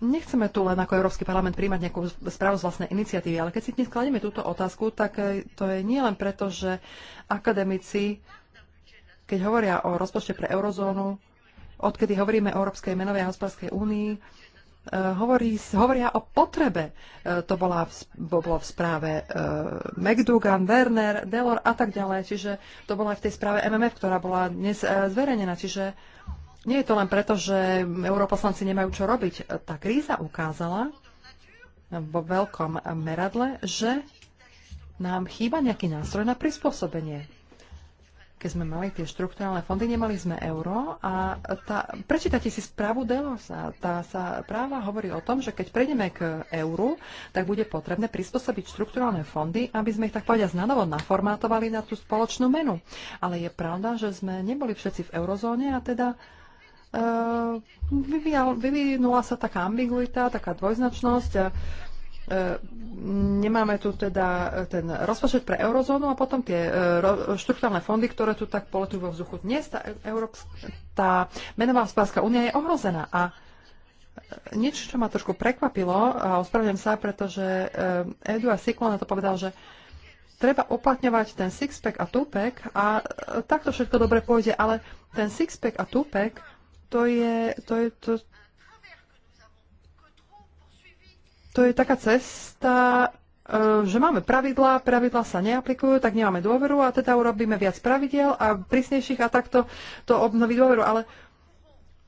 [SPEAKER 3] Nechceme tu len ako Európsky parlament príjmať nejakú správu z vlastnej iniciatívy, ale keď si dnes kladieme túto otázku, tak e, to je nie len preto, že akademici, keď hovoria o rozpočte pre eurozónu, odkedy hovoríme o Európskej menovej a hospodárskej únii, E, hovorí, hovoria o potrebe. E, to bola, bolo v správe e, McDougan, Werner, Delor a tak ďalej. Čiže to bola aj v tej správe MMF, ktorá bola dnes zverejnená. Čiže nie je to len preto, že europoslanci nemajú čo robiť. Tá kríza ukázala vo veľkom meradle, že nám chýba nejaký nástroj na prispôsobenie keď sme mali tie štruktúrálne fondy, nemali sme euro a tá, prečítate si správu Delosa. Tá sa práva hovorí o tom, že keď prejdeme k euru, tak bude potrebné prispôsobiť štruktúrálne fondy, aby sme ich tak povedať znanovo naformátovali na tú spoločnú menu. Ale je pravda, že sme neboli všetci v eurozóne a teda Uh, vyvinula sa taká ambiguita, taká dvojznačnosť. Eh, E, nemáme tu teda ten rozpočet pre eurozónu a potom tie e, štruktúrne fondy, ktoré tu tak poletujú vo vzduchu. Dnes tá, e, Európska, tá menová spáska únia je ohrozená a niečo, čo ma trošku prekvapilo a ospravedlňujem sa, pretože Eduard Siklona to povedal, že treba uplatňovať ten six pack a pack a takto všetko dobre pôjde, ale ten six pack a pack, to je, to je, to, to je taká cesta, e, že máme pravidlá, pravidlá sa neaplikujú, tak nemáme dôveru a teda urobíme viac pravidel a prísnejších a takto to obnoví dôveru. Ale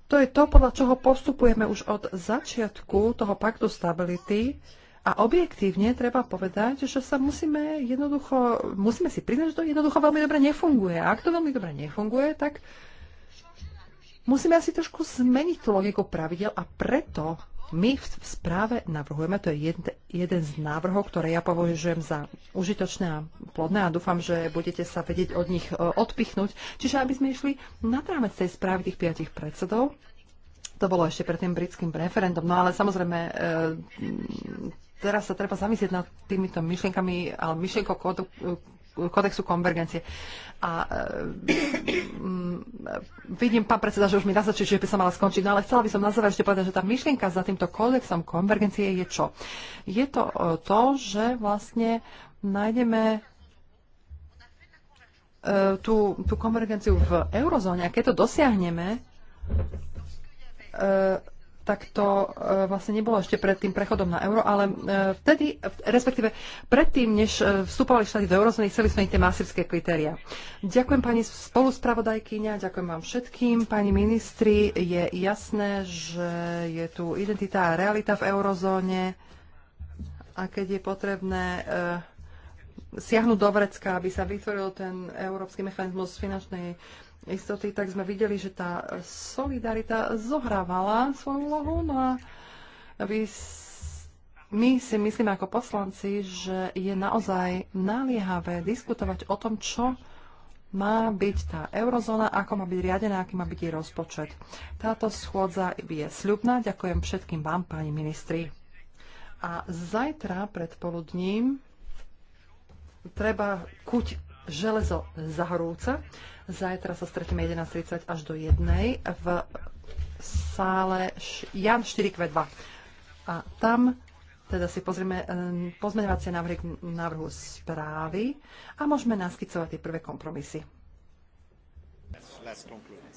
[SPEAKER 3] to je to, podľa čoho postupujeme už od začiatku toho paktu stability a objektívne treba povedať, že sa musíme jednoducho, musíme si priznať, že to jednoducho veľmi dobre nefunguje. A ak to veľmi dobre nefunguje, tak musíme asi trošku zmeniť tú logiku pravidel a preto my v správe navrhujeme, to je jed, jeden z návrhov, ktoré ja považujem za užitočné a plodné a dúfam, že budete sa vedieť od nich e, odpichnúť. Čiže aby sme išli na rámec tej správy tých piatich predsedov, to bolo ešte pred tým britským referendum, no ale samozrejme e, teraz sa treba zamyslieť nad týmito myšlienkami, ale myšlienkou kodexu konvergencie. A e, vidím, pán predseda, že už mi naznačí, že by som mala skončiť, no ale chcela by som na záver ešte povedať, že tá myšlienka za týmto kodexom konvergencie je čo? Je to e, to, že vlastne nájdeme e, tú, tú konvergenciu v eurozóne a keď to dosiahneme, tak to e, vlastne nebolo ešte pred tým prechodom na euro, ale e, vtedy, respektíve predtým, než e, vstupovali štáty do eurozóny, chceli sme tie masívske kritéria. Ďakujem pani spoluspravodajkyňa, ďakujem vám všetkým, pani ministri. Je jasné, že je tu identita a realita v eurozóne a keď je potrebné siahnuť do vrecka, aby sa vytvoril ten európsky mechanizmus finančnej istoty, tak sme videli, že tá solidarita zohrávala svoju úlohu. No a vy, my si myslíme ako poslanci, že je naozaj naliehavé diskutovať o tom, čo má byť tá eurozóna, ako má byť riadená, aký má byť jej rozpočet. Táto schôdza je sľubná. Ďakujem všetkým vám, páni ministri. A zajtra predpoludním treba kuť železo zahrúca Zajtra sa stretneme 11.30 až do 1.00 v sále Jan 4Q2. A tam teda si pozrieme e, pozmeňovacie návrhy k návrhu správy a môžeme naskycovať tie prvé kompromisy.
[SPEAKER 1] Let's, let's